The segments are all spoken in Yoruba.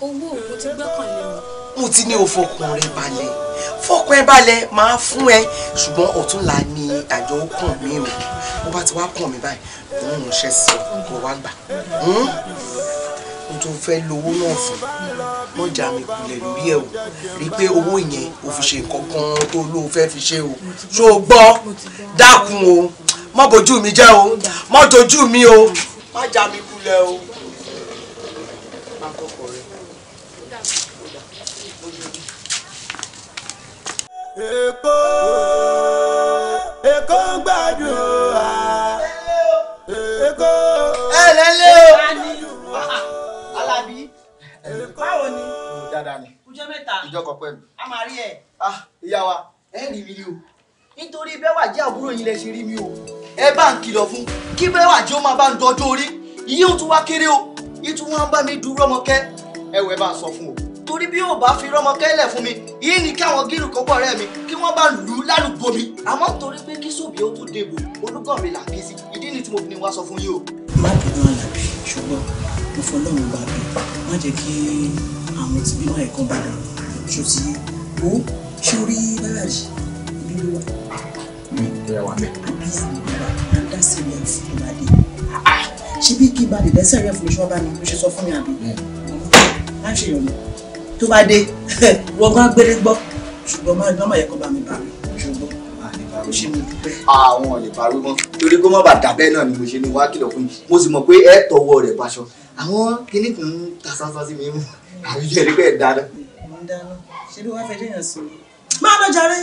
owó òkú ti gbẹ́kànlé mi. mo ti ní o fọkàn rẹ balẹ̀ fọkàn ẹ balẹ̀ máa fún ẹ ṣùgbọ́n ọ̀túnla ni àjọ kàn mí o bó bá ti wá kàn mí báyìí òun mò ń ṣe sí ọ kó wá gbà hmm? mo tún fẹ́ lówó náà fún mo jà mí kulẹ̀ lórí ẹ̀ o rí i pé owó yẹn o fi ṣe nǹkan kan tó lóo fẹ́ fi ṣe o ṣó o gbọ́ dákun o má bójú mi jẹ́ o má dojú mi o má jà mí kulẹ̀ o. èkó èkó ń gbàdùn à èkó. ẹ lẹ́lẹ́ o alábí báwo ni. dáadáa ni ọjọ́ mẹ́ta ìjọkọ̀ pẹ̀lú. a máa rí ẹ. ah ìyá wa ẹ rí mi o nítorí bẹ́wà jẹ́ àbúrò yín lẹ ṣe rí mi o ẹ bá ń kìlọ̀ fún kí bẹ́wà jẹ́ ó máa bá ń dọjọ́ orí yíyún tún wá kéré o yíyún tún bá mi dúró ọmọ kẹ́ ẹ wọ bá ń sọ fún o torí bí ò bá fi rọmọ kẹ́lẹ̀ fún mi yìí ni kí àwọn gírù kọ́kọ́ rẹ̀ mi kí wọ́n bá lù ú lálùbọ́ mi àmọ́ torí pé kí sóbì ó tó dèbò olúgbọ̀n mi là kí sí ìdí ni tí mo fi ni wá sọ fún yín o. má bínú àlàbí ṣùgbọ́n mo fọ lọ́run bá mi má jẹ́ kí àwọn tí bímọ ẹ̀kan bá dà ṣó ti o ṣé orí báràjì ibi ló wà. mi ìyá wa mi. àbí àbúrò bá dá sílẹ̀ fún ìbàdí ṣé bí kí ìbàdí dá sílẹ̀ fún ìṣọ́ bá mi ló ṣe sọ fún mi àbí. má ṣe yọ̀nà tó bá dé wọ́n gbọ́n gbére gbọ́ ṣùgbọ́n máa gbọ́n mọ̀yẹ́kọ́ bá mi bá mi ṣùgbọ́n ó ṣe mo dúpẹ́. àwọn lè parí mọ́ torí kó má bàa dàbẹ́ náà ni mo ṣe ní wá kìlọ̀ fún yìí mo sì mọ̀ pé ẹ tọwọ́ rẹ̀ baṣọ àwọn kinní kan ń ta sáńsá sí mi mú àbí jẹ́ ẹni pé ẹ̀ dáná. mo ń dáná ṣé ló wá fẹ́ déyàn sí mi. máa lọ jàre.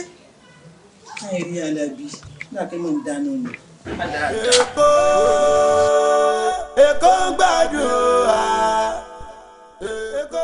káyọ̀ rí alábí nígbà pé mo ń dáná ni. èkó èkó ń gbàdúrà èkó.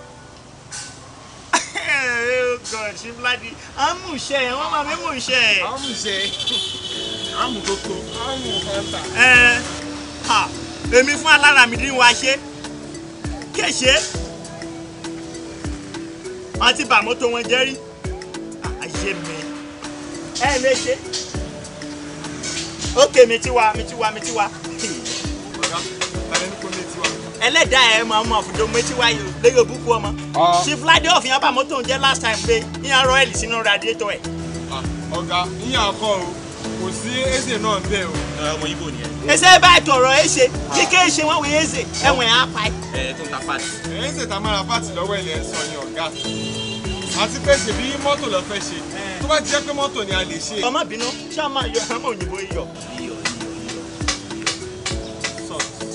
oh god ṣe vladi amúṣe wọn máa fi múṣe. amúṣe amúkókó amúkọta. ẹ ha èmi fún alára mi ní wa ṣe kéṣe wọn ti bà mọ́tò wọn jẹ́ rí àyè mi ẹ lè ṣe ókè mi ti wá mi ti wá mi ti wá ẹlẹ́dàá ẹ̀ máa mọ àfùdó méjì wáyé lẹ́yìn òbúkú ọmọ chief ah. ládé ọ̀fìn abàmọ́ tó ń jẹ́ last time pé ìyá royal sínú radiator ẹ̀. Ah, ọ̀gá ìyá akọ o kò sí èsè náà bẹ́ẹ̀ o. ọmọ ibo ni ẹ. ẹsẹ bá tọrọ ẹsẹ kíkẹ ẹsẹ wọn wẹ ẹsẹ ẹwọn ẹ á pa ẹ. ẹ tó ń ta pàtì. ẹsẹ tá a máa ra pàtì lọ́wọ́ ilẹ̀ ẹ̀ sọ ni ọ̀gá àti pé ṣèbí mọ́tò lọ fẹ́ ṣe tó bá jẹ́ pé mọ́tò ni a lè ṣe. ọmọ bínú ṣáà máa yọ àwọn òyìnbó yọ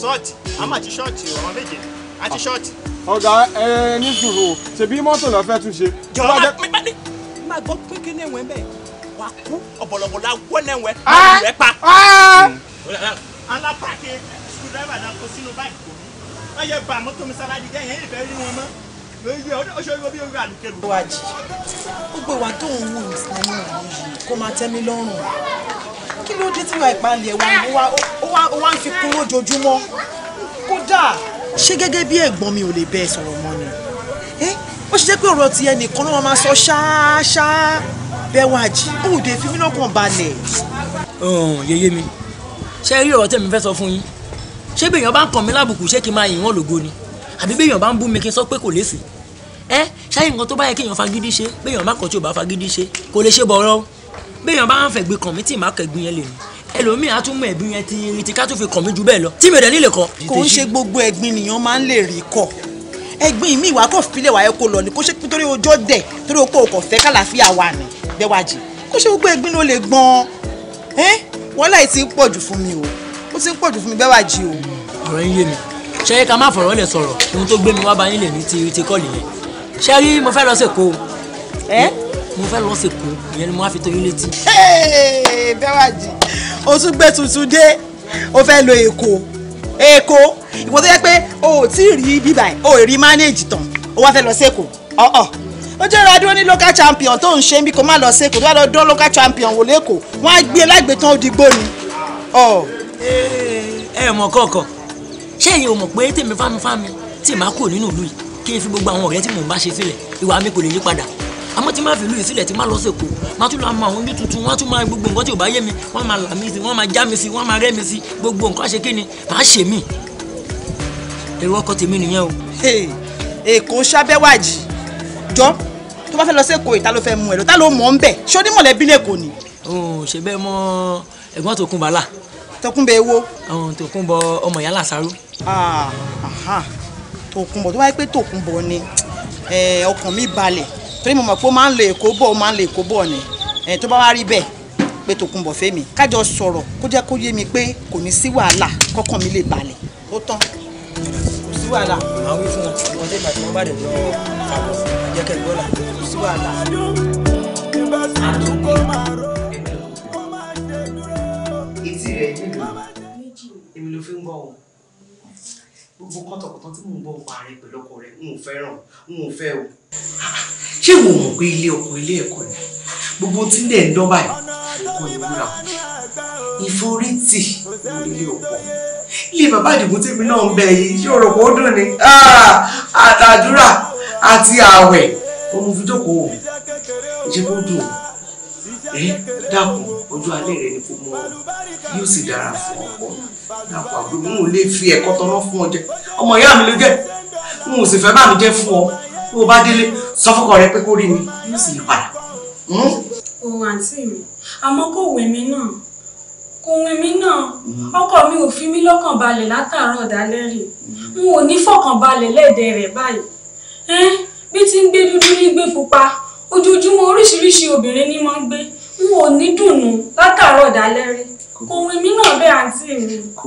ṣọ́ọ̀tì a máa ti ṣọ́ọ̀tì ọ̀rọ̀ méje a ti ṣọ́ọ̀tì. ọ̀gá ẹ ní sùúrù ṣebí mọ́tò lọ́ọ́ fẹ́ tún ṣe. jọ̀wọ́ máa gbọ́ pé kí nẹ̀wẹ̀ bẹ́ẹ̀ wà kú ọ̀bọ̀lọ̀bọ̀ la wọ́ nẹ̀wẹ̀ rẹ̀ pa. alápàdé sùkúl dráìvà náà kó sínú báyìí kò ní. wọ́n yẹ ba mọ́tò mi sáláàdì jẹ́ yẹn ìfẹ́ rí wọn mọ́ lóye ó ṣe wíwọ́ bí orí àlùkẹ́lù. ó wá jì ó gbé wa tó ń wù ní sinimá yìí kó máa tẹ́ mi lọ́rùn kí ló dé tí wàá ìpalẹ̀ wa ó wá ń fi kún lójoojúmọ́ kódà ṣé gẹ́gẹ́ bí ẹ̀gbọ́n mi ò lè bẹ́ẹ̀ sọ̀rọ̀ mọ́ ni ó ṣe jẹ́ pé ọ̀rọ̀ tiẹ̀ nìkan náà máa sọ ṣááṣáá bẹ́ẹ̀ wá jì òde fífi náà kàn balẹ̀. yèyé mi ṣé rí ọ̀rọ̀ tẹ̀mí fẹ́ sọ fún yín ṣé bí èèyàn bá ń kàn mí lábùkù ṣé kí n máa yìn wọ́n lógo ni àbí bí èèyàn bá ń bú mi kí n sọ pé kò lè sè é ṣáyé nǹkan tó bá yẹ kí èèyàn fagídí ṣe bí èèyàn bá kàn tí ò bá fagídí ṣe kò lè ṣe bọ̀rọ̀ béèyàn bá ń fẹ́ gbé kàn mí tí ì má kẹ́gbin yẹn lè mí ẹlòmíì á tún mú ẹ̀gbin yẹn ti irin tí ká tún fi kàn mí ju bẹ́ẹ̀ lọ tí mi ò dẹ̀ nílé kọ. kò ń ṣe gbogbo ẹ̀gbin nìyẹn máa ń lè rí kọ ẹ̀gbin mi ìwà kò filẹ̀ wáyé kó lọ ni kó ṣe nítorí ojó dẹ̀ torí o kò kò fẹ́ kálàáfíà wà ní bẹ́wàjì kó ṣe gbogbo ẹ̀gbin ló lè gbọ́n ẹ́ wàhálà yìí ti ń pọ̀jù fún mi o ó ti ń pọ̀jù fún mi bẹ́wàjì o. ọ̀rọ̀ yín yé mi ṣe é ká má fọ̀rọ̀ lẹ̀ sọ̀rọ̀ ohun tó gbé mi wá bá yín lè ní ti ti kọ́ọ̀lì yẹn ṣe rí mo fẹ́ lọ sí Èkó. ẹ mo fẹ́ lọ sí Èkó ìyẹn ni mo wá fi tó yín létí. bẹ́wàjì o tún gbé tuntun dé o fẹ́ lọ Èkó Èkó ìwọ tó yẹ pé o ò tí ì rí bíbà o ò rí manage tán o wá fẹ́ lọ sí Èkó ọ̀ọ̀ ó jẹ́ ìrádúró ní local champion tó ń ṣe bí kò má lọ sí Èkó tó bá lọ dán local champion wò lẹ́kọ̀ọ́ wọ́n á gbé lágbètán òdìgbò ni. ẹ ẹ mọ̀ kọ̀ọ̀kan ṣé èyí ò mọ̀ pé tèmi fámi fámi tí màá kúrò nínú ìlú yìí kí n fi gbogbo àwọn ọ̀rẹ́ tí mò ń bá ṣe sílẹ̀ ìwà mi kò lè yí padà àmọ́ tí máa fi lóye sílẹ̀ tí máa lọ sẹ́kọ̀ọ́ máa tún lọ mọ àwọn ojú tuntun wọ́n tún máa gbogbo nǹkan tí ò bá yé mi wọ́n máa là mí sí wọ́n máa já mi sí wọ́n máa rẹ́ mi sí gbogbo nǹkan ṣe kí ni màá ṣe mí. èrò ọkọ tèmi nìyẹn o. èkó sábẹ́wájì jọ tó bá fẹ́ lọ sẹ́kọ̀ọ́ ìta ló fẹ́ mú ẹ lọ ta ló mọ̀ ń bẹ̀ ṣé onímọ̀lẹ́bí lẹ́kọ̀ọ́ ni. ṣe bẹ́ẹ̀ mọ ẹ̀gbọ́n tó kún bàálà. Tókunbọ̀ èwo. Tókunbọ̀ ọmọ ìyá Lásàrú. Ah, Tókunbọ̀ tó wáyé pé Tókunbọ̀ mi balẹ̀ torí mo mọ̀ pé ó máa ń lo èkó bọ̀ ó máa ń lo èkó bọ̀ ni ẹ̀yìn tó bá wá rí bẹ́ẹ̀ pé Tòkunbọ̀ Fẹ́mi kájọ sọ̀rọ̀ kó jẹ́ kó yé mi pé kò ní sí wàhálà kọ́kàn mi lè balẹ̀ ó tán kò sí wàhálà. màá wí fún wọn ìwọ tẹ́gbà tí wọ́n bá dẹ̀ lọ àbọ̀ jẹ́ kẹ́ gbọ́ kò sí wàhálà. èmi ló fi ń bọ̀ wọ̀ gbogbo kọ́tọ̀kọ́tọ̀ tí mò ń bọ̀ wà rẹ pẹ̀lú ọkọ rẹ n ò fẹ́ràn n ò fẹ́ o. ṣé wo mọ̀ pé ilé ọkọ ilé ẹ̀kọ́ ni gbogbo tí ń dẹ̀ ń dán báyìí kò ní búra ìforítì lórí ilé ọkọ ilé bàbá àdìgún tèmi náà ń bẹ yìí ṣé o rò pé ó dùn ni ah, àtàdúrà àti ààwẹ̀ òun fi jókòó ìṣẹ́ kó dùn ẹ dákun ojú alẹ́ rẹ ni kò mọ yóò sì dára fún ọkọ dákun àbúrò mò lè fi ẹ̀kọ́ tọ́nà fún ọ jẹ ọmọ ìyá mi ló jẹ n sì fẹ́ bá mi jẹ fún ọ bí o bá délé sọ fọkọ rẹ pé kó rí mi yóò sì yí padà. òun àǹtí mi àmọ́ kò wé mi náà kò wé mi náà ọkọ mi ò fi mí lọ́kàn balẹ̀ látàárọ̀ dálẹ́ rè n ò ní fọkàn balẹ̀ lẹ́ẹ̀dẹ̀ rẹ̀ báyìí bí ti ń gbé dúdú ní gbé pupa ojoojúmọ́ oríṣiríṣi obìnrin ni mo ń gbé n ò ní dùnnú látàárọ̀ dálẹ́ rí kò wí mí náà bẹ́ẹ̀ àǹtí mi kò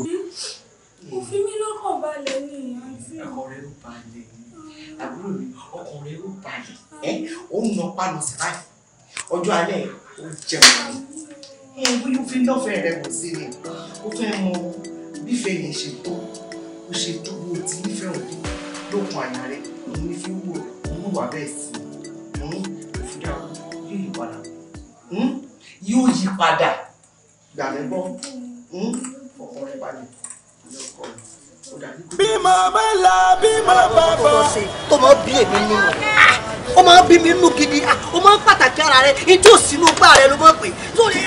fi mí lọ́kàn balẹ̀ ní àǹtí mi. ọkọ rẹ ló balẹ̀ àbúrò mi ọkọ rẹ ló balẹ̀ ẹ ó ń nà pálọ̀ sí báyìí ọjọ́ alẹ́ ó jẹun ẹ bóyá ó fi lọ́fẹ̀ẹ́ rẹ wò sí ni ó fẹ́ mọ bífẹ́ yẹn ṣe tó ó ṣe tó o ti nífẹ̀ẹ́ òbí lókun àyà rẹ òun ní fi wò ó wà bẹ́ẹ̀ sí i. Hmm? yóò yí padà gbàgbé gbọ́ hmm? ọkọ rẹ balẹ̀ lọ́kọ rẹ bímọ tó máa bí èmi nínú ó máa bí mi nínú gidi ó máa pàtàkì ara rẹ ijó sínú gbá rẹ ló máa pè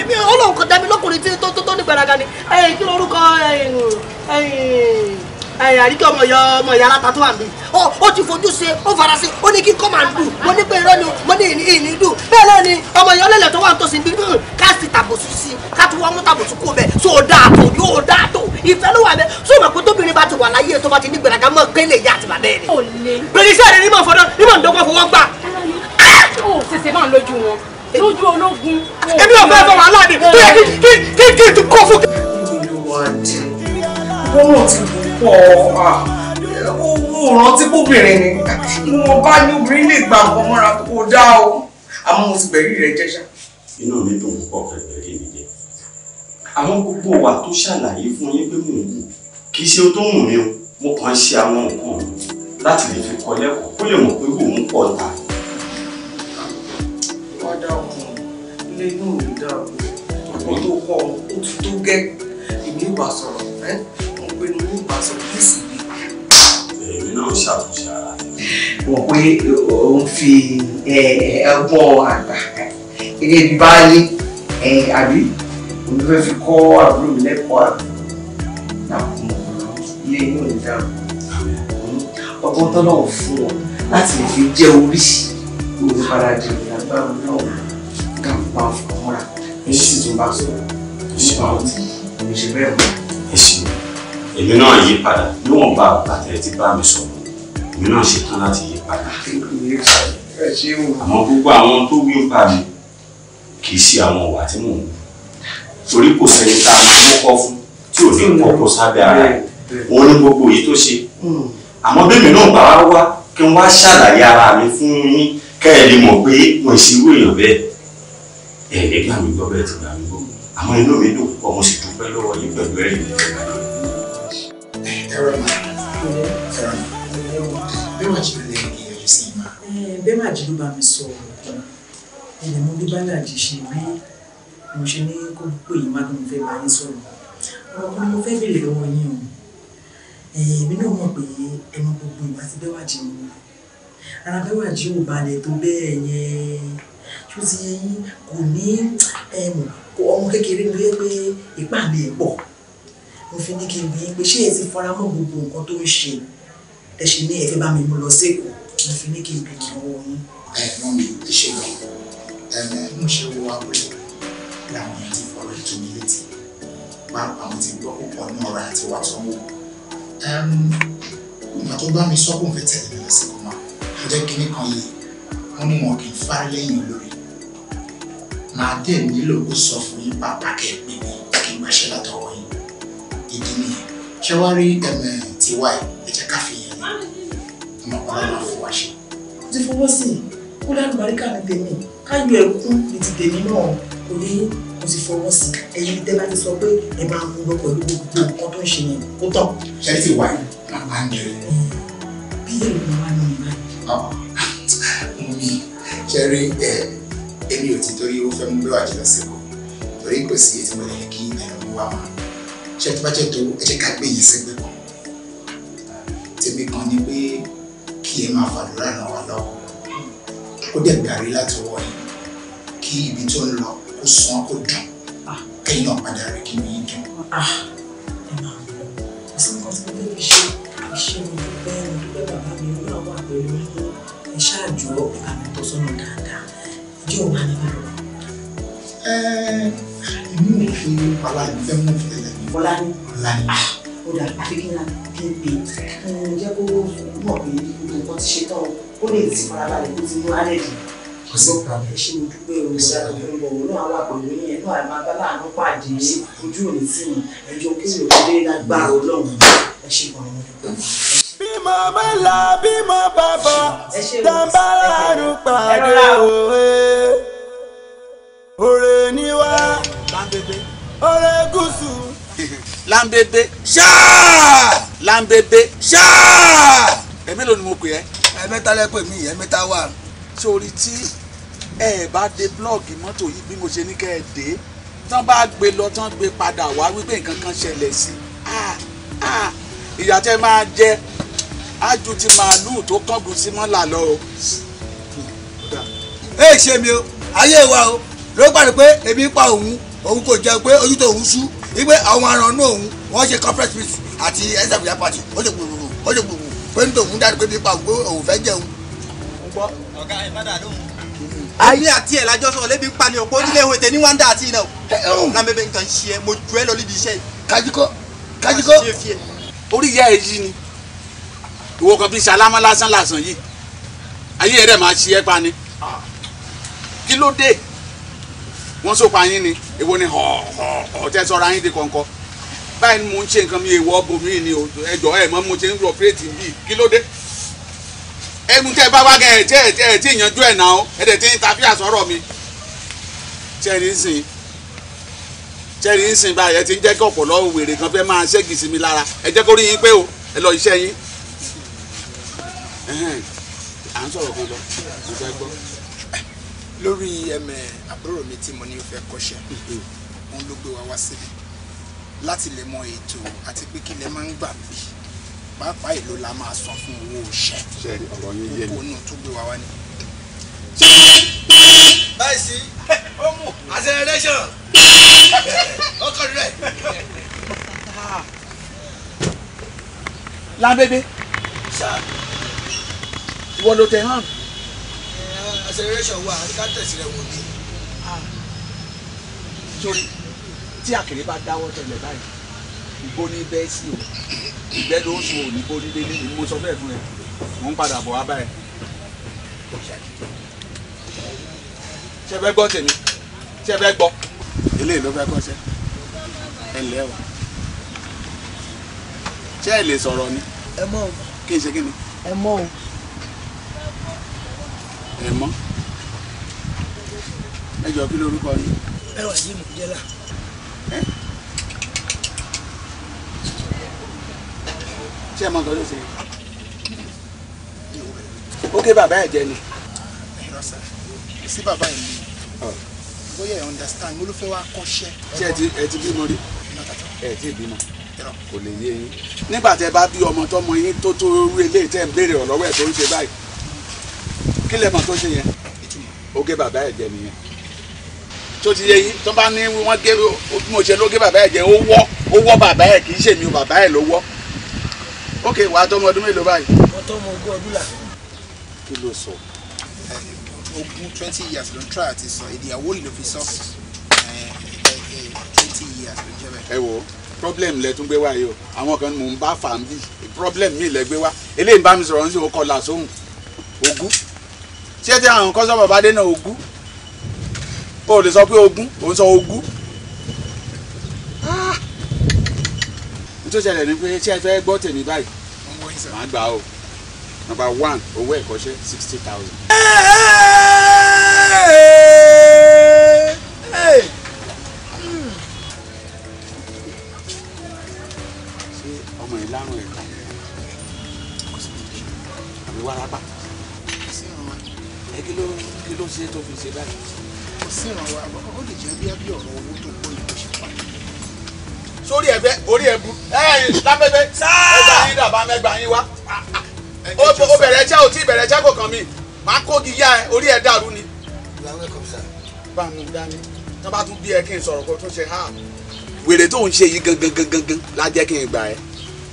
èmi ọlọ́run kan dá mi lọ́kùnrin tí tó tó ní gbàràgà ni kí lórúkọ ẹ̀yìn àríkẹ́ ọmọ ìyá ọmọ ìyá aláta tó wà mí ọ ó ti fojú ṣe ó fara ṣe ó ní kí kọ́màndù mo ní pé irọ́ ni mo ní ìní ìní dùn bẹ́ẹ̀ náà ni ọmọ ìyá ọlẹ́lẹ̀ tó wà ń tòsí bíi káàsì tàbùsù sí i ká tún wọ́n mú tàbùsù kú bẹ́ẹ̀ so dáa tó yóò dáa tó ìfẹ́ ló wà bẹ́ẹ̀ so mọ̀ pé tóbìnrin bá ti wà láyé tó bá ti ní gbẹ̀rẹ̀gà mọ̀ kéle ìyá àti bàbá ẹ̀ ni. ò pọ̀ o rántí kóbìnrin ni mo bá ní obìnrin lè gba nǹkan mọ́ra kó dáa o àmọ́ mo ti gbẹ̀rí rẹ̀ jẹ́ ṣá. inú mi dùn púpọ̀ kẹ̀kẹ́ rí mi jẹ́ àwọn gbogbo wa tó ṣàlàyé fún yín pé mò ń wù kì í ṣe tó wù mí o mo kàn ń ṣe àwọn nǹkan mi láti lè fi kọ́ lẹ́kọ̀ọ́ kó lè mọ̀ pé wò ń pọ̀ ta. wá dá ọkùnrin ilé inú mi dá ọkùnrin tó kọ́ ọ ó ti tó gẹ́ ìgbé ìbásọ̀rọ̀ ẹ́ pé mo ń bá sọ yéésì bí. èmi náà ṣàtúnṣe ara mi. mọ̀ pé òun fi ọgbọ́n àgbà gẹ́gẹ́ bí báyé àbí òun fẹ́ fi kọ́ àbúrò mi lẹ́kọ̀ọ́ àbí ilé inú ẹ̀ dáhùn ọgbọ́n tọ́lọ́wọ̀ fún ọ láti lè fi jẹ́ oríṣi òun padà di ìyàgbáwò náà ká máa fọwọ́ra èyí sì tún bá sọ ìṣèwà ọtí ìṣèwà ẹ̀wọ̀n èmi náà yí padà níwọ̀n bá bàtẹ́ ti bá mi sọ̀rọ̀ èmi náà ṣe tán láti yí padà àmọ́ gbogbo àwọn tó wí ń bá mi kì í ṣe àwọn ìwà tí mò ń wù torí kò sẹ́ni tá a máa kọ́kọ́ fún tí ò ní kọ́kọ́ sábẹ́ ara òun ní gbogbo èyí tó ṣe hmm. àmọ́ bẹ́ẹ̀ mi náà bá wá wá kí n wá ṣàlàyé ara mi fún yín kẹ́ ẹ lè mọ̀ pé mo ṣe irú èèyàn bẹ́ẹ̀ ẹ̀ lè gbà mí gbọ́ bẹ́ẹ̀ tó gbà mí gbọ́ àmọ́ inú mi dùn púpọ̀ mo sì dúpẹ́ lọ́wọ́ yín pẹ̀lú ẹ̀rí mi ẹ̀rọ mà ẹ̀rọ mà bẹ́ẹ̀ máa jí ló i mà. bẹ́ẹ̀ máa jí ló bá mi sọ ọ̀rọ̀ ẹ̀rẹ̀ mo bí bálàjì ṣe rí mo ṣe ní kó pé yìí má ló ń fẹ́ bá yín sọ̀rọ̀ ọ̀rọ̀ kan mo fẹ́ béèrè lọ́wọ́ yín o èmi náà mọ̀ pé ẹnu gbogbo ìgbà tí bẹ́ẹ̀ wà jí mo ara bẹ́ẹ̀ wà ò balẹ̀ tó bẹ́ẹ̀ yẹn tó ti yẹ yín kò ní ọmọ kékeré ló yẹ pé ìpàdé pọ̀ mo fi ní kí n bí pé ṣé ẹ ti fara mọ́ gbogbo nǹkan tó ń ṣe ẹ ṣe ní ẹ fẹ́ bá mi mú lọ sẹkọọ mo fi ní kí n bí lọ́wọ́ yín. ẹ mọ mi ẹ ṣe lọ ẹmẹ mo ṣe wo abúlé làwọn èèyàn ti fọ̀rọ̀ ètò mi létí pàápàá mo ti gbọ́ púpọ̀ ní ọ̀rọ̀ àti wà sanwó ìgbà tó bá mi sọ kó n fẹ́ tẹ̀lé mi lọ sí kọmọ mo jẹ kinní kan yìí wọn ní wọn kì í fárí lẹ́yìn olórí màá dé nílò kó sọ fún yín pàápàá kẹ pé kí n gbàṣẹ látọwọ́ yín ìdí nìyẹn ṣé wá rí ẹ̀mẹ̀ tiwa ẹ̀ ẹ jẹ́ ká fi yẹn ọmọ ọlọ́run àfọ wá ṣe. mo ti fọwọ́ sí i kó lẹ́nu baríkà ní tèmi ká yọ ẹ̀kún ní ti tèmi náà kò ní mo ti fọwọ́ sí i ẹ̀yin tẹ́ bá ti sọ pé ẹ máa mú lọ pẹ̀lú gbogbo nǹkan tó ń ṣe yẹn kó tán. ṣé ti wà yìí máa ń jẹ bí èrò mi wá ní ìlú. Ah, mo ní ṣe ẹ èmi ò ti torí ó fẹ́ mú bí wàá jẹ lọ sí i torí kò ètò ìmọ̀lẹ́ kí ẹ̀rọ mi wá máa ṣe tó bá jẹ́ tó ẹ jẹ́ ká gbé yìí sẹ́gbẹ́ kan tèmi kan ni pé kí ẹ máa fàdúrà ràn wá lọ́wọ́ kó dẹ̀ gbàrí láti wọ̀ yìí kí ibi tó ń lọ kó sún kó dùn ah. kẹ́yìn náà padà rẹ̀ kí nìyí dùn. Ah. ẹ ṣáàjú àmì tó sọnù dáadáa ìjọ wà nínú. ẹ ẹ inú òfin wàhálà ìfẹ́ mú fún bọ́lá ní ah, ó dà àfi kí n ra kí n pè é jẹ́ kó mọ̀ pé gbogbo nǹkan ti ṣe tán ó lè ti farabalẹ̀ kó ti mú alẹ́ dùn kò sí problem ṣé mo dúpẹ́ o ṣe àdúgbò òun náà wà pẹ̀lú yẹn náà àmọ́ abáláàánú pàdé ojú òní sí mi ẹjọ́ kí mi ò dé lágbára ọlọ́run ẹ ṣe kàn mí bímọ bàlá bímọ bàbá dábàlárù pàdé òwe òrè níwá òrè gúúsù lambebe ṣáà lambebe ṣáà ẹ̀mí ló ni mo pè ẹ́. ẹ̀mẹ́ta lẹ́pẹ̀ mi ẹ̀mẹ́ta wà. sórí tí ẹ bá dé blọọgì mọ́tò yìí bí mo ṣe ní kẹ́ ẹ dé tán bá gbé lọ tán gbé padà wá wípé nǹkan kan ṣẹlẹ̀ sí i ìyà tẹ́ máa jẹ ájú ti màálù tó kángun sí mọ́là lọ ẹ ṣe mi o ayé wa o ló gbàdúrà pé èmi pa òun òun kò jẹun pé ojú tó òun sú wípé àwọn arànú òun wọ́n ṣe corporate peace àti sfda party ó lè gbòòrò ó lè gbòòrò pé nítorí òun dáre pé bí pa òun òun fẹ́ jẹun. ọ̀gá ẹ̀ bá dà lóhùn. ayé àti ẹ̀ lájọ́ sọ̀rọ̀ lébi pa ni òpó nílé ìwé tẹ̀ ní wáńdà àti iná o. lámẹ́bẹ̀ nǹkan ṣe ẹ mo ju ẹ lọ níbi iṣẹ́ yìí. kájíkọ́ kájíkọ́ orí ìyá ẹ yí ni ìwọ kan fi ṣe alámọ́ lásán lásán yìí ayé rẹ̀ máa ṣe ẹ pa ni ah. kí ló dé wọ́n sọ pa yín ni èwo ni họ̀ọ̀họ̀ tẹ́ sọ́ra yín di kọ̀ǹkọ̀ báyìí ni mo ń ṣe nǹkan mi èèwọ̀ bomi ni ẹjọ́ ẹ̀ mọ́ mo ṣe ń lọ pírètì bíi kí ló dé ẹnu tẹ́ bá wá gẹ̀ ẹ̀ tí ẹ̀ tí ìyanjú ẹ̀ náà ẹ̀ dẹ̀ tí ń tàbí àsọ̀rọ̀ mi tẹ́rì ń sìn tẹ́rì ń sìn báyìí ẹ ti ń jẹ́ kí ọ̀pọ̀lọ́ wèrè kan fẹ́ máa ṣẹ́gi sí mi lára ẹ jẹ́ kó rí yín pé o ẹ lọ iṣẹ́ yín à ń sọ̀rọ̀ kan lọ mo fẹ́ gbọ́ lórí ẹmẹ àbúrò mi tí mo ní fẹ́ kọ́ṣẹ́ mm-hmm. òun ló gbé wa wá síbi láti lè mọ ètò àti pé kí lè máa ń gbà bí pàápàá èlò la máa san fún owó iṣẹ́ gbogbo inú tó gbé wa wá ni. báyìí sí ó mú acceleration ọkọ rẹ. lábẹ́bẹ́ ìwọ ló tẹ hàn acceleration wa àti kátẹ̀sì rẹ̀ wò ni. Ah. torí tí àkèrè bá dáwọ́ tẹ̀lẹ̀ báyìí ìgbó ní bẹ́ẹ̀ sí o ìgbẹ́ ló ń sun òní bó nílé ní mo sọ bẹ́ẹ̀ fún ẹ mò ń padà bọ̀ wá báyìí. ṣé ẹ fẹ́ gbọ́ tèmi ṣé ẹ fẹ́ gbọ́. eléyìí ló fẹ́ kọ́ sẹ́ ẹ ǹlẹ́ o ṣé ẹ lè sọ̀rọ̀ ni. ẹ mọ̀ o. kí n ṣe kí ni. ẹ mọ̀ o ẹ mọ́ ẹ jọ kí lorúkọ yín. bẹ́ẹ̀ wá sí ìmọ̀jẹ́lá. ṣé ẹ mọ nǹkan tó ṣe. ó ké bàbá ẹ̀ jẹ ni. sí bàbá ẹ̀ ni bóyá ẹ̀ understand mo ló fẹ́ wá kọ́ṣẹ́. ṣé ẹ ti bímọ rí ẹ ti bímọ kò lè yé yín. nígbà tẹ bá bí ọmọ tọmọ yín tó tó rú eléyìí tẹ ń béèrè ọ̀lọ́wọ́ ẹ̀ tó ń ṣe báyìí kí lè mọ̀ tó ṣe yẹn oge bàbá ẹ̀ jẹ nìyẹn tó ti yẹ yín tó bá ní wọ́n gé bí mo ṣe ló gé bàbá ẹ̀ jẹ ó wọ́ ó wọ́ bàbá ẹ̀ kì í ṣèmi bàbá ẹ̀ ló wọ́ ok wàá tọ́mọ ọdún mélòó báyìí. wọ́n tọ́ ọmọ ogún ọdún là. kí ló sọ. ogún twenty years ló ń try àti sọ èdè àwo ló fi sọ twenty years ló ń jẹ bẹ́ẹ̀. ẹ wo problem lẹ tún gbé wá yìí o àwọn kan mò ń bá fà ń bì problem mi lẹ gbé wá eléyìí bá mi sọ̀rọ̀ ń sọ kọlà sóhùn ogún ṣé tí àwọn kan sọ̀rọ̀ bá dé náà ogún o lè sọ pé ogún o ń sọ ogún ah! n tó ṣẹlẹ̀ ni pé ṣé ẹ fẹ́ gbọ́ tèmi báyìí màá gbà o number one owó ẹ̀kọ́ṣẹ́ sixty thousand. ṣé ọmọ ìlànà ẹ̀ka kò sí àbí wàrà bá kí ló kí ló ṣe tó fi ṣe báyìí. kò sí ìrànwọ́ àkọ́kọ́ ó lè jẹ́ bí abí ọ̀rọ̀ owó tó gbọ́ ìlú ṣe pa. sórí ẹgbẹ́ orí ẹ̀bù ẹ̀yìn lábẹ́bẹ́ ẹgbẹ́ yín dàbá mẹ́gbà yín wá. ó bẹ̀rẹ̀ ẹjẹ́ ò tí ì bẹ̀rẹ̀ ẹjẹ́ kò kàn mí màá kógi yá ẹ orí ẹ dàrú ni. bá a mú dání tó bá tún bí ẹ kí n sọ̀rọ̀ kó tún ṣe háà. wèrè tó ń ṣe yìí gangan gangan gangan lájẹ́ kí n gbà ẹ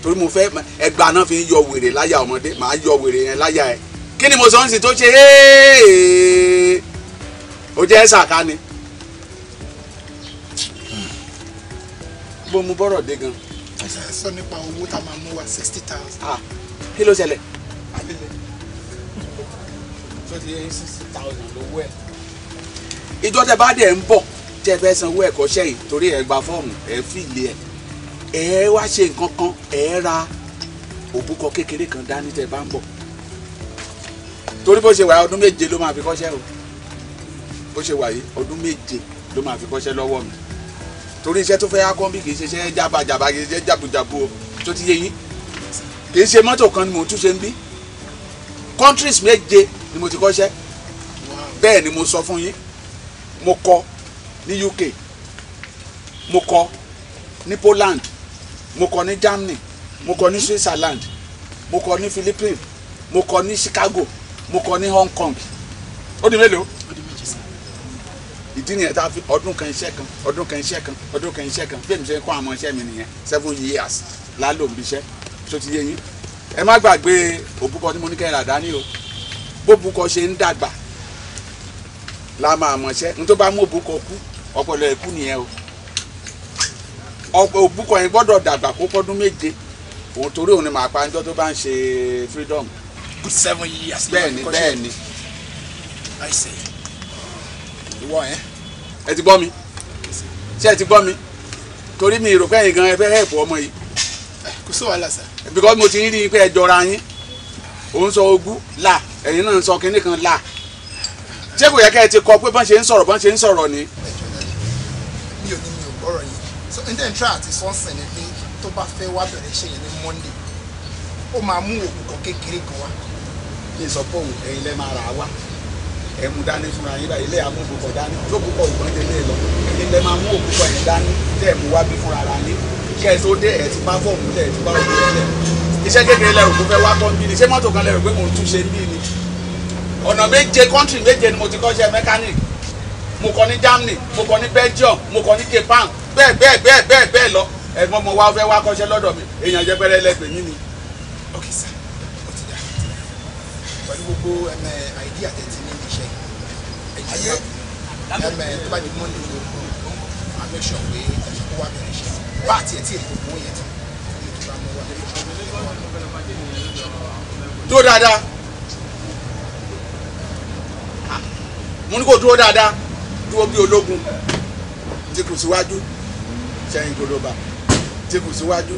torí mo fẹ́ ẹgbàá náà fi ń yọ wèrè láyà ọmọdé màá yọ wèrè yẹn láyà ẹ kí ni mo sọ ń sìn tó ṣe é ó jẹ́ ṣàká ni. bó mu bọ́rọ̀ dé gan. sọ nípa owó tá a máa mú wa sixty thousand. Ah, kí ló ṣẹlẹ̀. tó ti yẹ thousand lówó ẹ̀. ìjọ tẹ bá dẹ̀ ń bọ̀ tẹ fẹ́ sanwó ẹ̀kọ́ sẹ́yìn torí ẹ̀ gba fọ́ọ̀mù ẹ̀ fìlì ẹ̀ ẹ̀ wá ṣe nǹkan kan ẹ̀ ra òbúkọ kékeré kan dání tẹ bá ń bọ̀ torí bó ṣe wà ọdún méje ló máa fi kọ́ṣẹ́ o bó ṣe wà yìí ọdún méje ló máa fi kọ́ṣẹ́ lọ́wọ́ mi torí iṣẹ́ tó fẹ́ yá kọ́ńbí kì í ṣe iṣẹ́ jábàjàbà kì í ṣe jàbùjàbù o tó ti yé yín kì í ṣe mọ́tò kan ni mò ń túnṣe ń bí countries méje ni mo ti kọ́ṣẹ́ bẹ́ẹ̀ ni mo sọ fún yín mo kọ́ ní UK mo kọ́ ní Poland mo kọ́ ní Germany mo kọ́ ní Switzerland mo kọ́ ní Philippines mo kọ́ ní Chicago mo kọ ní Hong Kong ó di mélòó ìdí nìyẹn tá a fi ọdún kan iṣẹ́ kan ọdún kan iṣẹ́ kan ọdún kan iṣẹ́ kan fíìmù ṣe kọ́ àwọn iṣẹ́ mi nìyẹn seven years lálò ń bíṣẹ́ tó ti yé yín ẹ má gbàgbé òbúkọ tí mo ní kẹ́ dání o bóbúkọ ṣe ń dàgbà la máa mọ̀ṣẹ́ n tó bá mú òbúkọ kú ọpọlọ ẹ̀ kú nìyẹn o ọ̀pọ̀ òbúkọ yẹn gbọ́dọ̀ dàgbà kó pọ́dún méje òun torí òun ni màá pa ẹjọ́ tó bá ń ṣe freedom good seven years. bẹ́ẹ̀ni bẹ́ẹ̀ni. i say ìwọ yẹn. ẹ ti gbọ́ mi ṣé ẹ ti gbọ́ mi torí mi rò pé ẹ̀yin gan ẹ fẹ́ hẹ̀pù ọmọ yìí. kò sí wàhálà sá. because mo ti ń rí i pé ẹ jọra yín òun sọ ogún là ẹ̀yin náà ń sọ kinní kan là ṣé kò yẹ ká ẹ ti kọ pé bọ́n ṣe ń sọ̀rọ̀ bọ́n ṣe ń sọ̀rọ̀ ni. mi ò ní mi ò gbọ́rọ̀ yìí so n tẹ́ n tra àti sọ́ọ̀sì ni pé tó bá fẹ́ wá bẹ̀rẹ̀ ṣe yẹn ní Monday ó máa mú òkùnkàn kékeré kan wá ní ìsọpọ̀ òun ẹ̀yin lẹ́ máa rà á wá ẹ̀ mú dání fúnra yín báyìí ilé amúkúkọ̀ dání lókùkọ̀ ògbọ́n tẹ́lẹ̀ lọ ẹ̀yin lẹ́ máa mú òkúkọ̀ yẹn dání tẹ́ ẹ̀ mú wá bí fúnra ara yín kẹ́ ẹ tó dé ẹ̀ ti bá fọ̀mù lẹ̀ ẹ̀ ti bá òkú lẹ̀ iṣẹ́ kékeré lẹ́rù kó fẹ́ wá kọ́ níbi ni ṣé mọ́tò kan lẹ́rù pé mò ń túnṣe níbi ni ọ̀nà méje kọ́ńtì méje ni mo ti kọ́ iṣẹ́ mechanic mo kọ́ ní Germany mo kọ́ ní Belgium mo kọ́ ní Japan bẹ́ẹ̀ bẹ́ẹ̀ bẹ́ẹ̀ bẹ́ẹ̀ bẹ́ẹ̀ lọ ẹ̀gbọ́n mo wá fẹ́ wá kọ́ṣẹ́ lọ́dọ̀ mi èèyàn jẹ́ pẹ́rẹ́ lẹ́gbẹ̀ẹ́ yín ni. Okay sir gbogbo àìdí eh, àtẹ̀tí ní iṣẹ́ ẹ̀jẹ̀ ẹ̀mẹ̀ tó bá di mọ́ndé ló máa make sure pé ẹ̀jẹ̀ kó wà bẹ̀rẹ̀ iṣẹ́ bá àti ẹ̀tí èyí gbogbo yẹn tán ní tó bá mọ dúró dáadáa mo ní kó dúró dáadáa dúró bí ológun tí kò síwájú sẹ́yìn kó ló bá tí kò síwájú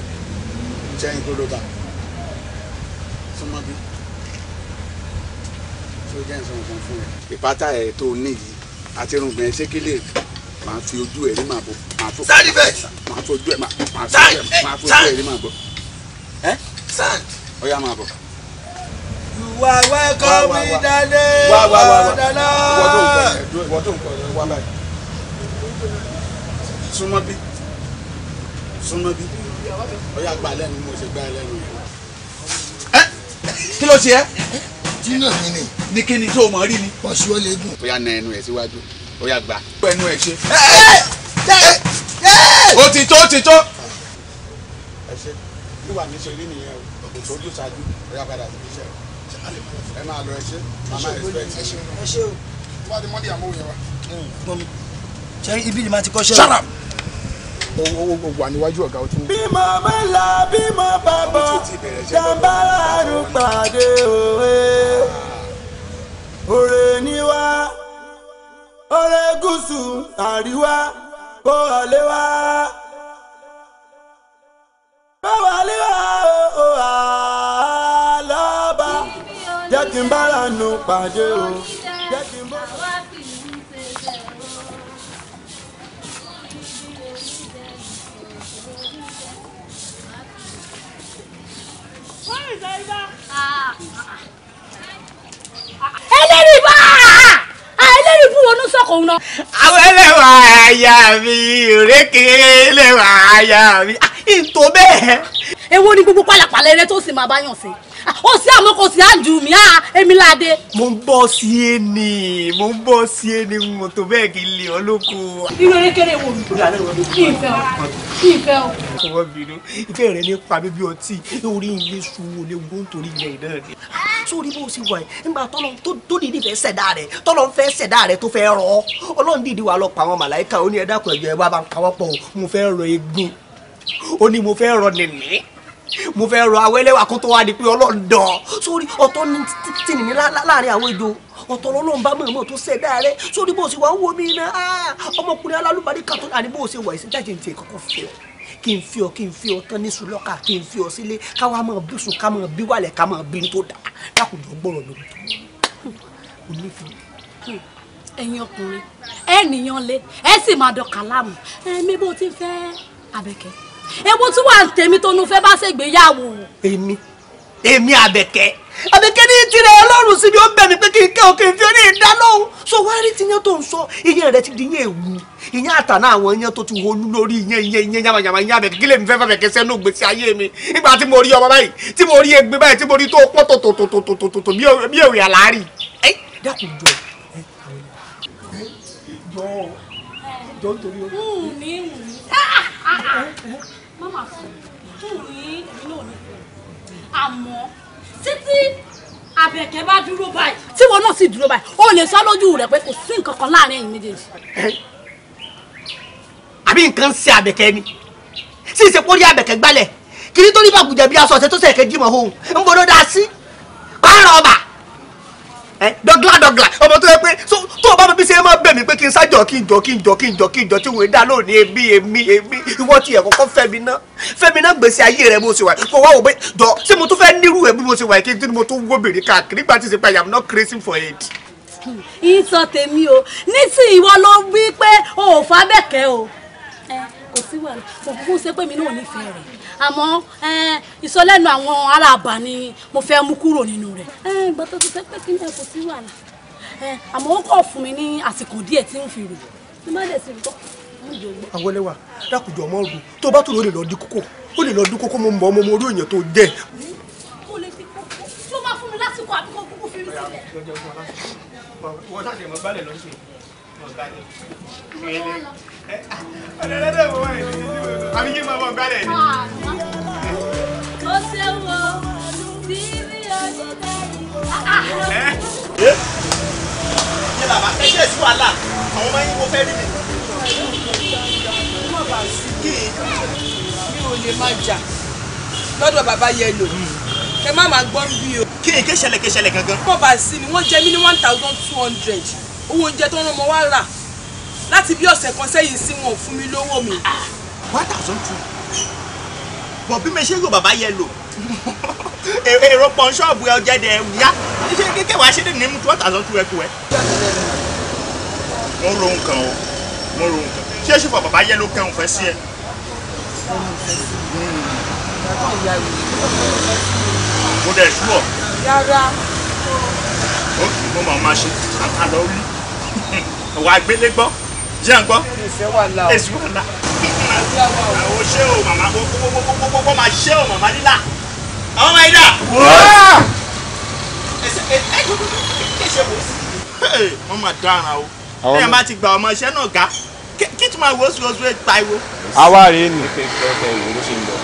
sẹ́yìn kó ló bá. jẹ́ nsọ nǹkan fún ẹ. ìpátá ẹ̀ tó ní yìí àti irungbọ̀n ẹ̀ sékélé máa fi ojú ẹ̀ rí màá bọ̀ máa fọ. sáàdì bẹ́ẹ̀ máa fojú ẹ̀ máa fojú fojú ẹ̀ rí màá bọ̀. ẹ sand. ó yá máa bọ̀. wà wá kọ́ wà dáná. wọ́n tó mo ṣe gbà lẹ́nu ẹ kí ló ti yẹ júnà mi ni. ní kí ni tó o mọ̀ rí ni. pọ̀ṣù ó lè gùn. bóyá na ẹnu ẹ̀ síwájú bóyá gbà. pẹ̀lú ẹ̀ ṣe. ó ti tó ó ti tó. ẹ ṣe wíwà mi ṣe rí nìyẹn o kò sójú ṣáájú bóyá padà sí iṣẹ́ ẹ máa lọ ẹ ṣe màmá ẹ ṣe. ẹ ṣe o. wọ́n ti mọ́ni àmọ́ òyìnbó. Hmm. ṣé ibi ni màá ti kọ́ ṣe o wà níwájú ọ̀gá o tún. bímọ bẹ́là bímọ bàbọ̀ jàǹbáláàrú pàdé òwe òrè níwá òrè gúúsù àríwá kó àlé wá kó àlé wá ó àlọ́ba jẹ́ kí n bára nù pàdé o. ẹlẹ́rìí bá ẹlẹ́rìí fún wọnú sọ́kò ń lọ. àwọn ẹlẹ́wà àyà mi òrékè ẹlẹ́wà àyà mi ah, ìtò bẹ́ẹ̀. èwo ni gbogbo pálapàla eré tó sì máa bá yàn sí Ah, ó sì àmọ́ kò sí àjù mi á èmi ah, láde. mo ń bọ́ sí é ni mo ń bọ́ sí é ni mo tó bẹ́ẹ̀ kí n lè ọ́ lóko. irú erékeré wo mi. kí n fẹ́ o kí n fẹ́ o. ọwọ́ bínú ìfẹ́ rẹ ní pa mí bí ọtí orí ilé ṣòwò lè wọ́n torí ilẹ̀ náà ni. Ah, sórí bó ṣe wà yìí nígbà tọ́lọ́ tó dìde fẹ́ ṣẹ̀dá rẹ̀ tọ́lọ́ fẹ́ ṣẹ̀dá rẹ̀ tó fẹ́ rọ ọlọ́run dìde wà lọ pa àwọn màláìka ó ní ẹ dákun ẹ̀jọ̀ ẹ wá bá ń kawọ́ mo fẹ́ rọ egun ó ní mo fẹ́ rọ nìní mo fẹ́ rọ awẹ́lẹ́wà kó tó wá di pé ọlọ́run dán sórí ọ̀tọ̀ ni tí nìyí láàrin àwọn èjò ọ̀tọ̀ lọ́lọ́run bá mọ̀ọ́mọ́ tó ṣẹ̀dá rẹ sórí bó o ṣe wà ń wo mi iná ọmọkùnrin alálùbárí kàtó àní bó o ṣe wà ìṣẹ́jà ìṣẹ́jà ìṣẹ́jà kọ́kọ́ fẹ́ kí n fi ọ kí n fi ọ tán ní sùlọ́kà kí n fi ọ sílé káwa máa bí sùn ká máa bí wàlẹ̀ ká máa bí tó dà dákùnjọ gbọ́rọ̀ lórí tó nífẹ̀ẹ́ ẹ̀yin ọkùnrin ẹ̀ nìyàn lé ẹ̀ sì máa dọ̀kà láàmú ẹ̀ mi bó ti fẹ́ abẹ́kẹ́ ewu tí wàá tèmi tó nu fẹ́ bá ṣègbéyàwó. èmi èmi àbẹ̀kẹ́ àbẹ̀kẹ́ ní tirẹ̀ ọlọ́run síbi ó bẹ̀ mí pé kí n kẹ́ òkè fi oní ìdálóhùn sọ wárí tiyẹn tó ń sọ ìyẹn rẹ ti di ìyẹn èwu ìyẹn àtàná àwọn ìyẹn tó ti wọnú lórí ìyẹn ìyẹn ìyẹn yamayama ìyẹn àbẹ̀kẹ́ kí lèmi fẹ́ fẹ́ bẹ̀kẹ́ sẹ́nu gbèsè ayé mi nígbà tí mo rí ọmọ báyìí tí mo rí egbe báyìí tí mo rí tó pọ́ tòtòtòtòtòtò bí èwì àlárí. jọ jọ nítorí o mama fún fún ní èmi náà ní fún àmọ́ títí àbẹ̀kẹ́ bá dúró báyìí tí wọn náà sì dúró báyìí o lè sọ lójú rẹ pé kò sí nǹkan kan láàrin ẹ̀yin méjèèjì. àbí nǹkan ṣe àbẹ̀kẹ́ ni sí ìsepórí àbẹ̀kẹ́ gbálẹ̀ kiri tó ní bàgùjà bí aṣọ ọ̀sẹ̀ tó sẹ̀kẹ́ jí mọ̀ ohun ń bọ̀ ló dá sí pààrọ̀ ọba dọ́gla dọ́gla ọmọ tó yẹ pé pé kí n sájọ kí n jọ kí n jọ kí n jọ kí n jọ tí wòye dá lónìí èmi èmi èmi ìwọ tiẹ̀ kọ́kọ́ fẹ́mi náà fẹ́mi náà gbèsè ayé rẹ̀ bó ṣe wà kó wá wò pé jọ ṣé mo tún fẹ́ nírú ẹ̀ bí mo ṣe wà kí n tí mo tún wóbìnrin káàkiri nígbà tí ṣe pé I am not crazy for it ìsọ tèmi o ní tí ìwọ ló wí pé o ò fa bẹ́ẹ̀kẹ́ o kò sí wàhálà mo kúkú ṣe pé mi náà nífẹ̀ẹ́ rẹ̀ àmọ́ ìsọlẹ́nu àwọn aláàbà ni mo fẹ́ mú kúrò nínú rẹ̀ ìgbà tó fẹ́ pé kí ni ẹ kò sí wàhálà. Eh, àmọ́ ó kọ̀ fún mi ní àsìkò díẹ̀ tí ń fi rò tí má dẹ̀ sí rò àwọlẹ́wà dákùjọ ọmọ ọ̀rùn tó bá tún lò lè lọ di kókó ó lè lọ di kókó mo mọ ọmọ mo orí èèyàn tó jẹ. kò lè fi kókó tí ó bá fún mi lásìkò àbí kó kúkú fi mí sílẹ̀. wọ́n ṣàṣẹ̀ mọ́ gbálẹ̀ lọ́sẹ̀ mọ́ gbálẹ̀. ọ̀dẹ̀dẹ̀dẹ̀ mọ̀ wáyé ní ìlú àbí kí n máa mọ̀ gbálẹ̀ ni. Ah, ah. ó ṣe wo bí mi ò ṣe tẹ̀lé yín làbá ẹ ṣe sí wàhálà àwọn ọmọ yín mo fẹ́ rí mi. mi ò lè máa jà lọ́dọ̀ bàbá yẹlò kẹ má máa gbọ́n bí o. kí ni kéṣẹlẹ̀ kéṣẹlẹ̀ gangan. kọ́ bá sí ni wọ́n jẹ mí ní one thousand two hundred owó oúnjẹ tó ń rán ọmọ wa rà láti bí ọ̀sẹ̀ kan sẹ́yìn sí wọn ò fún mi lówó mi. Ah, one thousand two bọ̀ bí mi ṣe ń lo bàbá yẹlò èrò pọ̀ ṣọ́ọ̀bù ẹ ọ̀jẹ̀dẹ̀ wíyá ṣé kékeré wàá ṣe ní two thousand two ẹ̀kú ẹ̀. wọ́n ro nǹkan o wọ́n ro nǹkan ṣé ṣùgbọ́n bàbá yẹ ló kẹ́hùn fẹ́ sí ẹ. mo dẹ̀ ṣúọ̀. yàrá. ó kì í mo máa ma ṣe àtàlọ́ orí wàá gbélé gbọ́ jẹ́ àgbọ́ èsì wà lá. àwọn ṣé o màmá gbogbogbogbogbogbogbò máa ṣé o màmá lílà àwọn ọmọ ẹ̀dá. wọ́n máa dára o ẹ̀yàn máa ti gba ọmọ iṣẹ́ náà ga kí tí máa wo oṣooṣù pariwo. àwa rèé ni.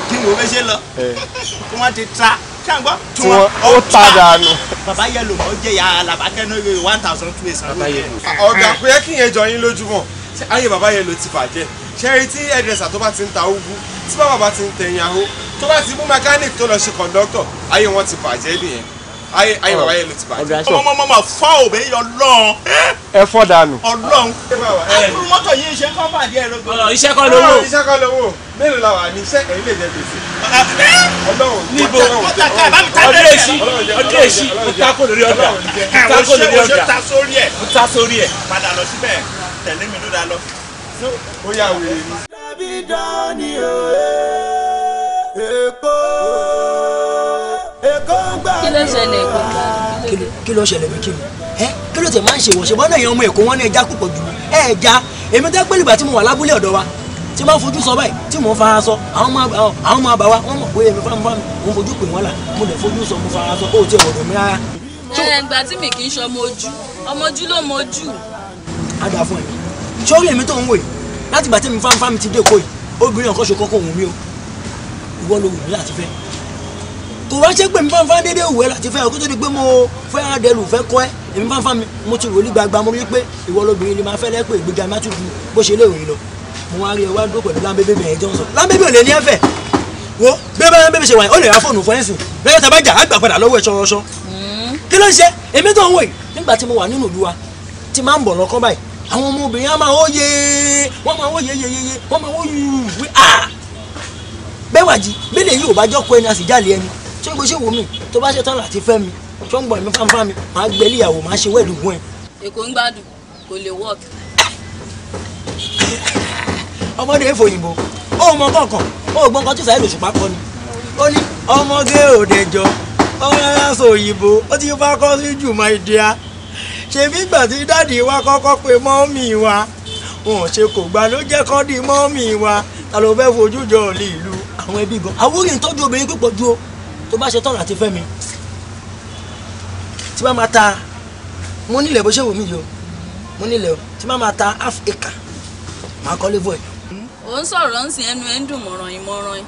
kí wo bẹ́ẹ̀ ṣe lọ kí wọ́n ti ta ṣàǹgbọ́ tí wọ́n ó ta dànù. bàbá yẹlò mọ́ jẹ́ yàrá làbákẹ́ náà one thousand two eight. ọ̀gá kò yẹ kí yẹn jọ yín lójúmọ́ ayé bàbá yẹn ló ti bàjẹ́ ṣẹ́rí tí hairdresser tó bá ti ń ta ugu tí bàbá bá ti ń tẹ̀yìn ahó tó bá ti mú mechanic tó lọ ṣe conductor ayé wọn ti bàjẹ́ nìyẹn ayé ayé bàbá yẹn ló ti bàjẹ́. ọmọ ọmọ ọmọ fọ́ òbí ọlọ́run. ẹ fọ́ dànù. ọlọ́run. àbúrò mọ́tò yìí iṣẹ́ kan bàjẹ́ ẹ̀rọgbọ́n. ọ̀rọ̀ iṣẹ́ kan lówó. iṣẹ́ kan lówó mélòó la wà ní iṣẹ́ ẹ̀yìn lè jẹ gbèsè. ọlọ́run níbo ọdún èsì ọdún èsì mo tako lórí ọjà mo tako lórí ọjà mo ta sórí ẹ̀. padà lọ síbẹ̀ tẹ̀lé mi ló dáa lọ. ó yà wèrè ni. dábìdán ni o èkó èkó ń gbà. kí ló ṣẹlẹ̀ kí ló ṣẹlẹ̀ bí kí ni kí ló tẹ máa ń ṣe ìwọ̀ṣẹ̀ bọ́n náà ọmọ èkó wọn ní ẹja púpọ̀ jù ẹ ẹja èmi tẹ́ pẹ́lú tí mo wà lábúlé ọ̀dọ̀ wa tí máa fojú sọ báyìí tí mò fara sọ àwọn máa bà wá wọn mọ̀ pé èmi fáwọn mo fojú pè wọ́n là mo lè fojú sọ mo fara sọ ó ti ọ̀dọ̀ mi rárá. ẹ ẹ gbà tí mi kì í ṣọmọ ojú ọmọ ojú ló mọ ojú. a dà fún ẹ sórí èmi tó ń wò láti ìgbà tẹ́mi fáńfá mi ti dé kó obìnrin ọ̀kan ṣe kọ́kọ́ òun mi o ìwọ ló wù mí láti fẹ́ kò wá ṣe pé mi fáńfá dédé òwe láti fẹ́ ọkọ́ tó di pé mo fẹ́ adẹ́lù fẹ́ kọ́ ẹ́ èmi fáńfá mi mo ti rò gbagba mo rí pé ìwọ lóbìnrin ni máa fẹ́ lẹ́pẹ́ ìgbéga má tún ju bó ṣe léèrè lọ mo wá rí ẹ wá dúró pẹ̀lú lámbébé bẹ̀rẹ̀ jọ sọ lámbébé ò lè ní ẹ̀fẹ̀ wo bẹ́ẹ̀ bá ṣe wà ó lè ra fóònù fọ́ẹ́sì àwọn ọmọbìnrin á máa ó yé wọ́n máa ó yé yéyéyé wọ́n máa ó yùú wí à ah! bẹ́ẹ̀ wàjí bẹ́ẹ̀ lèyí ò bá jọ́ kó ẹni àsìjáde ẹni tí wọ́n gbé ṣe wò mí tó bá ṣe tán láti fẹ́ mi tí wọ́n ń gbọ́ mi fáńfá mi màá gbé ìyàwó màá ṣe wẹ́ẹ̀dù gún ẹ. èkó ń gbádùn kò lè work. ọmọdé èèfò òyìnbó ó mọ kọ̀ọ̀kan ó gbọ́n kan tí sàyẹ̀ lòṣù pápọ̀ ni ó ní ọmọge òdẹjọ ọmọ ẹ̀rọ sọ òyìnbó ó ti fá kọ́ sí ìdíyà ṣebí ìgbà tí dáàdì wa kọ́kọ́ pe mọ́mì wa wọn ṣe kò gbà ló jẹ́ kọ́ di mọ́mì wa ta ló fẹ́ fojú jọ òlì ìlú. àwọn ẹbí gan àwòrán ìtọ́jú obìnrin púpọ̀ ju o tó bá ṣe tọ̀nà àti fẹ́ mi tí bá máa ta mo nílẹ̀ bó ṣe wò mí yìí o mo nílẹ̀ o tí bá máa ta half acre máa kọ́lé fún ẹ̀. ò ń sọ̀rọ̀ ń sin ẹnu ẹ̀ ń dùn mọ̀ràn ìmọ̀ràn ẹ̀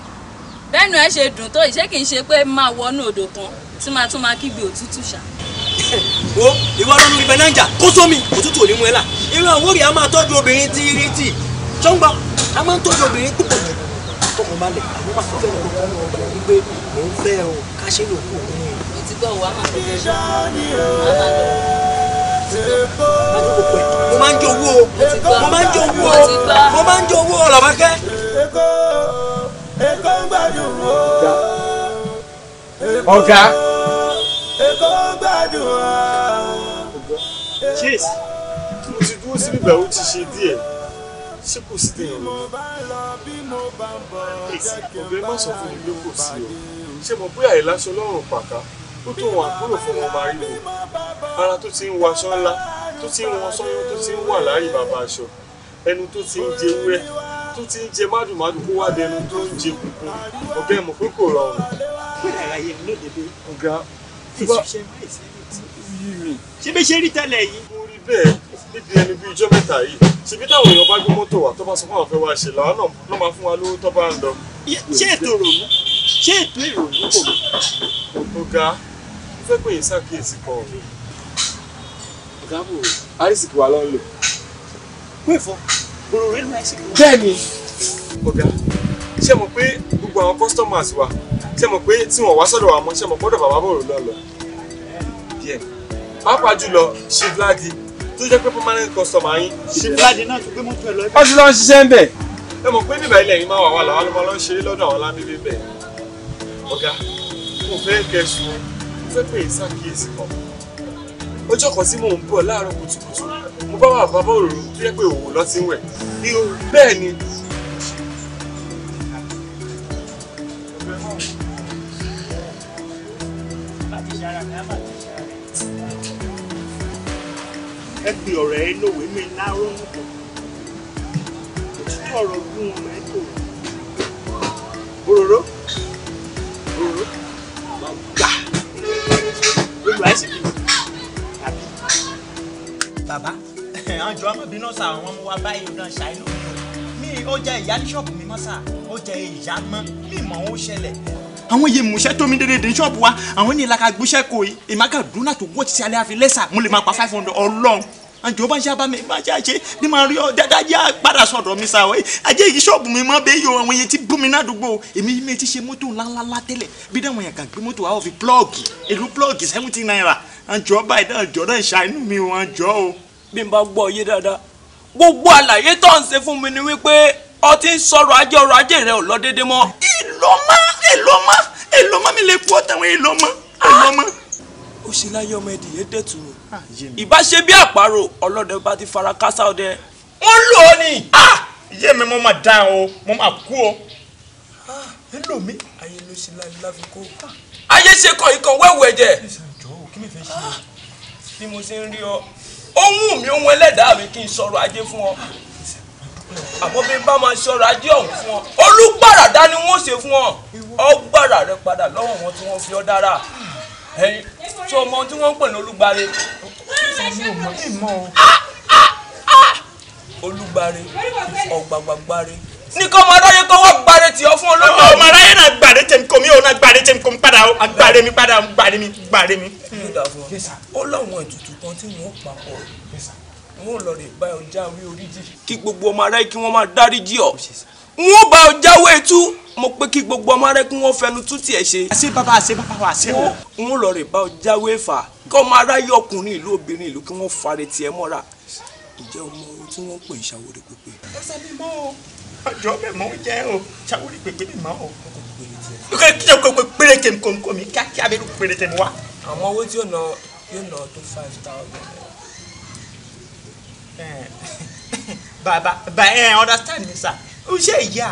bẹ́ẹ̀ nu ẹ ṣe dùn tó ìṣe kì í ṣe pé máa wọnú odò kan tí máa tún máa kígbe òtútù ṣáà o ìwọ ọ̀rọ̀ lórí bẹnáńjà kó sómi òtútù òní mú ẹ là irú àwọn òrìà máa tọ́jú obìnrin tí rí tì ṣọ́ngbà a máa ń tọ́jú obìnrin púpọ̀ jù tọkàn balẹ̀ àwọn máa fẹ́ lọ kọ́ ọmọ ọgbà wípé mò ń fẹ́ o ká ṣe lò kú òun ni. mo ti gbọ́ wàá máa fi ṣe ṣọ́ máa máa lọ. mo máa ń jẹ owó o mo máa ń jẹ owó o mo máa ń jẹ owó o làbákẹ́. èkó èkó ń gbádùn o. ọ̀gá. Èkó gbádùn á. Chase, mo ti dúró sí bíbá ó ti ṣe díẹ̀. Ṣé kò sí tẹ̀yìn lọ? Please, ọ̀gbẹ́ má sọ fún mi pé kò sí o. Ṣé mo bóyá ìlàṣọ lọ́rùn pàká? Ó tó wọn àkúrò fún wọn máa rí o. Ara tó ti ń waṣọ ńlá, tó ti ń wọn sọ́yún, tó ti ń wà láàyè bàbá aṣọ. Ẹnu tó ti ń jẹ wúrẹ́, tó ti ń jẹ mádùmádù kó wá dẹnu tó ń jẹ kùkù. Ọ̀gá ẹ̀ mọ̀ pé kò rọrùn. Ọ̀gá ṣe bí ṣe rí tẹ́lẹ̀ yìí. mo rí bẹ́ẹ̀ níbi ẹni bíi ijọ́ mẹ́ta yìí ṣebí táwọn èèyàn bá gbé mọ́tò wá tó bá sọ fún àwọn fẹ́ wá ṣe làwọn náà ló máa fún wa lówó tó bá ń lọ. ṣé ètò ìrònú ṣé ètò ìrònú kò mí. ọ̀gá mo fẹ́ pè é ṣàkíyèsí kan. ọ̀gá bò wa ló lò. pé fọ gbòòrò rẹ ló máa ṣe. bẹ́ẹ̀ ni. ọ̀gá ṣé mo pé gbogbo àwọn customers ṣe mọ̀ pé tí wọ́n wá sọ́dọ̀ wa mọ́ ṣe mọ̀ gbọ́dọ̀ bàbá bòrò lọ lọ díẹ̀ pàápàá jùlọ ṣìbláàdì tó jẹ́ pé permanent customer yín. ṣìbláàdì náà ti gbé mọ́tò ẹ̀ lọ. ó ti lọ ń ṣiṣẹ́ ń bẹ̀. ẹ mọ̀ pé bíbá ilẹ̀ yín máa wà wà làwọn ọmọ lọ ń ṣeré lọ́dọ̀ àwọn lábíbí bẹ̀. ọ̀gá mo fẹ́ kẹsùn mo fẹ́ pè é ṣàkíyèsí kan. ọjọ́ kan tí mò ń bọ̀ láàárọ̀ kùtùkùtù mo bá wà bàbá òróró tó yẹ pé òwò lọ́ ti ń wẹ̀. bẹ́ẹ̀ ni ẹ pè ọ̀rẹ́ ẹ lòwe mi láró nìkan òtítọ́ ọ̀rọ̀ gún ọmọ ẹ tò òróró òróró máa gbà olùwà ẹ sì bí àbí. bàbá àjọ ọmọbìnrin náà sà àwọn ọmọ wa báyìí ó náà ṣàìlò mi ó jẹ ìyá ní ṣọ́ọ̀bù mi mọ́ sà ó jẹ ìyá mọ́ mi mọ̀ ó ṣẹlẹ̀ àwọn yìí múṣẹ́ tómi dédé dé ṣọ́ọ̀bù wa àwọn ní ìlàkà gbúṣẹ́ kò yìí ìmáka dúnà tó wọ́ọ̀tì sí alẹ́ àfi lẹ́sà mo lè máa pa five hundred ọlọ́run àjọ bá ń ṣe abámi bá ń ṣe àṣe ni màá rí ọ dáadáa yá padà sọ̀dọ̀ mi sàwọ́ ajé yìí ṣọ́ọ̀bù mi mọ́ bẹ́ẹ̀ yọ àwọn yẹn ti bú mi ládùúgbò èmi mi ti ṣe mọ́tò ńláńlá tẹ́lẹ̀ bí dáwọn yàn kàn gbé mọ́tò àwọn fi plọ́ọ̀gì èlú plọ́ọ̀gì seventy naira àjọ báyìí náà àjọ náà ṣàánú mi wọn àjọ o. bí n bá gbọ́ yé dáadáa gbogbo àlàyé tó ń ṣe fún mi ni wípé ọ ti ń sọ̀rọ̀ ajé ọrọ̀ ajé rẹ ò lọ déédéé mọ́. èlòmọ èlòmọ èlòmọ mi lè kú ọtàwọn èlòmọ èlòmọ. ó ṣe láyé ọmọ ẹdìyẹ dẹ̀tùrọ̀ ah, ìbáṣe bí àparò ọlọ́dẹ bá ti fara kásá ọdẹ wọ́n lò ó ni. iye ah! mi mo máa dá o mo máa kú o. èlò ah, mi ayé ló ṣe láyé láfi kó. ayé ṣe kọ ikọ̀ wẹ́wù ẹ̀jẹ̀. bí mo ṣe ń rí ọ ohun mi ohun ẹlẹ́dàá mi kí n sọ̀rọ̀ ajé fún ọ àmọ́ bí n bá máa ṣọ́ra ajé ọ̀hún fún ọ olùgbàràdá ni wọ́n ṣe fún ọ ọgbàrà rẹ padà lọ́wọ́ wọn tí wọ́n fi ọ́ dára ẹyin tí ọmọ tí wọ́n ń pè ní olùgbàre. Ah, ah, ah! olùgbàre ọ̀gbàgbàgbàre nìkan ọmọ aráyé kọ́ wọ́n gbàre tì ọ́ fún olóògbé. ọmọ aráyé náà gbàre tèmi kò mí òun náà gbàre tèmi kò mí padà ó gbàre mi padà ó gbàre mi gbàre mi. ó lọ́wọ́ ètùtù kan tí wọ́n pa pọ̀ wọn ò lọ rè bá ọ jáwé oríjì. kí gbogbo ọmọ ará kí wọ́n máa dáríjì ọ wọn bá ọ jáwé tú mo pé kí gbogbo ọmọ ará kí wọ́n fẹnu tú tiẹ̀ ṣe. àṣẹ bàbá àṣẹ bàbá wa àṣẹ wọn. wọn lọ rè bá ọ jáwé fà kí ọmọ aráyé ọkùnrin ìlú obìnrin ìlú kí wọ́n fara tiẹ̀ mọ́ra ǹjẹ́ o ohun tí wọ́n pè ìṣàwòrè pépé. ọ̀sẹ̀ mi mọ́ o ọjọ́ bàbá bà ẹ understand mi sà ó ṣe ìyá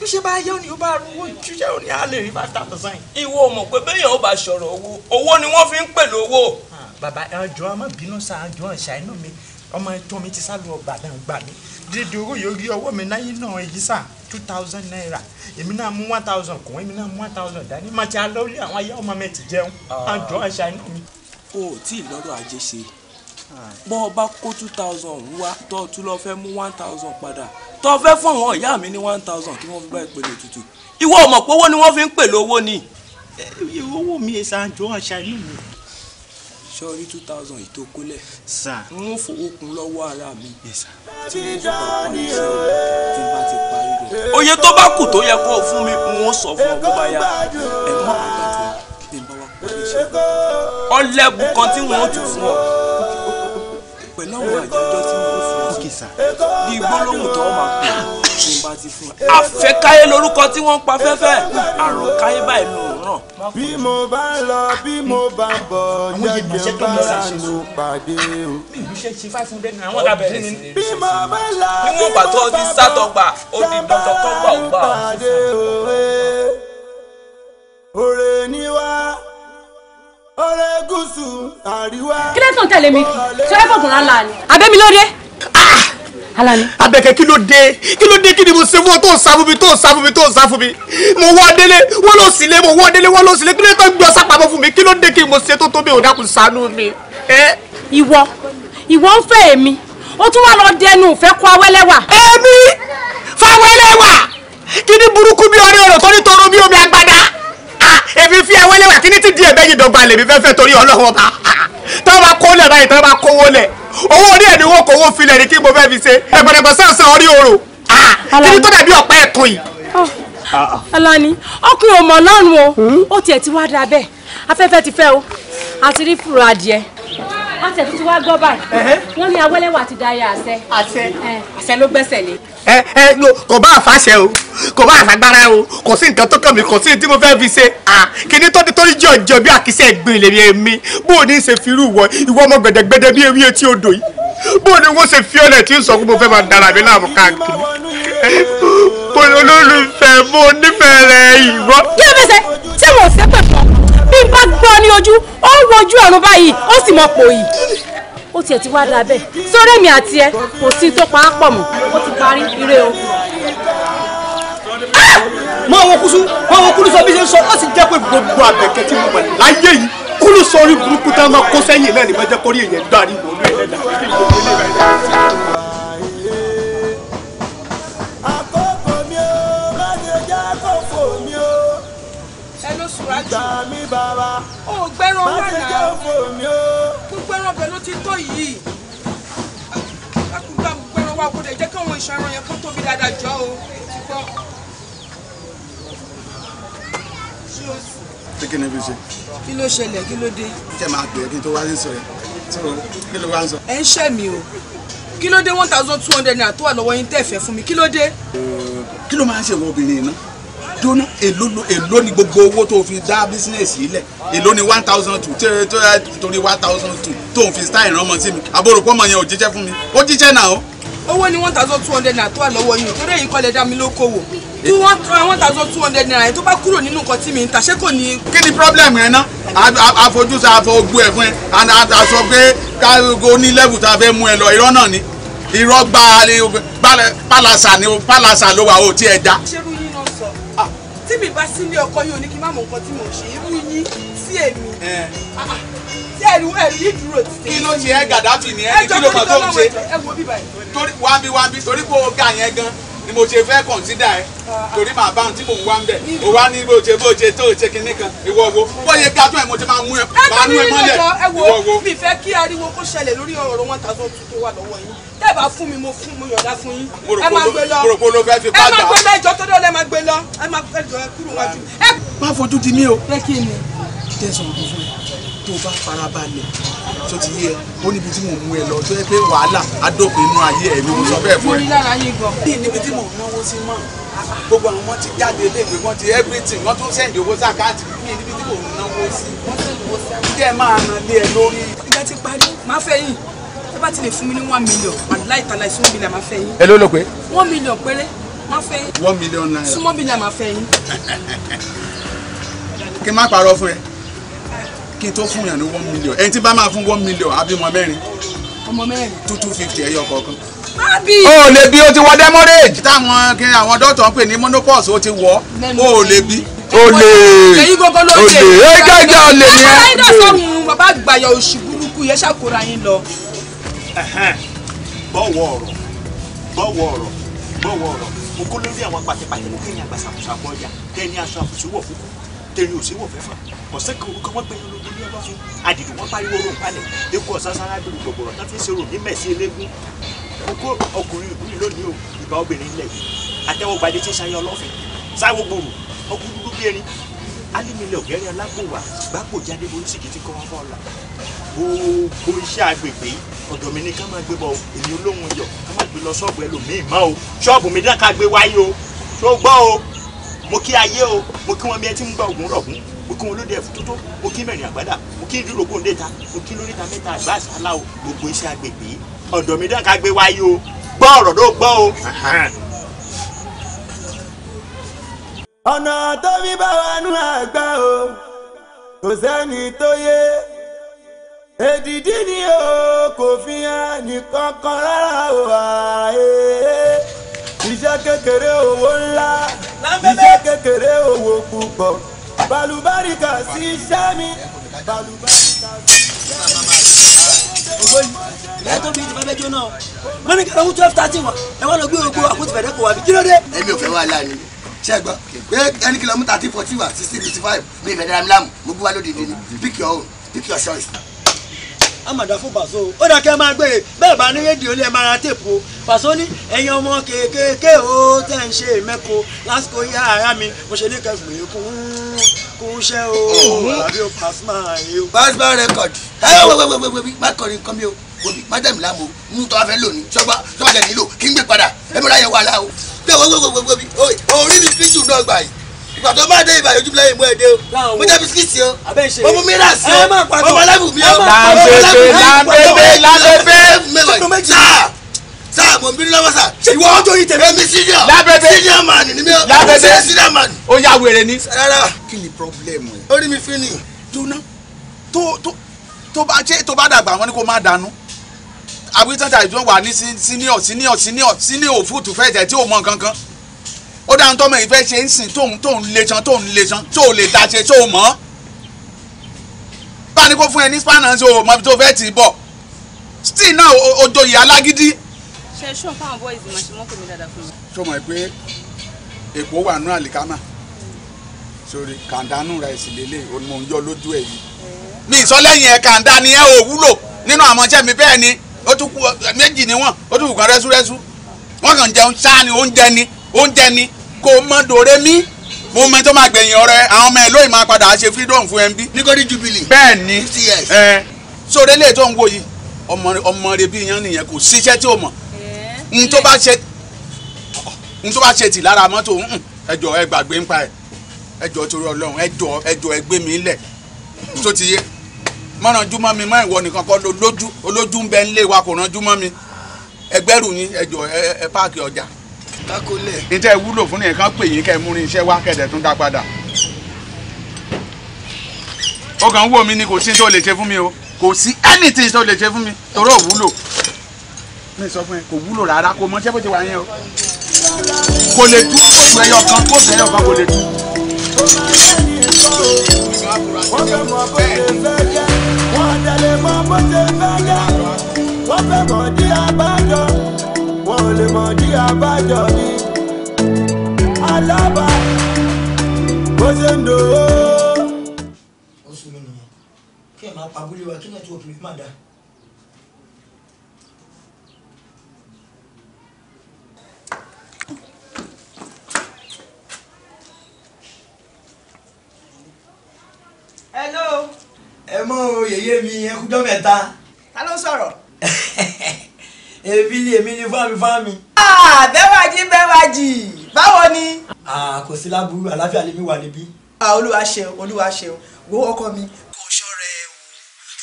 ó ṣe bá yá ni ó bá rówó ṣíṣe ò ní a lè rí five thousand sign. ìwọ mọ̀ pé béèyàn ó bá sọ̀rọ̀ owó owó ni wọ́n fi ń pè lówó. Ah, bàbá ẹjọ́ ọmọ bínú sà ẹjọ́ ṣàìnú mi ọmọ ẹjọ́ mi ti sá lọ gbàdán gbà mí dídí owó yóò rí ọwọ́ mi náyé náà èyí sà two thousand naira èmi náà mú one thousand kùn èmi náà mú one thousand dání màtí alọ́ọ̀lì àwọn ayé ọmọ mi ti jẹun ah. ẹjọ́ ṣàìnú mi. o ò tí ì lọ́rọ̀ ajé ṣe bọ́ ọba kó two thousand wá tó tún lọ fẹ́ mú one thousand padà tó fẹ́ fún àwọn ìyá mi ní one thousand kí wọ́n fi bá ìpele tutù ìwọ ọmọ pé owó ni wọ́n fi ń pèlè owó ni. owó mi ẹ ṣàǹjọ àṣàyàn mi. sọrí two thousand ìtókólẹ̀ ń fowó kun lọ́wọ́ ara mi. tí n bá ti parí rẹ̀. oye tó bá kù tó yẹ kó o fún mi n ó sọ fún ọ bó bá yá ẹ má bàbá tó kí n bá wa pọ̀ lè ṣe. ọlẹ́bù kan tí wọ́n ó tún fún ọ pẹ̀lú àwọn àjọjọ tí mo fún ọ kìsà bí gbólóhùn tó máa pè tí n bá ti fún ẹ. àfẹ́káyé lorúkọ tí wọ́n ń pa fẹ́fẹ́ àrùn káyé báyìí ló ràn. bí mo bá ń lọ bí mo bá ń bọ̀ jẹ́jẹ́ bá lánàá pàdé o. bí mo bá lọ bí mo bá ń bọ̀ jẹ́jẹ́ bá lánàá pàdé o. oore ni wá ọ̀rẹ́ gúúsù àríwá. kí ló tún tẹ̀lé mi ṣé ẹ fọkùn rán láàánú. abẹ́mi ló dé. Ah! Alani. Abẹ́kẹ́ kí ló dé kí ló dé kí ni mo ṣe fún ọ tó ń sá fún mi tó ń sá fún mi tó ń sá fún mi mo wọ́ délé wọ́n ló sì lé mo wọ́ délé wọ́n ló sì lé kí ló tó ń gbọ́ sápamọ́ fún mi kí ló dé kí mo ṣe tó tó mi ò dákun ṣàánú mi. Ìwọ ìwọ ń fẹ́ èmi ó tún wà lọ dẹnu ìfẹ́ kó awẹ́lẹ́wà. Èmi fáwẹ́lẹ́wà kí ni burúkú bí ọrẹ́ ọ̀rọ̀ tó ní tọrọ bí omi agbada èmi fi ẹwẹ́ lẹ́wà kí ní ti di ẹ̀bẹ́ yìí dọ́gba lèmi fẹ́fẹ́ torí ọlọ́wọ́ bá tí wọ́n bá kó lẹ̀ báyìí tí wọ́n bá kówó lẹ̀ owó orí ẹ̀ ni wọ́n kówó filẹ̀ ni kí mo fẹ́ fi ṣe ẹ̀gbọ̀dẹ̀gbọ̀ sọ̀sọ̀ orí òrò ah, kí ni tó dàbí ọ̀pá ẹ̀kún yìí. Ah, ah. Alani ọkùnrin ò mọ̀ lọ́rùn o hmm? ó tiẹ̀ ti wá dáa bẹ́ẹ̀ afẹ́fẹ́ ti fẹ́ o àti rí fùrọ̀ adìẹ a tẹ̀ tuntun wá gbọ́ báyìí wọ́n ní awẹ́lẹ́wà ti da ya àṣẹ. àṣẹ àṣẹ ló gbẹ́sẹ̀ lé. ẹ ẹ no kò bá àfàṣẹ o kò bá àfàgbára o kò sí nǹkan tó kàn mí kò sí tí mo fẹ́ fi ṣe à kíní tó ní tó ní jọ jọ bí àkísẹ́ gbin lèmi èmi bó o ní ṣe fi irú wọ ìwọ ọmọ gbẹdẹgbẹdẹ bí ewé etí odò yìí bó o ní wọ́n ṣe fi ọ̀lẹ̀ tí ń sọ pé mo fẹ́ máa dára mi láàmú káàkiri olólùfẹ́ mo nífẹ̀ẹ́ rẹ̀ ní ojú ó ń wojú ọ̀run báyìí ó sì mọ pò yìí ó tiẹ̀ ti wá dáa bẹ́ẹ̀ sórí èmi àti ẹ kò sí tó pa á pọ̀ mọ́ ó ti parí ire o. Ah! mọ àwọn kúsú mọ àwọn kúrú sọ bí ṣe ń sọ ó sì jẹ́ pé gbogbo àbẹ̀kẹ́ tí mo mọ̀ láyé yìí kúrú sọ orí burúkú tá a máa kó sẹ́yìn náà ní mọ́jẹ́kọ́rí èèyàn dárí ìwọ̀n olú ẹ̀dá gbà mí bàbá. ó gbẹ́rọ wà náà. má ṣe jẹ́ òfò mi o. gbẹ́rọ bẹ̀ ló ti tó yìí. akúgbà gbẹ́rọ wà kó lè jẹ́ kí àwọn yẹn kó tóbi dáadáa jọ o. ti gbọ́. ṣé kí ni bí kí ló ṣẹlẹ̀ kí ló dé. kí ẹ máa pè kí n tó wá sí sọ yẹn kí ló wá ń sọ. ẹ ń ṣẹ́ mi o kí ló dé one thousand two hundred naira tó wà lọ́wọ́ yín tẹ́ fẹ́ fún mi kí ló dé. kí ló máa ń ṣe wọ obìnrin náà dóná èló ni gbogbo owó tó fi dá business yìí lẹ̀ èló ni one thousand two torí one thousand two tó fi style rán ọmọ sí mi àbóròpọ̀ ọmọ yẹn ò jíjẹ́ fún mi ó jíjẹ́ náà owó ni one thousand two hundred naira tó wà lọ́wọ́ yín torí èyí kọ́ lẹ dá mi lókòwò tí eh. one thousand two hundred naira yẹn tó bá kúrò nínú nǹkan tí mi ń ta ṣé kò ní. kí ni problem yẹn ná àfojúsùn àfọgbó ẹ fún ẹ àṣọ pé kágo ní level tá a fẹ́ mú ẹ lọ irọ́ náà ni irọ́ gba palasa ni ló wà ó tiẹ̀ dá tí mi bá sílé ọkọ yìí ò ní kí n má mọ nǹkan tí mò ń ṣe irú yín sí èmi ah, ah. tí ẹrù ẹrù yìí dúró ti tẹ. kí ló ṣe ẹ gàdáfì ni ẹ ní kí ló mọ tó ń ṣe torí wábi wábi torí pé o gà yẹn gan ni mo ṣe fẹ́ kọ̀ǹsídà ẹ ah, torí màá bá ohun tí mò ń wá ń bẹ̀ o wá ní bó ṣe bó ṣe tó ṣe kinní kan ìwọ wo bó ṣe ga tó ẹ mo ti máa mú ẹ máa mú ẹ mọ́lẹ̀ ìwọ wo. ẹ wo mi fẹ́ kí ariwo kó ṣẹlẹ̀ lórí ọ̀rọ̀ one thousand two tó wà lọ́wọ́ yín tẹ́ bá fún mi mo fún mo yọ̀dá fún yín ẹ máa gbé lọ ẹ máa gbé lọ tó dé máa gbé lọ ẹ máa gbé lọ kúrò wájú. má fojú di mí o. pé kí ni. jẹ́ sọ̀rọ̀ fún ẹ tó bá farabalẹ̀ tó ti yé ẹ ó níbi tí mò ń mú ẹ lọ tó yẹ pé wàhálà adópin inú ayé ẹ ni mo sọ bẹ́ẹ̀ fún ẹ. gbogbo àwọn ti jáde léèwé wọn ti everything wọn tún sẹ́ǹdì owó sàkáàtì ní níbi tí mò ń náwó sí. kí ẹ máa ran lé ẹ lórí. ìgbà ti parí máa fẹ́ yìn ẹ bá ti fún mi ní one million àdúláì tàlà ìsún one million máa fẹ́ yín. ẹ ló lò pé. one million péré máa fẹ́ yín. one million naira. súnmọ́ million máa fẹ́ yín. kí n má parọ́ fún ẹ kí n tó fún yàn ní one million ẹni tí bá máa fún one million àbí ọmọ mẹ́rin. ọmọ mẹ́rin. two two fifty ẹyọ kọ̀ọ̀kan. Abi. o lè bí o ti wọ demorage. táwọn kiri àwọn dọ́tọ̀ ń pè ní monopause o ti wọ o lè bí. o lè o lè gẹ́gẹ́ o lè ní. ọ̀rọ̀ ẹ̀dọ̀ sọ̀rọ̀ bàbá àgbàyà òṣì burúkú yẹn ṣàkóra yín lọ bọ́wọ́ ọ̀rọ̀ bọ́wọ́ ọ̀rọ̀ bọ́wọ́ ọ̀rọ̀ mo kó lórí àwọn pàtẹ́pàtẹ́ mo kéèyàn àgbàsàkóso àbọ̀ ọjà tẹ́ni aṣọ àfòsíwọ̀ fúkú tẹ́ni òsíwọ̀ fẹ́fà ọ̀sẹ̀ kan orúkọ wọn gbẹ̀yìn ológun ní ọlọ́fin àdìdì wọn pariwo oró nǹkanẹ̀ eku ọ̀sására bẹ̀rù gbọ̀gbọ̀rọ̀ tó fi ń ṣerò ní mẹ̀sí eléégún kókó ọkùnrin ìlú lónìí o ìbá obìnrin ilẹ̀ yìí àtẹwọ́gbadé tí ń ṣayé ọlọ́fin sáwọ́ gbòòrò ọkùnrin dúdú bí erin alímilẹ̀ ọ̀gẹ́rẹ́ alágbòwà gbàgbòjáde borísìkì ti kọ́ wọn fọ́ ọ̀la gbogbo iṣẹ́ agbègbè ọ̀dọ̀ mi ní ká máa gbé bọ̀ èmi olóhùn yọ̀ ká máa gbé lọ ṣọ́ọ̀bù ẹlòmíì mọ́ o ṣọ́ọ̀bù mi dáká gbé wáyé o tó gbọ́ o mo kí ayé o mo kí wọn bí ẹ ti ń gba ògùn rọ̀gùn mo kí wọn lóde ẹ̀fọ́ tótó mo kí mẹ́rin àgbàdà mo kí dúró kó ń dé ta mo kí lóríta mẹ́ta àgbà àsálà o gbogbo iṣẹ́ agbègbè ọ̀dọ̀ mi dáká gbé wáyé o gbọ́ ọ̀rọ̀ ló gbọ́ o. ọ̀nà tó fi bá wa nú àgbà o kò sẹ́ni tó yé èdìdí ni o kò fi hàn nìkan kan rárá o àyè iṣẹ́ kékeré owó ńlá iṣẹ́ kékeré owó púpọ̀ balùbáríkà sí iṣẹ́ mi balùbáríkà sí iṣẹ́ mi ẹtọ́ bíi ti bẹ́ jóná o wọ́n ní kẹlẹ́ wú twelve thirty wa ẹ wá lọ gbé orogbo àkóso fẹ̀dẹ́ kò wá bí kí ló dé. èmi ò fẹ́ wá láàánú ṣe é gbọ́ pé ẹni kìlọ̀ mú thirty forty wa sixty fifty five mi ìfẹ́ dára mi láàmú mo gbé lóde ìdí ni pick your own pick your choice amada fún pàṣọ ó dà kẹ́ máa gbére bẹ́ẹ̀ bá ní rédíò lẹ́ẹ̀ máa ra téèpù o pàṣọ ní ẹ̀yin ọmọ kéékèèké o tẹ́ ń ṣe mẹ́ko lásìkò yá ara mi mo ṣe ní kẹfù èkó kún ṣẹ́ o àbí o Pasuma yìí o. Pasuma record ẹ wẹ́wẹ́wẹ́wẹ́ má kọrin nǹkan mi o wòbí má dẹ̀ mí láàmú o mú tọ́ afẹ́ lónìí sọ́gbà sọ́gbà jẹ̀ nílò kí n gbé padà ẹ mọ́ra yẹn wà láà o. wẹ́wẹ́wẹ́wẹ́ orí mi fi jù náà gbà yìí ìgbà tó bá dé ìbà yóò jùlọ ìmú ẹ̀dẹ́ o mo jẹ́ bisikíìtì o mo mú mìíràn sí o mo mọ lẹ́bù mi o. làǹbẹ̀bẹ̀ làǹbẹ̀bẹ̀ làǹbẹ̀bẹ̀ sáà sáà mo ń bínú lọ́wọ́ sáà. ìwọ ọjọ́ yìí tẹ̀lé mi senior lábẹ́bẹ́ senior man ni mi o lábẹ́bẹ́ senior man. ó yà wèrè ni. rárá kí ni pọ́blẹ́mù ẹ̀. orí mi fi ni. jóná tó tó tó bá ṣe tó bá dàgbà wọn ni kó má dànù àbí tẹ́tà ìjọ wà ní senior senior senior senior òfúùtù fẹ́ẹ̀tẹ̀ tí ò mọ nǹkan kan ó dáhùn tọ́mọ yìí fẹ́ ṣe ń sìn tóun tóun lè san tóun lè san tó lè ta ṣe tó o mọ̀ kó fún ẹ ní spanner ṣe o mọ̀ tó fẹ́ tì bọ̀ still náà o joyè alágídí. ṣe ṣó fáwọn boys ìmọ̀ ṣe mọ́ pèmí dáadáa fún mi. ṣó mọ̀ pé èkó wà nú àlìkámà sórí kàńdánù ra èsì lélẹ̀ onímọ̀ ń yọ lójú ẹ̀ yìí. mi ìsọlẹ́yìn ẹ̀ kàńdá ni ẹ ò wúlò nínú àmọ́ṣẹ́ mi bẹ́ẹ̀ ni ó tún kú méjì níwọ̀n ó tún kù kan rẹ́súrẹ́sú wọ́n kàn jẹun ṣáà ni oúnjẹ ni oúnjẹ ni kó o mọ dòre mí mo mẹ tó máa gbẹ̀yìn ọ̀rẹ́ àwọn ọmọ ẹ̀ lóyìn máa padà ṣe freedom fún ẹnbí. ní kọ́ni jubilee. bẹ́ẹ̀ ni ẹ sóde lè tó ń wo yìí ọmọ rẹ bí yan nìyẹn kò síṣẹ́ tí o mọ̀ n tó bá ṣe n tó bá ṣe tì lára mọ́tò ẹjọ́ ẹ gbàgbé ń pa ẹ ẹjọ́ torí ọlọ́run ẹjọ́ ẹjọ́ ẹ gbé mi lẹ̀ tó ti yé mọ́rànjú mọ́ mi mọ́ ìwọ nìkan kọ́ lójú olójú ń bẹ ń lé wa kò ránjú mọ́ mi ẹgbẹ́rù yín ẹjọ́ ẹ páàkì ọjà takolẹ̀. ìtẹ́ wúlò fún yẹn kán pè yín kẹ́ múrin iṣẹ́ wá kẹ̀dẹ̀ tún dá padà. ó kàn ń wò mí ni kò sí tó lè ṣe fún mi o kò sí anything tó lè ṣe fún mi torí ò wúlò mi sọ fún ẹ kò wúlò rárá kò mọ ṣé bó ti wà yẹn o kò lè tú kóòtù ẹyọ kan kóòtù ẹyọ kan kò lè tú. wọ́n fẹ́ mọ bó ṣe fẹ́ jẹ́ wọ́n tẹ̀lé mọ bó ṣe fẹ́ jẹ́ wọ́n fẹ́ mọ dí abájọ wọn lè mọ dí abájọ mi. alábà bó ṣe ń dòwó. ó sún mi nìyẹn kí ẹ máa pàbólé wa kí nẹ́tíwọ̀kì mi má dáa. hello. ẹ mọ òye mi ẹ kú ta ló sọ̀rọ̀. èmi ni èmi ni fámi fámi. bẹ́wàjì ah, bẹ́wàjì báwo ni. Ah, kò sí láburú àlàáfíà lèmi wà níbí. Ah, olúwa ṣeun olúwa ṣeun wo ọkọ mi. kò ṣọrẹ o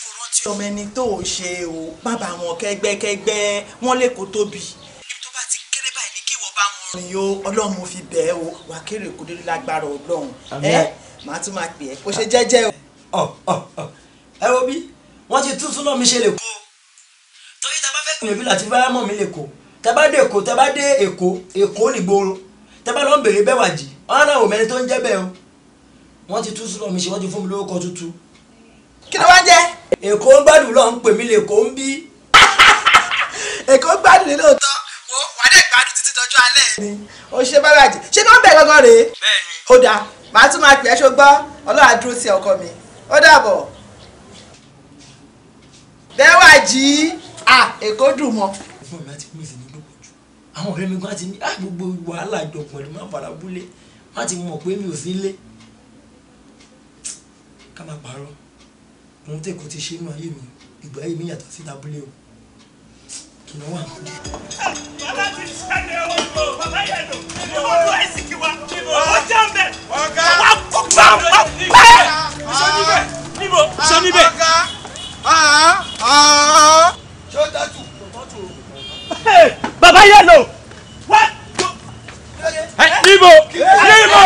kò rántí ọmọ ẹni tó o ṣe o má bá wọn kẹ́gbẹ́kẹ́gbẹ́ wọn lè kó tóbi. ibi tó bá ti kéré báyìí ni kí wọ́n bá wọn rìn yó ọlọ́run mo fi bẹ́ẹ̀ o wà kéré kó délé lágbára ọlọ́run ẹ màá tún máa pè é kó ṣe jẹ́jẹ́ o. ẹ wo bí wọ́n ti tún súná mi ṣe lè kó. torí tá Oyèbílò àti Fárámọ̀ mi lè kó tẹ́bá dé èkó tẹ́bá dé èkó èkó nìgboro tẹ́bá lọ́n bèrè Bẹ́wàjì ọ̀hún àwọn ọmọ ẹni tó ń jẹ́ bẹ́ẹ̀ o wọ́n ti tú sílọ̀ mi ṣe wọ́n ti fún mi lórúkọ tuntun. kí ló wá jẹ́. èkó ń gbádùn lọ ń pè mí lè kó ń bí. èkó ń gbádùn ní lóòótọ́ wo wàá dẹ̀ gbádùn títí dọjọ́ alẹ́ ni. o ṣe Bẹ́wàjì ṣé ní wọ́n bẹ̀ gangan rèé. bẹ́ẹ̀ni. ó dáa màá tún máa pè é ṣogbọ́ Ọlọ́run dúró ti ọkọ mi ó dàbọ̀. Bẹ́wàjì ah èkó dùn mọ́. ẹ̀fọn mi láti pèsè ní lóko jù àwọn ọ̀rẹ́ mi gbọ́n ti ní gbogbo wàhálà àjọpọ̀ ni máa fara búlé má ti mọ̀ pé mi ò sí lé ká máa parọ́ ohun tí èkó ti ṣe nínú ayé mi ìgbà ayé mi yàtọ̀ sí tábúlé o kì í wà. bàbá ti ṣẹlẹ̀ ọmọ bàbá yẹn lò ní ọmọ ẹ̀sìn kí wa ọjà ń bẹ̀ wà kó gbà wà pẹ́. sọ níbẹ̀ níbo sọ níbẹ̀ yóò tọ́jú. bàbá yẹlò wá. níbo níbo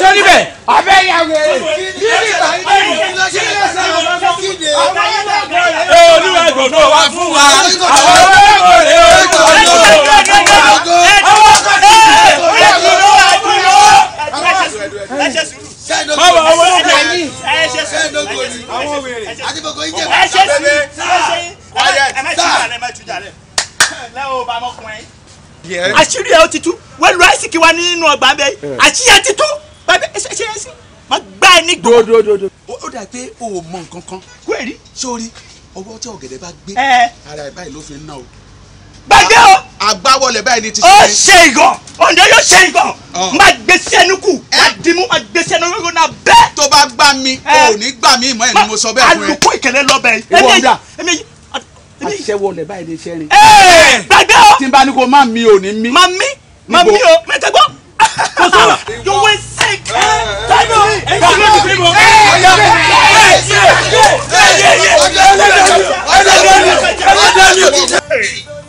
sọ níbẹ̀. abẹ́ ya wẹ̀rẹ̀ yìí bá yìí ló ṣe é sọ àwọn ọmọ kíde. ẹ olúwa ìgbòho wa fún wa àwọn ọmọ rẹ ó tọ́ lọ. ọwọ́ kan ní ìṣẹ̀lẹ̀ báwo àwọn olóògbé ẹ ṣe sùúrù àwọn wèrè àti gbogbo ìjẹ̀bù ẹ ṣe sùúrù quiet sir. àṣírí ẹ ó ti tú wọ́n lu àìsíkì wa nínú ọgbà bẹ́ẹ̀ àṣírí ẹ ti tú bàbá ẹ ṣe é gbá ẹ ní gbọ́. ó dà pé o ò mọ nǹkan kan. kú èrí. sórí ọwọ́ tí ọ̀gẹ̀dẹ̀ bá gbé. ara ẹ̀ báyìí ló fi ń ná o. gbàgbé o. àgbáwọlẹ̀ báyìí ni ti ṣe. ó ṣe ìgàn ọ̀nà yóò ṣe ìgàn. má gbé sẹ́nu kù má dimú má gbé sẹ́nu yóò náà bẹ́ẹ̀. tó bá gbá mi ò ní gbà mí ìmọ̀ ẹ̀ ni mo sọ bẹ́ẹ̀ fún ẹ aṣẹ́wọlẹ̀ báyìí ni iṣẹ́ rìn. ẹ̀ẹ́ gbàgbé o. tí n bá ní ko má mi ò ní mi. má mi má mi o mẹ́tẹ́ gbọ́. kò sọ̀rọ̀ you will sick. tẹ́lẹ̀ o èyí ló ti fi mọ̀.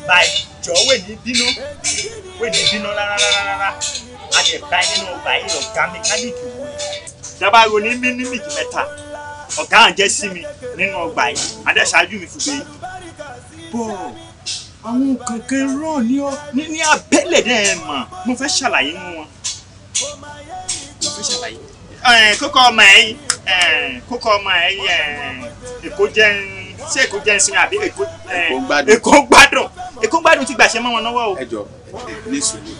báyìí jọ wẹ̀ ní bínú wẹ̀ ní bínú rárá rárá a lè bá nínú báyìí ọ̀gá mẹkáníìkì wọ̀ dábàá ronú mímíkì mẹ́ta ọ̀gá àjẹsí mi nínú ọgbà yìí adẹ́sàájú mi fún mi bọ̀ àwọn nǹkan kan rán ní ọ ní abẹ́lẹ̀ náà ẹ mọ̀ mo fẹ́ ṣàlàyé nínú wọn mo fẹ́ ṣàlàyé kókó ọmọ ẹ̀yìn kókó ọmọ ẹ̀yìn èkó jẹ́ ṣé èkó jẹ́ ìsinmi àbí èkó gbádùn èkó gbádùn èkó gbádùn ti gbàṣẹ mọ́ wọn lọ́wọ́ o. ẹ ní sùúrù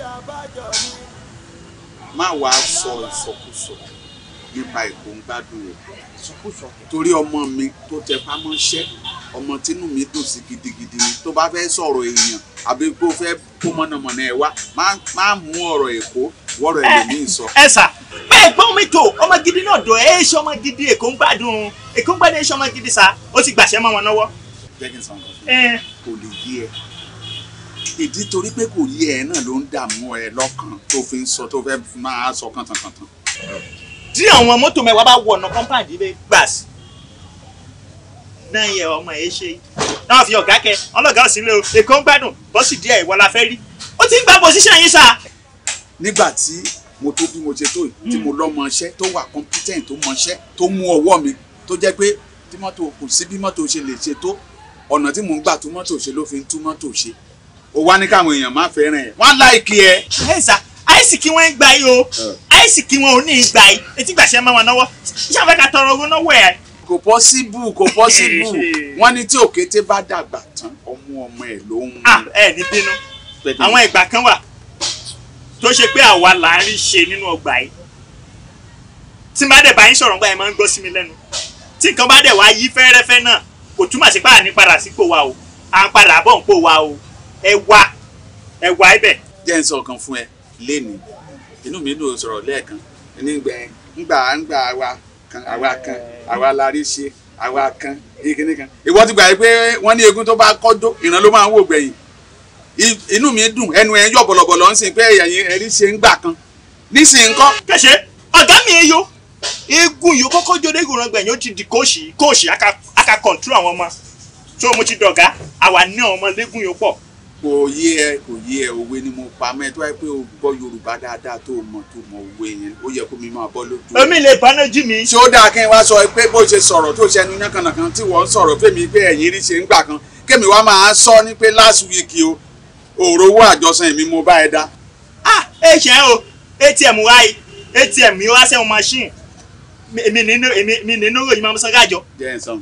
má wàá sọ ìsọkúsọ nípa èkó gbádùn o ìsọkúsọ. torí ọmọ mi tó tẹpá mọ́ṣẹ́ ọmọ tínú mi dùn sí gidigidi ni tó bá fẹ́ sọ̀rọ̀ èèyàn àbí kó fẹ́ kó mọ̀nàmọ̀nà ẹ̀ wá má mú ọ̀rọ̀ èkó wọ́rọ̀ ẹ̀ lèmi sọ. ẹ sà bẹ́ẹ̀ gbọ́n mi tó ọmọ gidi náà dọ̀ ẹ́ ṣe ọmọ gidi èkó ń gbádùn èkó ń gbádùn ẹ̀ ṣe ọmọ gidi sa ó ti gbàṣẹ́ mọ́ wọn lọ́wọ́. jẹ́gin sàn kò lè yí ẹ ìdí torí pé kò yí ẹ náà ló ń dààmú ẹ lọ́kàn tó fi ń sọ tó fẹ́ máa sọ kàntàkàntà tí àwọn mọ́tò mẹ́wàá bá wọ̀nà kọ́mpáàdì bẹ́ẹ̀ gbà sí náà yẹ ọmọ ẹ ṣe náà fi ọ̀gá kẹ ọlọ́gá òsì lé o èkó ń gbádùn bọ́sì díẹ̀ ìwọ la fẹ́ rí o ti ń gba pòsíṣàn yín sá. nígbà tí mo tó bí mo ṣe tó yìí tí mo lọ́mọ iṣẹ́ tó wà competent tó mọ iṣẹ́ tó mú ọwọ́ mi tó jẹ́ pé tí mọ́tò kò sí bí mọ́tò ṣe lè ṣe tó ọ̀nà tí mò ń gbà tó mọ́tò ṣe ló fi ń tú mọ́tò ṣe ó wá ní káwọn èèyàn má fẹ́ràn ẹ̀ wọ́n láìkí ẹ. ẹ sà àìsí kí wọ́n gba yìí o àìsí kí wọn ò ní ìgbà yìí etí gbàṣẹ máa wọn náwó ṣáà fẹ́ ká tọrọ owó náwó ẹ̀. kò pọ́síbù kò pọ́síbù wọ́n ní tí òkété bá dàgbà tán ọmú ọmọ ẹ̀ ló ń mú. Ah, ẹ ní bínú àwọn ìgbà kan wà tó ṣe pé àwa là ń rí ṣe nínú ọgbà yìí tí má dẹ̀ bá yín sọ̀rọ̀ ńgbà yẹn máa ń gbọ́ sí mi lẹ́nu tí nǹkan bá dẹ̀ wá yí fẹ́rẹ́fẹ́ náà kò túmọ̀ sí pàà ní padà sípò wa o à ń padà bọ̀ ń pò wa o ẹ wá ẹ wá ibẹ̀. jẹ́ ń sọ ọ̀kan fún ẹ lénìí inú mi dùn sọ̀rọ̀ lẹ́ẹ̀kan nígbà gba ńgbà àwa kan àwa kan àwa larí ṣe àwa kan ìkíní kan ìwọ ti gbà pé wọ́n ní to tó bá kọ́jọ́ ìran ló máa ń wò gbẹ̀yìn inú mi dùn ẹnu ẹ̀ ń bọ̀lọ̀bọ̀lọ̀ ń sìn ṣe ń kan nísìnyí ńkọ́. Kese, ọ̀gá mi eyo eégún yìí kọ́kọ́ jó dégùn ó ti ọmọ tó mo ti dọ̀gá àwa ní ọmọ yìí kò yé ẹ kò yé ẹ òwe ni mo pa mẹ tó wáyé pé o gbọ́ Yorùbá dáadáa tó o mọ̀ tó o mọ̀ òwe yẹn ó yẹ kó mi máa bọ́ lójú. èmi lè paná jí mi. ṣé ó dáa kí n wá sọ pé bó ṣe sọ̀rọ̀ tó ṣẹnu yánkànnàkan tí wọ́n ń sọ̀rọ̀ fèmí pé ẹ̀yìn rí ṣe ń gbà kan kémi wá máa sọ ní pé last week o òòrò owó àjọsìn mi mo bá ẹ dá. a ẹ ṣe o atm wáyé atm mi wá sẹ́wọ̀n machine mi nínú mi nínú ròyìn máa ń sọ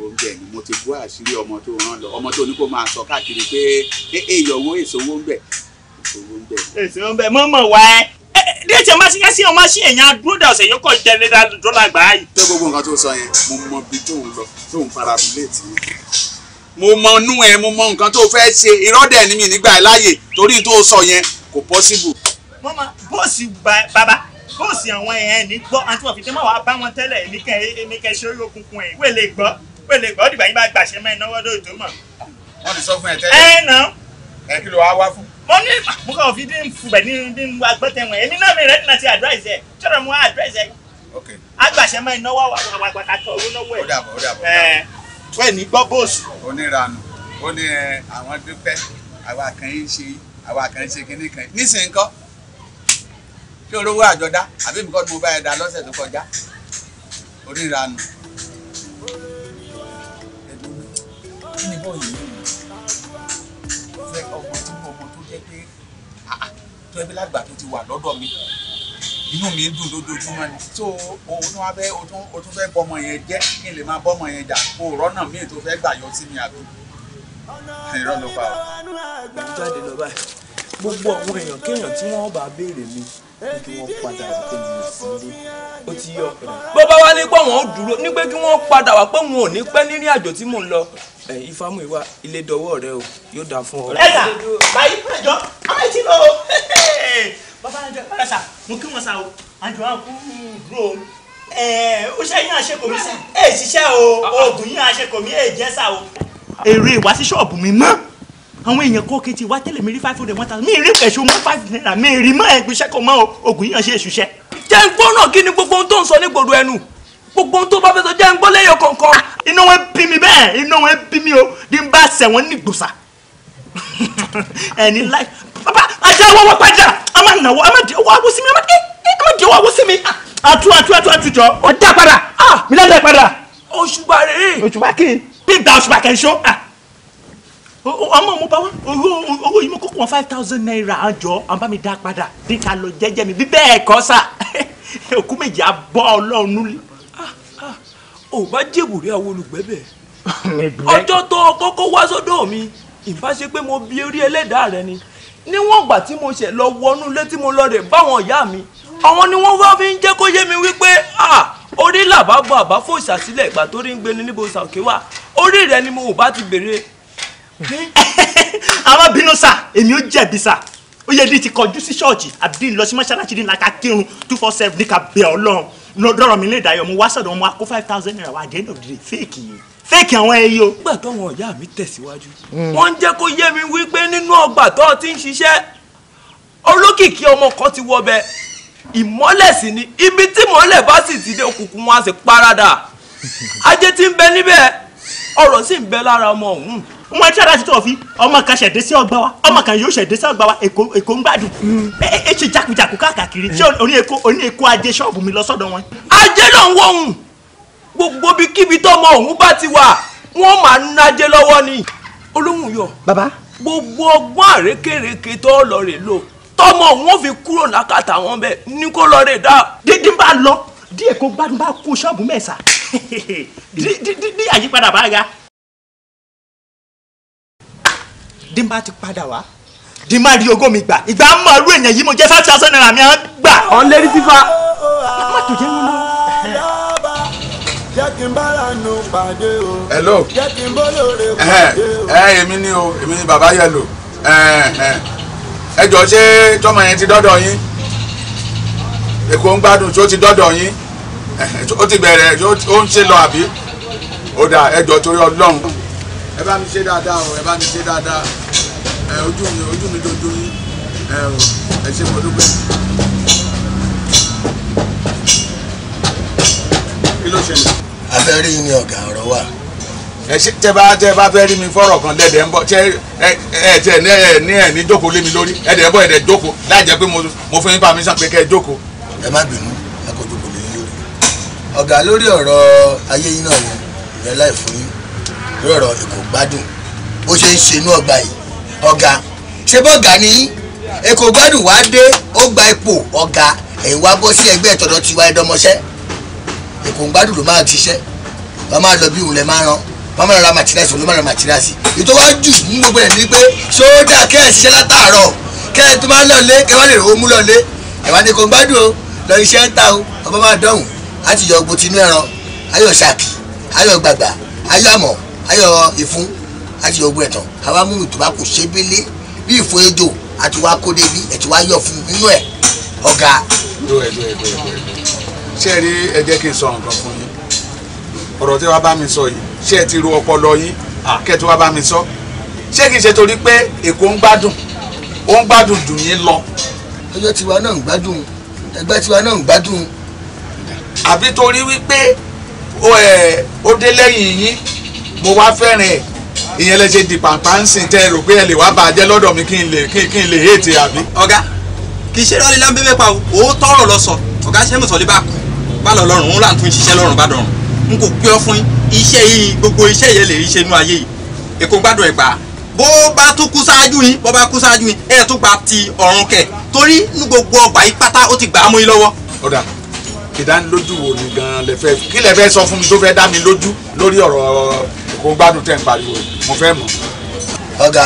ariwo ń bẹ ni mo ti gbọ́ àṣírí ọmọ tó rán lọ ọmọ tó ní kó máa sọ káàkiri pé èèyàn owó èso owó ń bẹ èso owó ń bẹ. èso mọ́ wá ẹ́ léèjẹ máa ṣiṣẹ́ sí ọmọ sí èèyàn adúródà ọ̀sẹ̀ yóò kọ́ jẹ́ lẹ́dá dọ́là gbà yìí. tó gbogbo nǹkan tó sọ yẹn mo mọ bí tóun lọ tóun fara mi léètì mo mọ inú ẹ mo mọ nǹkan tó fẹ́ ṣe ìrọ́dẹ̀ ni mi nígbà láàyè torí tó sọ yẹn kò pọ́síbù. bóòsì bàbá bóòsì àwọn ní gbọ́ àti wọ́n fi dé mọ́ wàá bá wọn tẹ́lẹ̀ èmi kẹ́ ṣe orí okùnkùn ẹ̀ ìwé lè gbọ́ pèlè gbọ́ dìgbà yín bá gbàṣẹ mẹ́ náwó lóòótọ́ mọ̀. wọ́n ti sọ fún ẹ tẹ́lẹ̀. ẹ nà. ẹ kí ló wá wá fún. mo ní ah, mo kàn fi dín fùbẹ̀ ní dín wa gbọ́ tẹ̀wọ̀n èmi náà mi rẹ́dínà ti àdúráìsì ẹ̀ tọ́lọ̀ mo àdúráìsì ẹ̀. ok agbàṣẹ mẹ́ náwó wàkàtọ̀ owó lọ́wọ́ ẹ̀. ó dàbọ̀ ó dàbọ̀. ẹ wẹ́ẹ̀ ní ó ní àwọn dúpẹ́ àwa kan ń ṣe àwa kan ń ṣe kinní kan nísìnyí ńkọ́ ṣé olówó àjọdá àbí mi kọ́ bá ẹ da lọ́sẹ̀ tó kọjá oníranù kí ni bọ́ọ̀ yìí nìyí fẹ́ ọmọ tí mo mọ tó jẹ́ pé tó ẹbí lágbà tó ti wà lọ́dọ̀ mi inú mi dùn lójoojúmọ́ ni tó òun náà fẹ́ o tún fẹ́ bọ́mọ yẹn jẹ́ kí n lè máa bọ́mọ yẹn jà kó o rọ́nà míì tó fẹ́ gbà yọ sí mi àbí irọ́ ló pa ọ́. gbogbo àwọn èèyàn kéèyàn tí wọ́n bá béèrè mi kí wọ́n padà wá pé mi ò sílé ó ti yọ. bó bá wá ní pé wọn ò dúró ní pé kí wọ́n padà wá pé wọn ò ní pẹ́ nínú àjò tí mò ń lọ ìfàmù ìwà ilé dọwọ́ rẹ o yóò dáa fún ọ. ẹ̀sà báyìí pẹ̀jọ́ ọmọ ìtì lọ bàbá àjọ ẹ̀sà mo kí wọn sá o àjọ àkú dúró o ṣe yín àṣekòmí sá ẹ̀ ṣiṣẹ́ o oògùn yín àṣekòmí ẹ̀ jẹ́ sá o. èrè ìwá sí ṣọ́ọ̀bù mi mọ́ àwọn èèyàn kó kétí wá tẹ́lẹ̀ mi rí five hundred one thousand mi rí ẹ̀ṣọ́ mú five naira mi rí mọ́ ẹ̀gbẹ́sẹ̀ kan mọ́ oògùn yíyan ṣe èṣùṣẹ́. jẹ́ ń gbọ́ náà kí ni gbogbo ohun tó ń sọ ní gbòdo ẹnu gbogbo ohun tó bá fẹ́ sọ jẹ́ ń gbọ́ lẹ́yọ kọ̀ọ̀kan. Ah! iná wọn bí mi bẹ́ẹ̀ iná wọn bí mi o bí n bá sẹ̀ wọ́n ní gbòsà ẹni láì bàbá ajá wọn wọ́n pàjá a máa nàwọ́ a máa di owó àwòsí mi a máa di owó àwòsí mi. àtú àtú àtú àtújọ ọjà padà ah! mílíọ̀nù padà. òṣùpá rèé. òṣùpá kí. bí ìgbà òṣùpá kẹ́ ń ṣó. Ah! ọmọ mo bá wá owó owó yìí mo kókò wọn five thousand naira àjọ àwọn bá mi dá padà díka lọ jẹ́jẹ́ mi bí bẹ́ẹ̀ kọ́ sà òkú méjì á bọ́ ọlọ́run nílé. Ah, ah, ò bá jèbùrí àwọn olùgbẹ́bẹ̀ ọjọ́ tó kọ́kọ́ wá sọ́dọ̀ mi ìbá ṣe pé mo bi orí ẹlẹ́dàá rẹ ni níwọ̀n ìgbà tí mo ṣẹ̀ lọ wọnú ilé tí mo lọ rẹ̀ báwọn ìyá mi àwọn ni wọ́n wá fi ń jẹ́ kó yé mi wípé ah, orí làbá bọ àbá fòṣà sílẹ̀ ìgbà tó rí ń gbéni níbo sàkíwà orí rẹ ni mo ò bá ti béèrè àwọn bínú sà èmi ò jẹ̀bi sà ó yẹ ní ti kọjú sí ṣọ́ọ̀jì àbí lọ sí mọ́ṣáláṣí ní laka kírun two four seven ní ká bẹ ọlọ́run lọ́dọ̀rọ̀ mi lè dayọ̀ mo wá sọ̀dọ̀ mo wá kó five thousand naira wá àjẹ́ndọ̀ òdìdí fẹ́ẹ̀kì yìí fẹ́ẹ̀kì àwọn ẹyẹ o. nígbà táwọn ọ̀yá mi tẹ̀síwájú hmm. wọ́n ń jẹ́ kó yé mi wípé nínú ọgbà tó ti ń ṣiṣẹ́ olókìkí ọmọ kan ti wọ bẹ́ẹ̀ ìmọ́lẹ̀ sì ni ibi tí mọ́lẹ̀ bá sì ti dé òkùnkùn wọn á sì paradà ajé ti ń bẹ níbẹ̀ ọ̀rọ̀ sì ń bẹ lára ọmọ ọ̀hún wọn tí ara ti tọ̀ fi ọmọ kan ṣẹ̀dé sí ọgbà wa ọmọ kan yóò ṣẹ̀dé sí ọgbà wa èkó èkó ń gbádùn ẹ ṣe jákujàku káàkiri ṣé oní èkó oní èkó ajé ṣọ́ọ̀bù mi lọ́sọ̀dọ̀ wọn. ajé náà ń wọ̀hún gbogbo bí kíbi tọmọ òun bá ti wà wọn máa ń nájé lọ́wọ́ ni. olóhùn yọ bàbá gbogbo ọgbọ́n àrékèrèké tó lọ rè lò tọmọ òun fi kúrò lákàtà wọn bẹ ní kó lọ rè dá. dídín bá lọ díẹ̀ kó gbádùn bá kú ṣọ́ọ̀bù mẹ́sà díẹ̀ àyípadà bá ga tí ti padà wá tí rí ogó mi gbà ìgbà mọ̀ ọdún èèyàn yìí mo jẹ́ five thousand naira mi gbà. ọ̀n lérí sífà. hello. ẹ ẹ èmi ni o èmi ni bàbá yẹlò ẹ jọ ṣé tọmọ yẹn ti dọdọ yín èkó ń gbádùn tó ti dọdọ yín ó ti bẹ̀rẹ̀ ó ń ṣe lọ àbí ó dà ẹ jọ torí Ọlọ́run ẹ bá mi ṣe dáadáa o ẹ bá mi ṣe dáadáa ẹ ojú mi ojú mi dojú yín ẹ o ẹ ṣe mo dúpẹ́. kí ló ṣẹlẹ̀. abẹ́rẹ́ yìí ni ọ̀gá ọ̀rọ̀ wà. ẹ ṣe tẹ bá tẹ bá fẹ́ rí mi fọ́rọ̀ kan dẹ̀dẹ̀ ń bọ̀ ṣe ẹ ẹ ní ẹ ní ẹ ní jókòó lé mi lórí ẹ bọ̀ ẹ jókòó láì pé mo fún yín pàmí sàn pé kẹ́ ẹ jókòó. ẹ má bínú ẹ kò jókòó lé yín lórí ọ̀gá lórí ọ̀rọ̀ ayé yín náà ni ìrẹ́lá ìfún lórí ọ̀rọ̀ èkó gbádùn bó ṣe ń ṣe inú ọgbà yìí ọ̀gá ṣé bọ́ọ̀gá ni èkó gbádùn wá dé ó gba ipò ọ̀gá ẹ̀yìn wá bọ́ sí ẹgbẹ́ ìtọ́dọ̀ tiwa ẹ̀dọ́mọṣẹ́ èkó gbádùn ló máa ṣiṣẹ́ wà á máa lọ bí òun lẹ máa rán wọ́n máa ra màtírasì olóòmọ̀ ra màtírasì ètò wa jù ní gbogbo ẹ̀ ní pé sódà kẹ́ ẹ̀ ṣiṣẹ́ látàárọ̀ kẹ́ ẹ̀ tó máa lọ lé kẹ́ ẹ̀ wá lè rówó mú lọ ẹ̀ wá ní kó gbádùn o lọ iṣẹ́ ń ta o ọba máa dọ̀hùn láti yọ ọgbọ́n ẹran ayọ̀ ṣáàkì ayọ̀ gbàgbà ayọ̀ àmọ̀ ayọ ìfún àti ọgbọ ẹtàn àwa mú ìtura kò ṣe bélé bí ìfọ ejò àti wa kó débi ẹtì wa yọ fún nínú ẹ ọgá. ṣé ẹ rí ẹ jẹ́ kí n sọ nǹkan fún yín ọ̀rọ̀ tí wàá bá mi sọ yìí ṣé ẹ ti ro ọpọlọ yín àkẹ́tù wàá bá mi sọ ṣé kì í ṣe torí pé èkó ń gbádùn ó ń gbádùn dùn yín lọ. ọjọ́ tiwa náà ń gbádùn ẹgbẹ́ tiwa náà ń gbádùn. àbí torí wípé ó dé yín mo wá fẹ́ràn ẹ̀ ìyẹn lè ṣe di pàǹpá ń sìn tẹ́ ẹ rò pé ẹ lè wá bàjẹ́ lọ́dọ̀ mi kí n lè kí n lè hètè àbí. ọ̀gá kì í ṣe lọ́ọ́lì láńbẹ́ mẹ́pa o ò tọrọ lọ sọ ọ̀gá ṣe mùsọ̀lì bá kú bá lọ lọ́rùn òun là ń tún ṣiṣẹ́ lọ́rùn bá dọ̀rùn n kò pé ọ fún iṣẹ́ yìí gbogbo iṣẹ́ yẹn lè rí ṣe nú ayé yìí èkó gbádùn ẹ̀ pa bó bá tún kú sáájú yín bó bá kú sáájú yín ẹ̀ tún gba ti ọ̀run kẹ̀ torí ní gbogbo ọgbà yìí pátá ó ti gbà á mú yín lọ́wọ́. ọ̀dà ìdánilójú wo ni gan-an lè fẹ́ kí lè fẹ́ sọ fún mi tó fẹ́ dá mi lójú lórí ọ̀rọ̀ kó gbádùn tẹ̀ ń pariwo mo fẹ́ mọ̀. ọ̀gá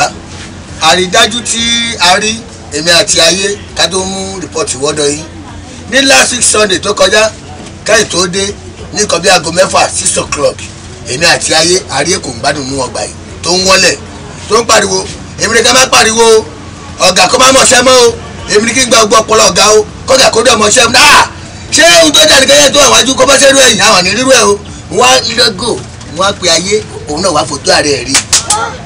àrídájú tí a rí èmi àti ayé ká tó mú rìpọ́tì wọ́dọ̀ yìí ní last six sunday tó kọjá káyì tó dé ní nǹkan bí aago mẹ́fà six o'clock èmi àti ayé àrí èkó ń gbádùn nínú ọgbà yìí tó ń wọ́lẹ̀ tó ń pariwo èmi ni ká má pariwo ọ̀gá kó má mọ̀ṣẹ́ mọ́ o èmi ni kí n gba ọgbọ́n ọpọlọ ọ̀gá o kọ́gà kó dẹ̀ mọ̀ṣẹ́ mọ́ náà ah! ṣé ohun tó jáde kẹ́yẹ́ tó àwọn ajú kọ́ bá ẹ̀yìn àwọn ní rírú ẹ̀ o wọ́n á lọ́gọ̀ wọ́n á pe ayé òun náà wá fojú ààrẹ rí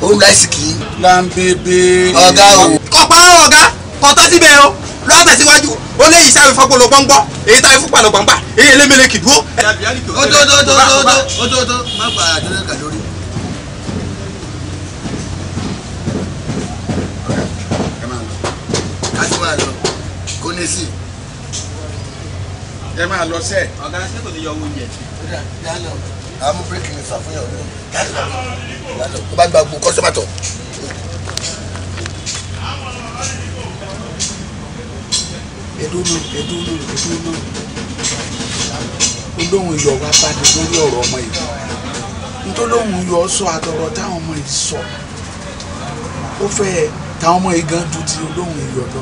òun láìsíkì. lambebe. ọ̀gá o. kọ̀pọ̀ ọ̀gá kọ̀tọ́ síbẹ̀ o lọ́wọ́ tẹ̀síwájú ó lé yìí sáfẹ́ fọ́pọ̀ lọ́gbọ́ngbọ́ èyí táwọn fúnpà lọ́gbọ́ngbà èyí elémele kìdúró. ọjọ́ má gba àjọyọ̀ kà lórí. kásíwá lọ kó ní sí. ẹ máa lọ sẹ́ẹ̀. ọ̀gá ṣé kò ní yọ owó oúnjẹ àmú bírèkì mi fà fún yàn lóyún yálò yálò tó bá gba gbogbo kọ́sọ́mà tọ̀. ẹdúró ẹdúró ẹdúró olóhùn iyọ̀ wá báni lórí ọ̀rọ̀ ọmọ ìlú ntọ́lóhùn iyọ̀ sọ àtọ̀rọ̀ táwọn ọmọ yìí sọ ó fẹ́ táwọn ọmọ yìí gan dùn ti olóhùn iyọ̀ lọ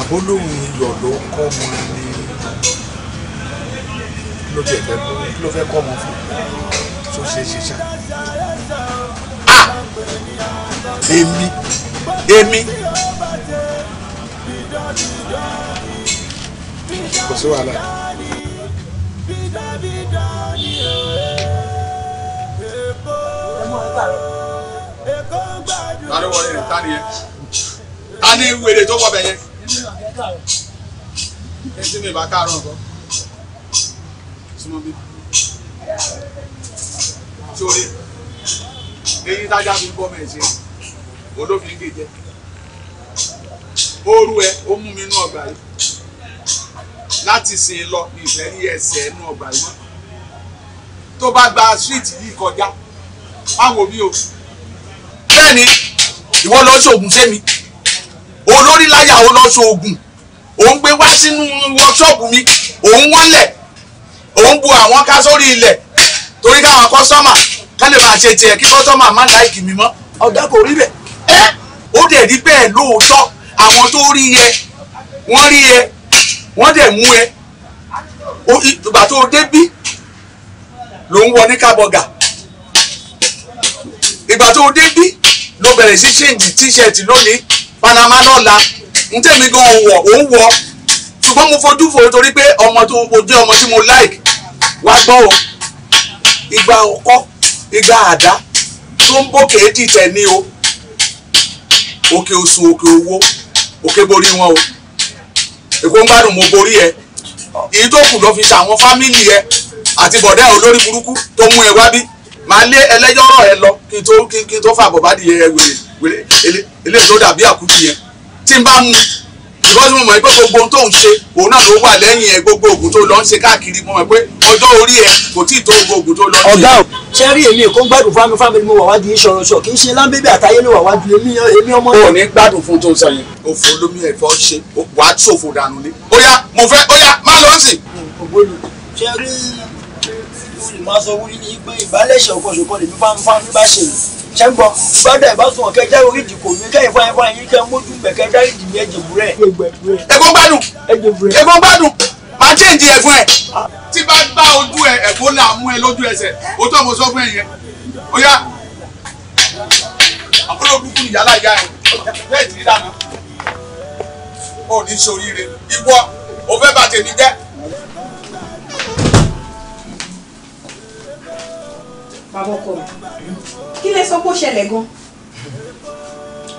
àbólóhùn iyọ̀ ló kọ́ wọn ni ló tiẹ̀ fẹ́ kí ló fẹ́ kọ́ ọmọ fún tó ṣe é ṣe ṣá. Ah! èmi èmi kò sí wàhálà. Tani wọlé rẹ̀ tó wọ bẹ̀ yẹn. Ẹ ti mi bá káàárọ̀ nǹkan súnmọ́ bí. sórí eyín tájà fi ń bọ́ mẹ́ẹ̀ ṣe olófin gé jẹ́ ooru ẹ ó mú mi inú ọgbà yìí láti sìn lọ ní ìfẹ́ rí ẹsẹ̀ inú ọgbà yìí mọ́ tó bá gba street yìí kọjá báwo bí o. bẹ́ẹ̀ ni ìwọ lọ ṣoògùn sẹ́mi olórí láyà ó lọ ṣoògùn òun gbé wá sínú wọ́ṣọ́ọ̀bù mi òun wọ́lẹ̀ òun bu àwọn ká sórí ilẹ̀ torí káwọn kọ́sọ́mà ká lè máa ṣe tiẹ̀ kí kọ́sọ́mà má láìkì mi mọ́ ọ̀dà kò rí bẹ̀ ẹ́ ó dẹ̀ rí bẹ́ẹ̀ lóòótọ́ àwọn tó rí yẹ wọ́n rí yẹ wọ́n dẹ̀ mú ẹ ìgbà tó débí ló ń wọ ní kábọ̀gà ìgbà tó débí ló bẹ̀rẹ̀ sí ṣéǹjì tíṣẹ̀tì lónìí panama lọ́la ntẹ̀mí gan wọ̀ ó wọ̀ ṣùgbọ́n mo fojú fo torí pé ọmọ tó ojú ọmọ tí mo like wá gbọ́ o igba ọkọ́ igba àdá tó ń bókè dìtẹ̀ ní o òkè oṣù òkè owó òkè borí wọn o èkó ń gbádùn mo borí ẹ èyí tó kù lọ fi ṣàwọn fámìlì ẹ àti bọ̀dá olórí burúkú tó mú ẹ wá bí màá lé ẹlẹ́jọ́rọ̀ ẹ lọ kí n tó kí n tó fà bọ̀ bá di ẹ wèrè wèrè eléyìí tó dàbí àkútì yẹn tí n bá mú un because mo mọ̀ pé gbogbo ohun tó ń ṣe òun náà ló wà lẹ́yìn ẹ̀ gbogbo oògùn tó lọ ń ṣe káàkiri mo mọ̀ pé ọjọ́ orí ẹ̀ kò tí ì tó gbogbo oògùn tó lọ ń ṣe. ọ̀gá ò ṣe rí èmi kó ń gbádùn fámi fámi ni mo wà wádìí ṣọ̀rọ̀ṣọ̀ kì í ṣe lámbébé àtayé ló wà wádìí èmi ọmọ náà. o ò ní gbádùn fún tó ń sọ yẹn. òfò olómi ẹ̀fọ́ ṣe wàá ṣòfò dànù ni. ó mo fẹ́ ó má lọ sí. ògbólù ṣe gbọ́ gbọ́dọ̀ ẹ̀ bá sùn ọ̀kẹ́ jẹ́ orí ìdìkò mi kẹ́yìn fún ẹ̀fọ́ yín kẹ́ ń mójú mẹ̀kẹ́ dárí ìdì mi ẹ̀jẹ̀ búrẹ́. ẹ̀gbọ́n gbádùn ẹ̀gbọ́n gbádùn máa chéǹjì ẹ̀ fún ẹ. tí bá gbá ojú ẹ ẹ̀gbọ́n là mú ẹ lójú ẹsẹ̀ o tó mo sọ fún ẹ yẹn ó yá àbúrò kúkú ìyálà ìyá ẹ bẹ́ẹ̀ ti dáná ó ní sóríire ìwọ ò fẹ́ bá tèmi jẹ́. bàbá ọkọ mi kí lẹ sọ pé ó ṣẹlẹ̀ gan.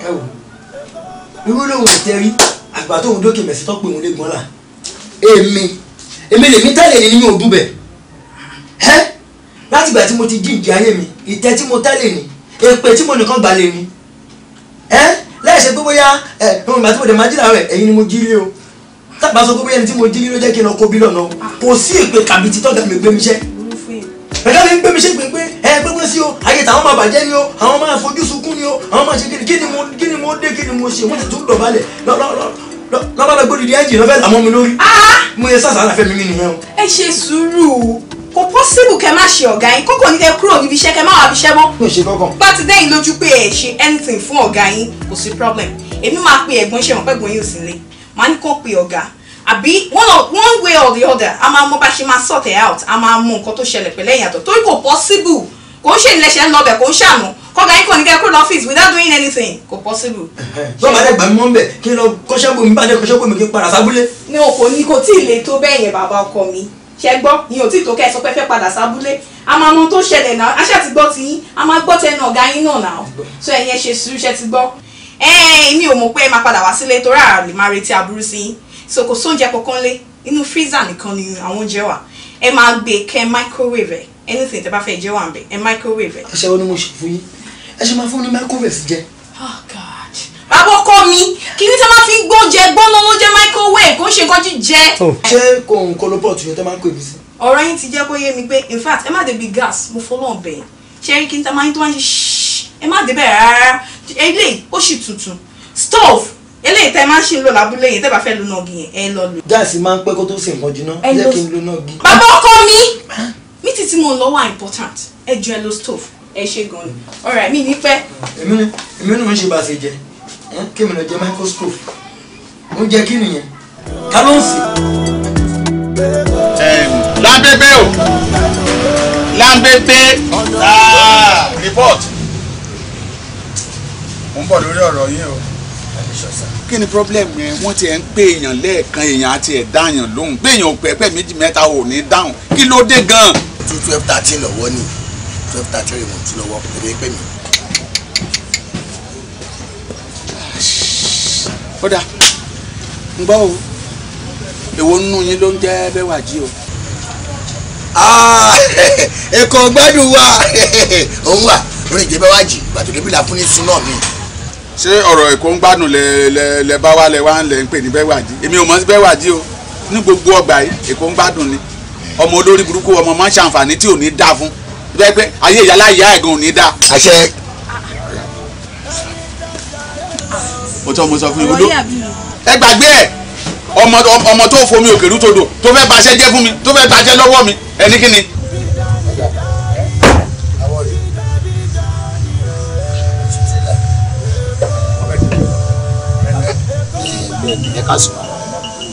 ẹ wò irú lòun ò tẹrí àgbà tóun dókè mẹsì tó pé òun lè gbọ́n là èmi èmi lèmi tẹ́lẹ̀ ní mi ò dúbẹ̀ ẹ́ látìgbà tí mo ti jíǹde ayé mi ìtẹ́ tí mo tẹ́lẹ̀ ní èpè tí mo nìkan gbà lè ní ẹ́ láìsẹ̀ pé bóyá ẹ̀ ọmọ ìgbà tí mo dẹ̀ máa jí làárọ̀ ẹ̀yin ni mo jí lé o tábà sọ pé bóyá ẹni tí mo jí lé ló jẹ́ kí n lọ kó bí lọ́nà kò sí èpè tàbí títọ́ dàmí gbé mi ṣẹ́ ẹ̀dá mi ń gbé mi ṣe gbèngbé ẹ gbégbé sí o ayé tàwọn máa bàjẹ́ ni o àwọn máa fojú sunkún ni o àwọn máa ṣe kí ni mo kí ni mo dé kí ni mo ṣe wọ́n ti tún dọ̀bálẹ̀ lọ́bàlá gbódìdí ẹ̀jì lọ́fẹ́ làmọ́ mi lórí ah! mo yẹ sàṣà àlàfẹ́ mi mi nìyẹn o. ẹ ṣe sùúrù kò pọ́sibù kẹ́ má ṣe ọ̀gá yín kókò ní ẹ kúrò níbi iṣẹ́ kẹ́ má wàá fi iṣẹ́ mọ́. mi ṣe kọ́kàn. bá ti dẹ́yìn lójú pé ẹ ṣe anything fún ọ̀gá yín kò sí problem èmi máa pe ẹ̀gbọ́n ṣe mọ̀ pẹ́gbọ́n yóò sí lé màá ní kó pe ọ̀gá àbí one of one way or the other a máa mọ bá ṣe máa sort it out a máa mọ nǹkan tó ṣẹlẹ̀ pẹ̀lú ẹ̀yìn torí kò possible kò ń ṣe ìlẹ̀ṣẹ̀ ń lọbẹ̀ kò ń ṣàánú kọ́gà yín kò ní kẹ́kọ̀ọ́ lọ ọ́fíìsì without doing anything kò possible. bọ́ọ̀ bá dẹ̀ gbà mí mọ́ bẹ̀ kí n lọ kọ́ṣẹ́gbò mi bá dẹ̀ kọ́ṣẹ́gbò mi kí n padà sábúlé. ní o kò ní kò tí ì le tó bẹ́ẹ̀ yẹn bàbá ọkọ mi ṣe gbọ́ ní òtí tó kẹ́ ẹ sọ pé fẹ́ padà sábúlé a máa mọ tó ṣẹlẹ̀ náà aṣá ti gbọ́ ti yín a máa gbọ́ tẹnu ọ̀gá yín náà náà so ẹ̀yin ẹ ṣe sùúrù ṣe ti gbọ́. ẹ ẹ mi ò mọ̀ pé ẹ máa padà wá sílé torí àlè máa retí aburú sí yín so kò sóúnjẹ kankan lé inú freezer nìkan ni àwọn oúnjẹ wà ẹ máa gbé kẹ microwave ẹ anything tẹ bá fẹ́ jẹ wà ń bẹ ẹ microwave ẹ. ẹsẹ wo ni mo ṣe fún yín ẹ ṣe máa fún mi ní microwave jẹ. oh god bàbá ọkọ mi kí ni tí a máa fi gbóúnjẹ gbóná ló jẹ microwave kó ṣe nǹkan jíjẹ. ṣé kò ń kọ́ ló pọ̀ tuyọ́ tẹ́ máa ń pè mí sí. ọ̀rọ̀ yín ti jẹ́ kó yé mi pé in fact ẹ má débi gas mo fọlọ́ ọ̀bẹ̀ ṣe é kí ni tí a máa ń tó máa ń ṣe ṣí ẹ má débẹ̀ rárá eléyìí tẹ máa ń ṣe ń lò lábúlé yìí tẹ bá fẹ́ lu náà gìyàn ẹ lọ lò. gáàsì máa ń pẹ́ kó tó ṣe nǹkan jiná jẹ́ kí n lo náà bàbá ọkọ mi mi ti ti mo lọ important ẹ ju ẹ lo stove ẹ ṣe gan ni ọ̀rẹ́ mi ní pẹ́. èmi ni èmi ni mo ń ṣe bá a ṣe jẹ kí mi lọ jẹ microscope oúnjẹ kí nìyẹn ká ló ń sè. lábẹ́bẹ́ o lábẹ́bẹ́ ah, report mo ń bọ̀ lórí ọ̀rọ̀ yín o kí ni problem yẹn wọ́n ti ẹ̀ ń pè èèyàn lẹ́ẹ̀kan èèyàn àti ẹ̀ dáyàn lóhùn pé èèyàn ò pẹ́ pẹ́ méjì mẹ́ta ò ní dáhùn kí ló dé gan. two twelve thirteen lọ́wọ́ ni twelve thirteen rẹ̀ mọ̀ tún lọ́wọ́ èmi pè mí. kódà ah, ń gbọ́ o èwo nínú yín ló ń jẹ́ bẹ́wà jí o. ẹ̀kọ́ ah, gbádùn wa òun wà lórí ìjẹ́bẹ́wájì gbàtò débìlà fún ní sùn náà mi ṣé ọ̀rọ̀ èkó ń gbádùn lẹ lẹ lẹ bá wá lẹ wá ń lẹ ń pè ní bẹ́wàdí èmi ò mọ̀ sí bẹ́wàdí o ní gbogbo ọgbà yìí èkó ń gbádùn ni ọmọ olórí burúkú ọmọ máa ń ṣàǹfààní tí ò ní dáa fún bẹ́ẹ̀ pé ayé ìyálà ìyá ẹ̀gàn ò ní dáa. àṣẹ. mo tọ́ mo sọ fún yín ẹ gbàgbé ẹ ọmọ tó fomi òkèrú tó dò tó fẹ́ bàṣẹ jẹ́ fún mi tó fẹ́ bàṣẹ lọ́wọ́ mi ẹni kí ni ẹ ká sùn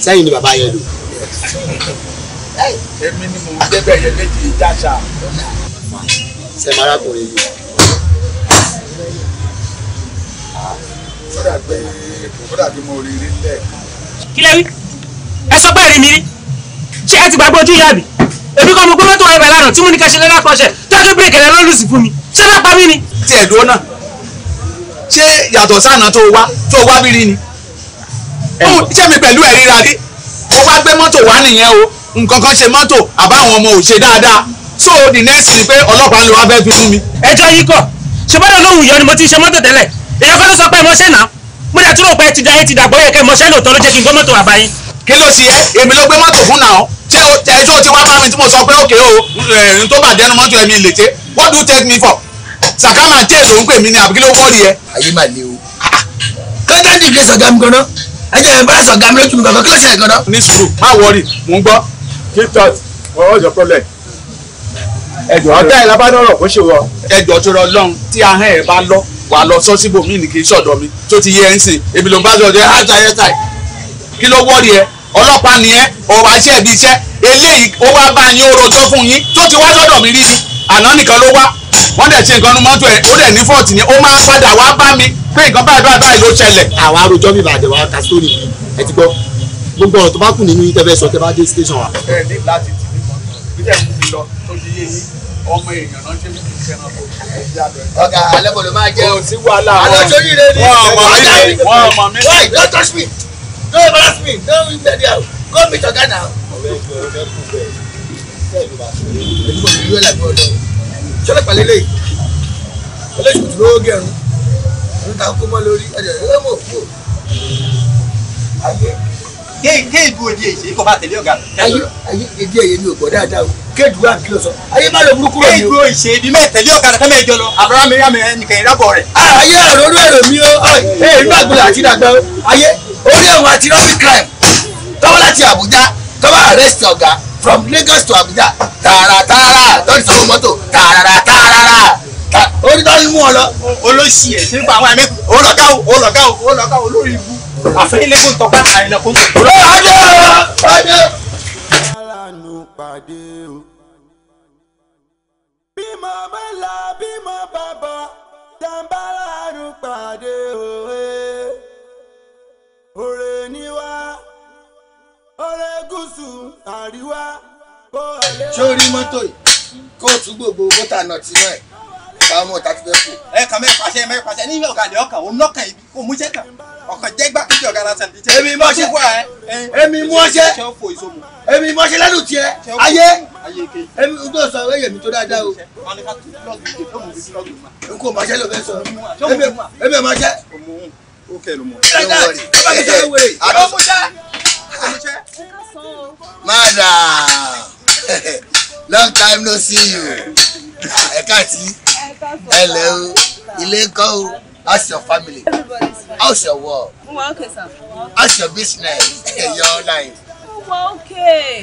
sẹ́yìn ni bàbá yẹn lò. èmi ni mò ń débẹ̀ yẹn méjì ìdáṣà. sẹ́mi arákùnrin yìí. kódà pé kódà bí mo rí rí lẹ̀. kí lẹ wí ẹ sọ pé èrè mi rí ṣé ẹ ti gbàgbọ́ ojú ìyá mi èmi kọ́ mo gbé mọ́tò ẹ̀bẹ̀ lánàá tí mo ní ká ṣe lẹ́nà kọ́ṣẹ̀ tó ké bírèkì rẹ lọ́lùsì fún mi ṣé lápá mi ni. tiẹ̀ dúró náà ṣé yàtọ̀ sáà náà tó wá tó wá bí rí ni iṣẹ́ mi pẹ̀lú ẹ̀rí ra rí ó wá gbé mọ́tò wá nìyẹn o nǹkan kan ṣe mọ́tò àbáwọn ọmọ ò ṣe dáadáa so the next ni pé ọlọ́pàá ń lo wá fẹ́ fi mú mi. ẹjọ́ yìí kọ̀ ṣùgbọ́n olóhùn yọ ni mo ti ń ṣe mọ́tò tẹ́lẹ̀ èèyàn kan ló sọ pé ẹ mọṣẹ́ náà mo dẹ̀ tún rò pé ẹ ti da ẹ ti dàgbọ́ yẹ kẹ́ mọṣẹ́ lóòótọ́ ló jẹ́ kí n gbọ́ mọ́tò wá bá yín. kí ló ṣe ẹ èmi ló gbé mọ́tò fún náà ṣé ẹjọ́ ti wá bá mi tí mo sọ pé òkè o ẹ̀rín tó bàjẹ́ nu mọ́tò ẹ̀mí ìlètè what do you take me for sàkámà jẹ́ èso ń pè mí ni àbí kí ló wọ́ọ̀rì ẹ. ayé màlẹ́ o. kọ́ńtà ní ìgbésọ̀ gàm gan ẹ jẹ́ ẹ bá sọ gàmí lójú mi kankan kí ló ṣe ní sùúrù má wọrí mò ń gbọ́ keep that what's your problem. ẹjọ ọtá ẹ lábá dọrọ kó ṣe wọ. ẹjọ tó rọ lọhùn tí ahọ́n ẹ bá lọ wà lọ sọ síbò mí ní kì í sọ̀dọ̀ mi tó ti yẹ ẹ ń sìn èmi ló ń bá sọ̀dọ̀ ẹ ájà ẹ tà kí ló wọ́ọ̀rì ẹ ọlọ́pàá nìyẹn ọ̀rọ̀ àṣẹ ibi iṣẹ́ eléyìí ó wá bá yín ó rojọ́ fún yín tó ti wá sọ́dọ̀ mi rí ni àná nìkan ló wá wọ́n dẹ̀ ṣe nǹkan nu mọ́tò ẹ̀ ó dẹ̀ ní fọ́ọ̀tì ni ó máa padà wá bá mi pé nǹkan báyìí báyìí báyìí ló ṣẹlẹ̀. àwa arojọ́ mi bàjẹ́ wa ka sórí yìí ẹ ti gbọ́ gbogbo ọ̀rọ̀ tó bá kù nínú yín tẹ́ fẹ́ sọ tẹ́ bá dé station wa. ẹ ní láti tì mí mọ́ bí tẹ̀ mú mi lọ tó ṣe yé yín ọmọ èèyàn náà ṣe mí kì í ṣe ẹranko. ọ̀gá alẹ́bọ̀dọ̀ máa jẹ́ o sí wàhálà wọn. àlọ́ sórí rẹ ni wọ́n ọmọ mi. why don't touch me don't embarrass me don't leave go meet ọ̀gá now ṣọlẹ́ pàlẹ́ lẹ́yìn olóṣù tó lówó gẹ̀rún ló ta kó mọ́ lórí ọjọ́ ìwé mò fò. kéèké ìbú òdi èyí ṣèyí kò bá tẹ̀lé ọ̀gá. ayé ayé ìdí ẹ̀yẹ mi ò gbọ́ dáadáa o kéèdù wà kí ló sọ ayé má lọ burúkú rẹ mi o. kéèdù òṣè ibi mẹ́tẹ̀lé ọ̀gá rẹ fẹ́mi ìjọ lọ àbúrò mi rà mí nìkan ìrábọ̀ rẹ̀. Ah, ayé ọ̀rọ̀ orí ẹ̀rọ mi o èyí má gbọ́dọ̀ àti dàgbà o ayé orí ẹ̀wọ̀n àti rọ́bì crime tọ́wọ́ láti Àbújá tọ́wọ́ arrest ọ̀gá from Lagos to Abuja tààràtààrà lọ́dún sọ́wọ́ mọ́tò tààràrà wọn lọ olóṣì ẹ̀ nípa àwọn àmì olọ́gá o olọ́gá o olọ́gá o lórí ibu àfẹ́lẹ́gùn tọ́gbà àìnà kó ń tọ́. ọ̀dọ́ ọ̀dọ́. bímọ bẹ́là bímọ bàbá jàǹbá lánàá pàdé òwe òrè níwá òrè gúúsù àríwá sórí mọ́tò yìí kóòtù gbogbo kó tà náà káwọn mọ̀ tàbí fẹ́ kù. ẹ kàn mẹ́rin pàṣẹ mẹ́rin pàṣẹ ní ọ̀gàdì ọkàn òun lọ́kàn ibi kò mú iṣẹ́ kan ọkàn jẹ́ gbà kí ọ̀gá lásán ti jẹ́. èmi mọ́ṣẹ́ èmi mọ́ṣẹ́ èmi mọ́ṣẹ́ lẹ́nu tiẹ̀ ayé èmi n tó sọ ẹ̀yẹ mi tó dáadáa o. n kò mọ́ṣẹ́ ló fẹ́ sọ èmi mọ́ṣẹ́. ó kẹ́ ló mọ̀. madam long time no see you ẹ̀ka tí ẹlẹ́ o ilé ńkọ́ o how's your family how's your work how's your business your life. wọ́n okay.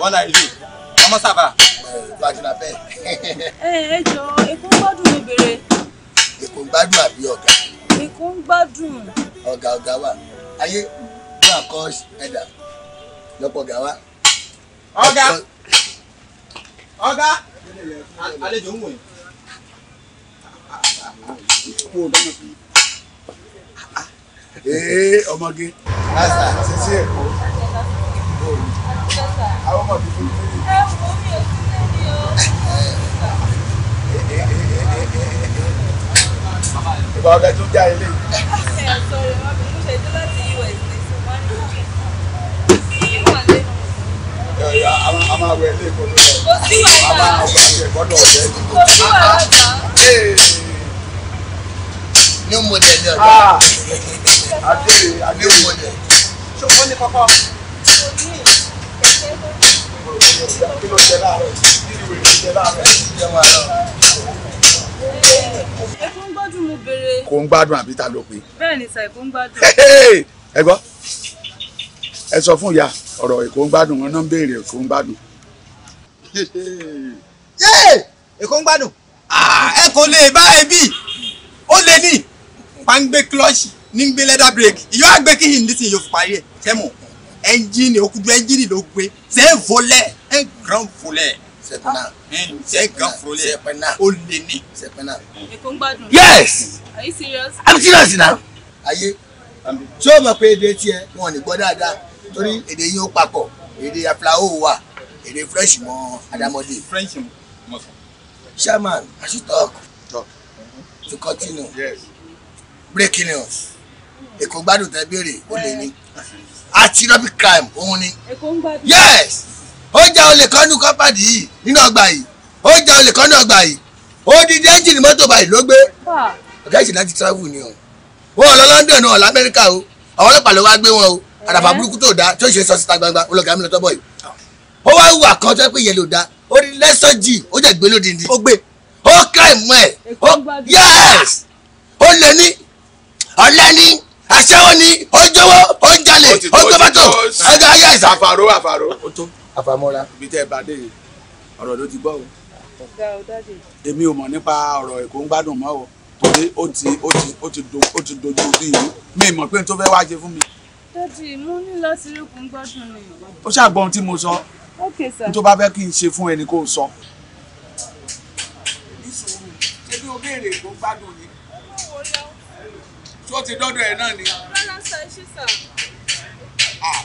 bọ́lá ìlú ọmọ sábà. gbajúmọ̀ bẹ́ẹ̀. ẹ ẹ jọ èkó ń gbádùn mi bèrè. èkó ń gbádùn àbí ọ̀gá. èkó ń gbádùn. ọ̀gá ọ̀gá wa ayé fún àkọ́ṣ ẹ̀dà lọ́pọ̀ ọ̀gá wa. ọ̀gá ọ̀gá àlejò o dáná sí. ee ọmọge lásà sísí ẹ̀kọ́. àwọn ọmọ mi fún mi. ẹ wo ọ̀gá tó já ilé. a máa wẹ ilé ìkọlù lọ a máa new model ni ọjọ ah. adéwì adéwì model ṣé wọn ní pápá kí ló gbádùn mo béèrè. kò ń gbádùn àbí ta ló pe. bẹ́ẹ̀ ni sà gbádùn. ẹ̀gbọ́n ẹ sọ fún ìyá ọ̀rọ̀ èkó ń gbádùn wọn náà ń béèrè èkó ń gbádùn. èkó ń gbádùn ah, ẹ kò lè bá ẹbí ó lè ní pàǹgbé klọ́ọ̀ṣì ní gbé lẹ́dà bírèkì ìyọ́ àgbẹ̀ kí yìí nísìnyí yóò parí ẹ̀ tẹ́mọ̀ ẹ́ńjìnì okùnjú ẹ́ńjìnì ló gbé ṣé volẹ̀ ẹ̀ grand volẹ̀ ṣé grand volẹ̀ ó lè ní. èkó ń gbádùn. yes are you serious. i'm serious now. ayé tí o mọ̀ pé èdè tiẹ̀ wọn ò ní gbọ́ dáadáa torí èdè yìí ó papọ̀ èdè afláwò wà èdè french mọ adamọdé. french mọ sọ. chairman as you talk talk to continue yes. breaking news èkó gbádùn tẹ béèrè ó lè ní àti rọ́bì crime òun ni yes ó jẹ́ olè kan ní kọ́pàdì yìí nínú ọgbà yìí ó jẹ́ olè kan ní ọgbà yìí ó dídí ẹ́ńjìnì mọ́tò báyìí ló gbé ọ̀gá ìṣẹ̀lá ti travel ni o wọn ò lọ London náà ọ̀ lamẹ́ríkà o àwọn ọlọ́pàá ló wá gbé wọn o àràbà burúkú tó da tó ṣe sọ síta gbangba olùkà mi lọ tọ́bọ̀ yìí ó wá wà kan tó yẹ pé yẹlò dáa ó ní lẹ́sọ̀jì ó jẹ́ gbé lódìdí ó gbé ó ká ìmọ̀ ẹ̀ ó yẹ́s ó lè ní ọ̀lẹ́ ní aṣẹ́wó ní ó jọ̀wọ́ ó ń jalè ó gbé bàtò ó jẹ́ yẹ́s. àfàrò àfàrò ó tó àfàmọ́ra ibi tẹ́ ẹ bá dé yìí ọ̀rọ̀ ló ti gbọ́ o èmi ò mọ̀ nípa ọ̀rọ̀ èkó ń gbádùn mọ́ o torí ó ti dojú bí mi ì mọ̀ pé n tó fẹ́ wá ṣe fún mi dádì mo ní láti rí kún gbádùn ni. ó ṣàgbọ́n ohun tí mo sọ. ok sir. tó bá fẹ́ kí n ṣe fún ẹni kó sọ. ní sùúrù ṣé bí o béèrè kó gbádùn ni. tí O ti dọ́dọ̀ ẹ̀ náà ni. rárá sá ẹ ṣí sá.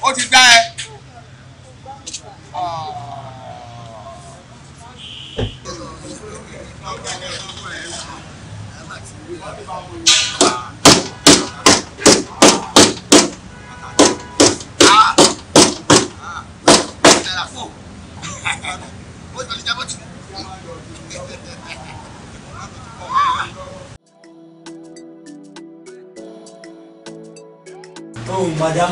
ó ti dá ẹ. Thank you. àfọ ó tọ́lé jábọ́ tì. oh madam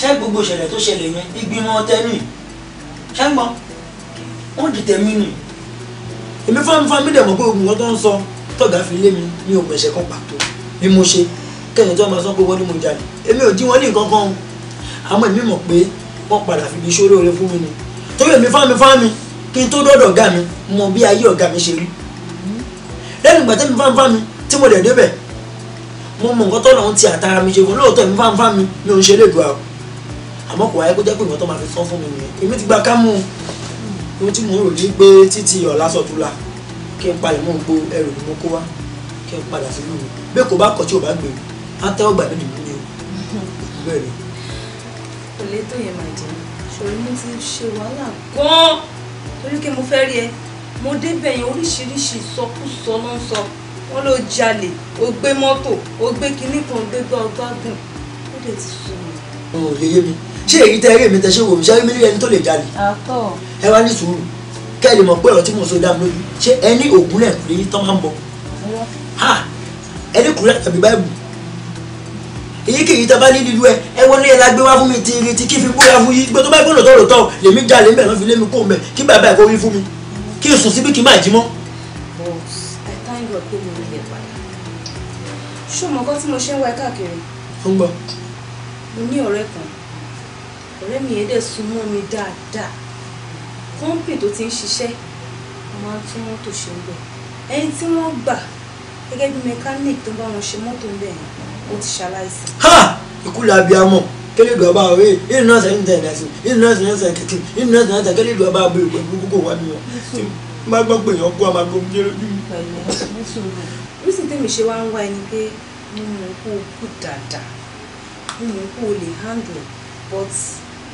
ṣé gbogbo ìṣẹ̀lẹ̀ tó ṣẹlẹ̀ yẹn ìgbìmọ̀ tẹ́nu ṣé ń gbọ́n wọ́n dìtẹ̀ mí nù èmi fáńfáń mi dẹ̀ mọ̀ pé ogun wọn tó ń sọ tọ̀gá fi lé mi ní ogun ẹ̀ṣẹ̀ kan pàtó bí mo ṣe kẹ́yìn tí wọ́n máa sọ pé wọ́n ní mo jalè èmi ò dí wọn ní nǹkan kan àmọ́ èmi mọ̀ pé wọ́n padà fi di sórí oore fún mi ni torí èmi fámi fámi kí n tó dọ́dọ̀ ọ̀gá mi mọ bí ayé ọ̀gá mi ṣe rí lẹ́nu ìgbà tẹ́mi fámi fámi tí mo dẹ̀ débẹ̀ mo mọ nǹkan tọ́nà ohun ti àtara mi ṣe fún lóòótọ́ èmi fámi fámi mi ò ń ṣe lédùá o àmọ́ kò wáyé kó jẹ́ pé ìwọ́n tó máa fi sọ fún mi nìyẹn èmi ti gba kámú ohun tí mo rò ní pé títí ọ̀la sọ̀túnla kí n palẹ̀ mọ́ gbó ẹrù mi mo kó wá kí n padà sílùú mi bẹ́ẹ̀ kò bá kọ̀ tí ò bá gbèrú á tẹ́wọ́ gbà mí nìyí ni o bẹ́ẹ̀ ni lè tó yẹn máa jẹ ṣòro mo ti ṣe wàhálà gan-an torí pé mo fẹ́ rí ẹ mo débẹ̀ yẹn oríṣiríṣi ìsọkúsọ ló ń sọ wọn ló jalè ó gbé mọ́tò ó gbé kinní kan gbé gbá ọgbà gùn ó lè ti sùn mí. ò lè yé mi ṣé èyí tẹ eré mi tẹ ṣé wò mí ṣé mi rí ẹni tó lè jalè. àtọ. ẹ wá ní sùúrù kẹ́ẹ̀lì mọ̀ pé ọ̀rọ̀ tí mo sọ dá lójú ṣé ẹni ògúnlẹ̀ kùnrin tán máa ń bọ̀ ẹni kùnrin àtàbí báyìí èyíkéyìí tá a bá ní lílu ẹ ẹ wọlé ẹ la gbé wá fún mi tìrì tí kí fi bóyá fún yìí gbọ́dọ̀ báyìí gbọ́dọ̀ tọrọ tọ lèmi jalè ń bẹ lọ fi lémi kó mẹ kí bàbá ẹ kó rí fún mi kí n sùn síbi kí n má jí mọ́. ọ̀rẹ́ mi yẹn dẹ̀ sún mọ́ mi dáadáa kọ́ńpì tó ti ń ṣiṣẹ́ wọ́n máa ń tún ṣe ń bẹ̀ ẹni tí wọ́n gbà gẹ́gẹ́ bí mẹkáníìkì tó bá wọn ṣe mọ́tò ń bẹ̀ yẹn Ha! ó ti ṣaláìsí. ha ikú la bí amọ̀ kẹ́lẹ́ ìgbà bá ọ̀rẹ́ ìlú náà sẹ́yìn tẹ̀ ẹ̀dásí ìlú náà sẹ́yìn tẹ̀ kẹ̀kẹ́ ìlú náà sẹ́yìn tẹ̀ kẹ́lẹ́ ìgbà bá abẹ́rẹ́ pẹ̀lú gbogbo wa nìyẹn tí má gbọ́ pé èèyàn kú àmà gbogbo jẹ́ lójú mi. rísì tèmi ṣe wá ń wá ẹni pé mo mọ̀ kó o kú dáadáa mo mọ̀ kó o lè handle but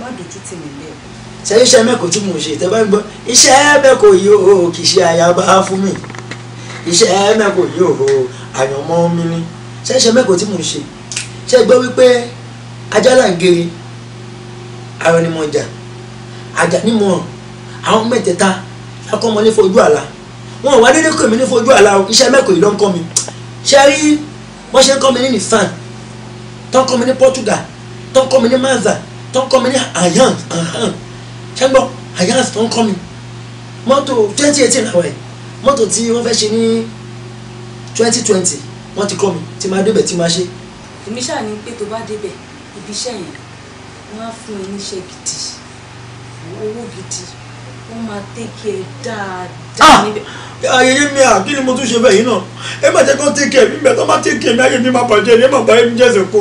má dojú tèmi lẹ́ẹ̀kọ́ ṣe iṣẹ́ mẹ́kọ̀ tí mo ṣe tẹ́bá ń gbọ́ iṣẹ́ mẹ́kọ̀ yóò kì í ṣe àyàbá fún mi iṣẹ́ mẹ́kọ̀ yóò àyànmọ́ mi ni ṣẹ́ṣẹ́ mẹ́kọ̀ọ́ tí mò ń ṣe ṣe gbọ́ wípé Ajálàǹgẹ̀rẹ̀ Àrọ̀nìmọ̀jà Àjànímọ̀ràn àwọn mẹ́tẹ̀ẹ̀ta lákọ́mọ ní fojú àlá wọn wá dédé kọ́ mi ní fojú àlá iṣẹ́ mẹ́kọ̀ọ́ yìí ló ń kọ́ mi ṣe rí wọ́n ṣe ń kọ́ mi ní nìfàn tán kọ́ mi ní Portugal tán kọ́ mi ní Mazda tán kọ́ mi ní ayan ṣe gbọ́ ayan tán kọ́ mi mọ́tò twenty eighteen àwọn ẹ̀ mọ́tò tí wọ́n fẹ́ ṣe ní twenty twenty wọ́n ti kọ́ mi tí máa débẹ̀ tí máa ṣe. èmi ṣáà ní pé tó bá débẹ̀ ibi iṣẹ́ yẹn wọ́n á fún ẹ níṣẹ́ gidi owó gidi wọ́n máa tẹ́kẹ̀ dáadáa ah! níbẹ̀. ayẹyẹ mi à kí ni mo tún ṣe bẹ́ẹ̀ yìí náà ẹ má jẹ́ kó tẹ́kẹ̀ mi bẹ́ẹ̀ tó má tẹ́kẹ̀ mi ayé mi máa bàjẹ́ ni ẹ má bá ẹ jẹ́ ẹsẹ̀ kó.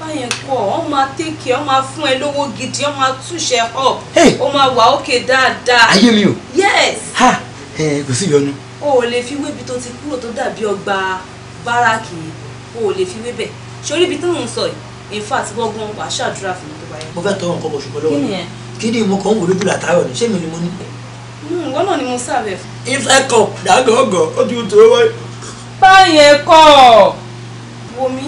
báyẹn kọ ọ máa tẹ́kẹ̀ ọ máa fún ẹ lówó gidi ọ máa túṣẹ ọ ọ máa wà òkè dáadáa. ayé mi o. yes. ha ẹ kò sí ìyọnu. o ò lè fi wébi tó ti kúrò tó dàbí ọgbà báràkì o ò lè fi wé bẹ̀ sórí ibi tí mò ń sọ yìí in fact gbọ́ngbọ́n wàá ṣàdúrà fún mi tó bá yẹ. mo fẹ́ tọrọ nǹkan bọ̀ ṣùgbọ́n lọ́wọ́ ni kí ni mo kàn ń wò lójú làtàrọ̀ ni ṣé mi ni mo ní. ǹgbọ́n hmm, náà ni mo sáàbẹ̀ fún. ife cup dàgọ́gọ́ ó ti tó wáyé. báyẹn kọ́ wo mi.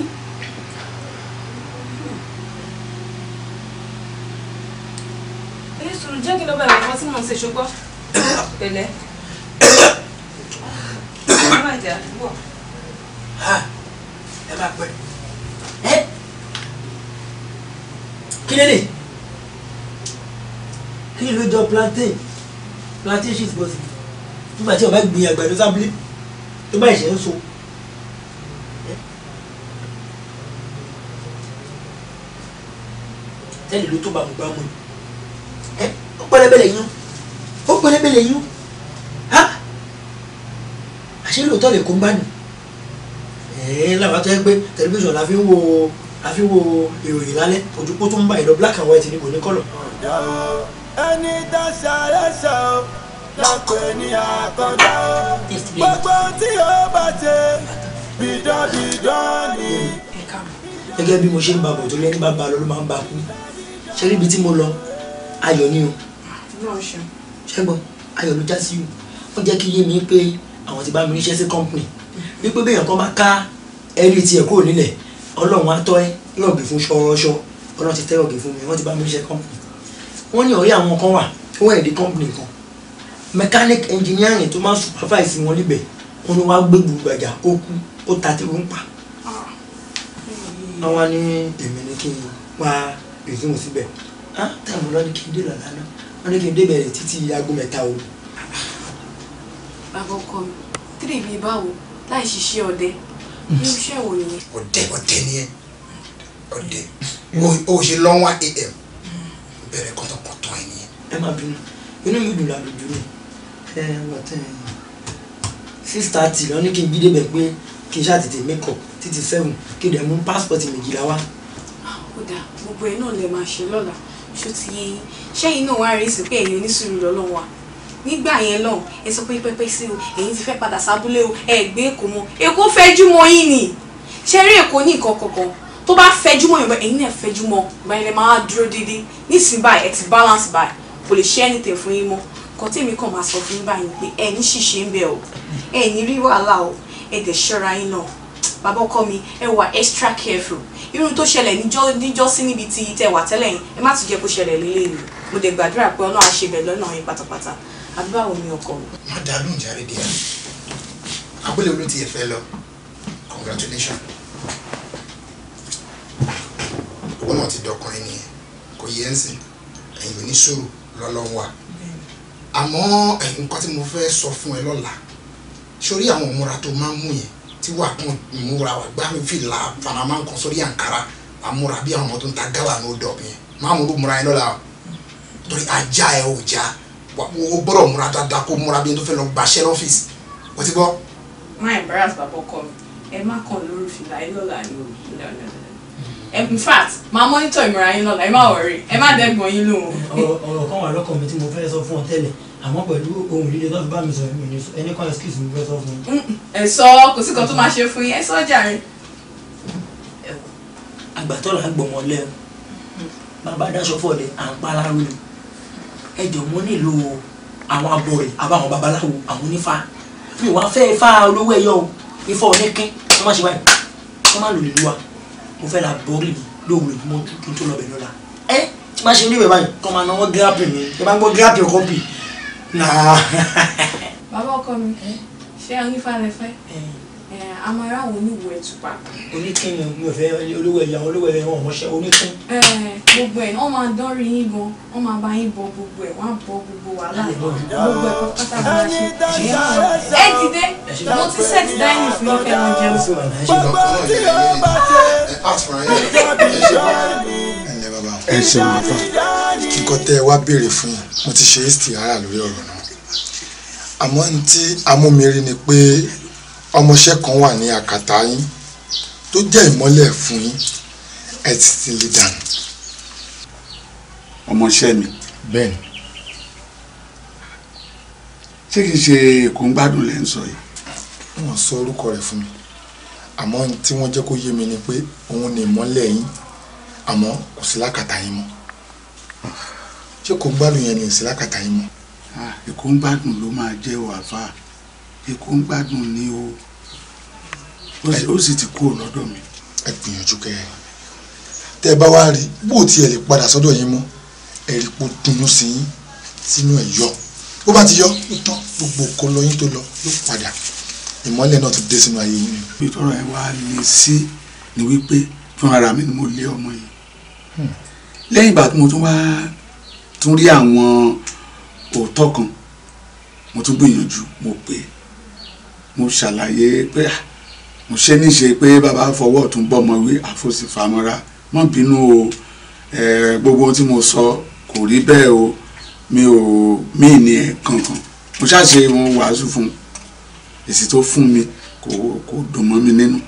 sùúrù jẹ́ kí ló ìwọ̀n tí mò ṣe ṣùgbọ́n pẹ̀lẹ́. ẹ máa pẹ́ ẹ kí lélẹ̀ kí ló jọ plantain plantain shit bọ́sì nígbà tí ọba gbìn àgbàdo sábúlé tó bá ìṣẹ̀ ń so. tẹ́lẹ̀ ló tó bá gbogbo amú ẹ ó pẹlẹbẹlẹ yín ó pẹlẹbẹlẹ yín ha àṣírí òótọ́ lè kó ń bá nù ẹ̀ẹ́n làwọn tó yẹ pé tẹlifíṣàn la fi ń wo la fi ń wo ìròyìn lálẹ́ ojú kó tó ń bá ìlọ black and white ni kò ní kọ́lọ̀. ẹni tá a ṣàrẹ́ ṣe o lápẹ̀ ní àkọ́dá o gbogbo tí ó bá ṣe bìdánbìdán ni. gẹ́gẹ́ bí mo ṣe ń ba bọ̀ torí ẹni bá ba lọ ló máa ń ba kú ṣe rí ibi tí mo lọ ayọ̀ ni o ṣẹ́gbọ́n ayọ̀ ló já sí o wọ́n jẹ́ kí yé mi pé àwọn ti bá mi ríṣẹ́ sí company wípé bẹ́ẹ̀ yẹn kan bá ká ẹrí tiẹ̀ kúrò nílẹ̀ ọlọ́run atọ́ ẹ yọ̀gì fún ṣọ́ọ́ṣọ́ ọlọ́run ti tẹ́ yọ̀gì fún mi wọ́n ti bá mi ṣiṣẹ́ company wọ́n ní ọ̀rẹ́ àwọn kan wà wọ́n ẹ̀dí company kan mechanic engineering tó máa ń supervise wọn níbẹ̀ wọn ni wọ́n á gbé gbùgbàjà ó kú ó ta tí ó ń pa wọ́n wá ní èmi ní kí n wá resume síbẹ̀ ah táìmù lọ́ni kí n dé lọ́la náà wọ́n ní kí n dé títí aago mẹ́ta o. bàbá ọkọ mi tírì mi báwo láì ṣiṣẹ́ ọdẹ iṣẹ́ wo ni. ọ̀dẹ ọ̀dẹ ni ẹ ọ̀dẹ o ṣe lọ́wọ́ am bẹ̀rẹ̀ kọ́tọ̀kọ́tọ̀ ẹ ni. ẹ má bínú inú mi dùn lálùjù mi ẹ wọ́tẹ́ six thirty lọ ní kí n jíde bẹ̀ pé kí n ṣàtètè make up títí seven kí n dẹ̀ mú passport méjìlá wá. Ah, ó dáa gbogbo ẹ̀ náà lè máa ṣe lọ́la ṣó ti yé yín ṣẹ́yìn náà wá rí sí pé ẹ̀yin onísùúrù lọ́lọ́wọ́ wa nígbà yẹn lọ́hùn ẹ sọ pé pẹ́pẹ́ sí o èyí ti fẹ́ padà sábúlé o ẹ gbé èkó mọ́ èkó fẹ́jú mọ́ yín ni ṣe rí èkó ní nǹkan kankan tó bá fẹ́jú mọ́ yorùbá ẹ̀yin náà fẹ́jú mọ́ ìgbà yẹn lè máa dúró déédéé nísìnyí báyìí ẹ ti balance báyìí kò lè ṣe anything fún yín mọ́ kò tí èmi kàn máa sọ fún yín báyìí pé ẹ ní ṣìṣe ń bẹ o ẹ ní rí wàhálà o ẹ dẹ̀ ṣọ́ra yín náà bàbá ọkọ mi ẹ wà extra careful irun tó ṣẹlẹ̀ níjọ́ sí níbi tí tẹ wà tẹ́lẹ̀ yẹn ẹ má tún jẹ́ kó ṣẹlẹ̀ lélẹ́yìn mo dẹ̀ gbàdúrà pé ọlọ́run á ṣe bẹ̀ lọ́nà yẹn pátápátá àbí báwo ni ọkọ mi. má dàlú ìjàre díẹ̀ abúlé olú ti yẹ fẹ́ lọ congratulation ó náà ti dọkùnrin nìyẹn kò yẹ ń sìn ẹ̀yìn oníṣòro lọ́lọ́wà àmọ́ nǹkan tí mo fẹ́ sọ fún ẹ lọ́la sórí àwọn ìmúra tó máa ń mú yẹn tí wà kún ìmúra wà gbá mi fìlà panama kan sórí àǹkárá àmúra bí àwọn ọmọ tó ń ta gálà ní odò ọ̀bìn yẹn máa mú olú yẹn lọ́la o torí ajá ẹ ò já o gbọ́dọ̀ múra dáadáa kó múra bí n tó fẹ́ lọ gbaṣẹ́ lọ́fíìsì o ti gbọ́. má embarrass bàbá ọkọ mi ẹ má kàn lórí fìlà yín lọ́la ni o in fact máa mọ́nítọ̀ ìmúra yín lọ́la ẹ má wọ̀rí ẹ má dẹ́gbọ̀n yín lóhùn. ọ̀rọ̀ kan wà lọ́kàn mi tí mo fẹ́ sọ fún ọ tẹ́lẹ̀ àmọ́ pẹ̀lú ohun líle tó fi bá mi sọ èmi ní ẹni kan excuse mi fẹ́ sọ fún un. ẹ sọ kò sí kan tó máa ṣe fún yín ẹ sọ jàre. àgbàtọ́ là ẹ jọ̀ọ́ mo nílò àwọn abọ̀rẹ̀ àbáwọn babaláwo àwọn onífá mi wàá fẹ́ fá olówó ẹyọ o ifá oníkín wọ́n máa ṣe báyìí wọ́n máa lò lè lúwa mo fẹ́ ra bọ́ọ̀lì mi lóòrè mọ́ kí n tó lọ bẹ̀ lọ́la ẹ tí máa ṣe oníwèé báyìí kọ́ máa náwó gírápì mi ẹ máa ń gbọ́ gírápì ọkọ bì náà. bàbá ọkọ mi ṣé onífá rẹ fẹ́ a máa ráwọn oníwò ẹ̀tùpá. oníkín ni mi ò fẹ́ olówó ẹ̀yà olówó ẹ̀yà wọn ọmọọṣẹ́ oníkín. gbogbo ẹ̀ wọ́n máa dán yín gan wọ́n máa bá yín bọ gbogbo ẹ̀ wọ́n á bọ gbogbo wàhálà gbogbo ẹ̀ pátá bá ṣe. ẹ dìde mo ti set dining fún yín fẹ́ràn jẹun. gbogbo tí o bá ṣe ẹ ṣe wọn fà kíkọ tẹ ẹ wá béèrè fún un mo ti ṣe é ara lórí ọ̀rọ̀ náà àmọ́ ní amúmiri ni pé ọmọọṣẹ́ kan wà ní àkàtà yín tó jẹ́ ìmọ́lẹ̀ fún yín ẹ ti ti lè dànù. ọmọọṣẹ́ mi. bẹ́ẹ̀ni. ṣé kìí ṣe èkó ń gbádùn lẹ́ ń sọ yìí. wọ́n sọ orúkọ rẹ̀ fún mi àmọ́ tí wọ́n jẹ́ kó yé mi ni pé òun ni ìmọ́lẹ̀ yín àmọ́ kò sí lákàtà yín mọ́ ṣé kò ń gbádùn yẹn ni kò yín mọ́. èkó ah, ń gbádùn ló máa jẹ́ wàá fáà èkó ń gbádùn ni o ó sì ti kúrò lọ́dọ̀ mi. ẹ gbìyànjú kẹ tẹ bá wá rí bó tiẹ̀ lè padà sọ́dọ̀ yín mọ́ ẹ̀rí po dunnú sí yín sínú ẹ̀ yọ bó bá ti yọ ó tán gbogbo nǹkan lọ yín tó lọ ló padà ìmọ́lẹ̀ náà ti dé sínú ayé yín. ìtọ́rọ ẹ wá lè sí ni wípé fún ara mi ni mo lé ọmọ yìí hmm. lẹ́yìn ìgbà tí mo tún wá tún rí àwọn òótọ́ kan mo tún gbìyànjú mo pè é mo ṣàlàyé pé ah, mo ṣe níṣe pé bàbá fọwọ́ ọ̀tún bọ́mọ wí àfòsífàmọ́ra má bínú o gbogbo ohun tí mo sọ kò rí bẹ́ẹ̀ o mi ò mí ní ẹ̀ kankan mo ṣàṣe wọn wàásù fún un èsì tó fún mi kò kò dùn mọ́ mi nínú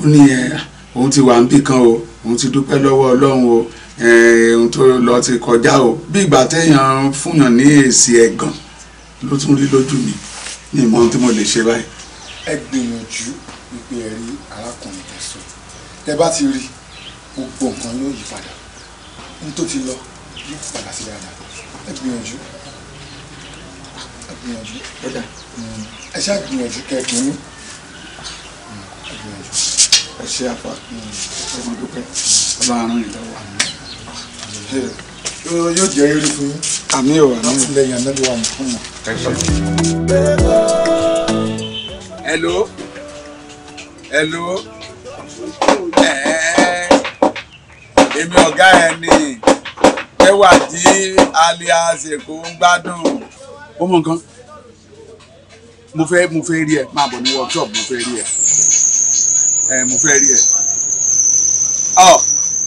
ó ní ẹ òun ti wà níbì kan o òun ti dúpẹ́ lọ́wọ́ ọlọ́run o ohun tó lọ ti kọjá o bí ìgbà téèyàn fúnyàn ní èsì ẹ̀gàn ló tún rí lójú mi ní ìmọ̀ tí mo lè ṣe báyìí. ẹ gbìyànjú wípé ẹ rí arákùnrin tẹ sọ tẹ bá ti rí gbogbo nǹkan yóò yí padà n tó ti lọ yóò padà sí dáadáa ẹ gbìyànjú ẹ gbìyànjú bọ́dà hmm. ẹ ṣáà gbìyànjú kẹ́kẹ́ ní hmm. ẹ gbìyànjú ẹ ṣe àfa ọmọdé pẹ́ ọba àrùn ìdáwọ́ àmì yóò jẹ́ rírí fún yín. àmì ò àmì ò láti lẹ́yìn anábì wa nǹkan mọ̀. hello hello èmi ọ̀gá ẹ̀ ni ẹwàdí alias èkó ń gbádùn. ó mọ nǹkan mo fẹ́ mo fẹ́ rí ẹ máa bọ̀ ní workshop mo fẹ́ rí ẹ ẹ mo fẹ́ rí ẹ ọ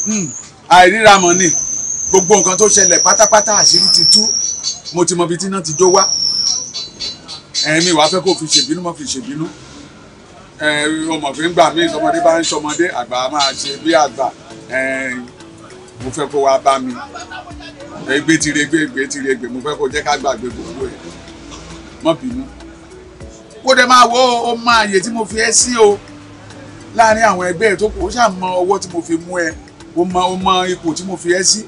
hmm, àìríra mọ̀ ni gbogbo nǹkan tó ṣẹlẹ̀ pátápátá àṣírí ti tú mo ti mọ ibi tí iná ti jó wá ẹ̀mí wàá fẹ́ kó fi ṣèbínú mọ́ fi ṣèbínú ọmọ fi ń gbà mí ìtọ́mọdé bá ń ṣọmọdé àgbà máa ṣe bí àgbà mo fẹ́ kó wá bá mi ẹgbẹ́ ti regbé ẹgbẹ́ ti regbé mo fẹ́ kó jẹ́ ká gbàgbé gbogbo ẹ̀ mọ́ bínú kó dẹ máa wo ó máa yè tí mo fi ẹ́ sí o láàárín àwọn ẹgbẹ́ ẹ̀ tó kù ó ṣàmọ ọwọ́ tí mo fi mú ẹ ó mọ ipò tí mo fi ẹ́ sí. Si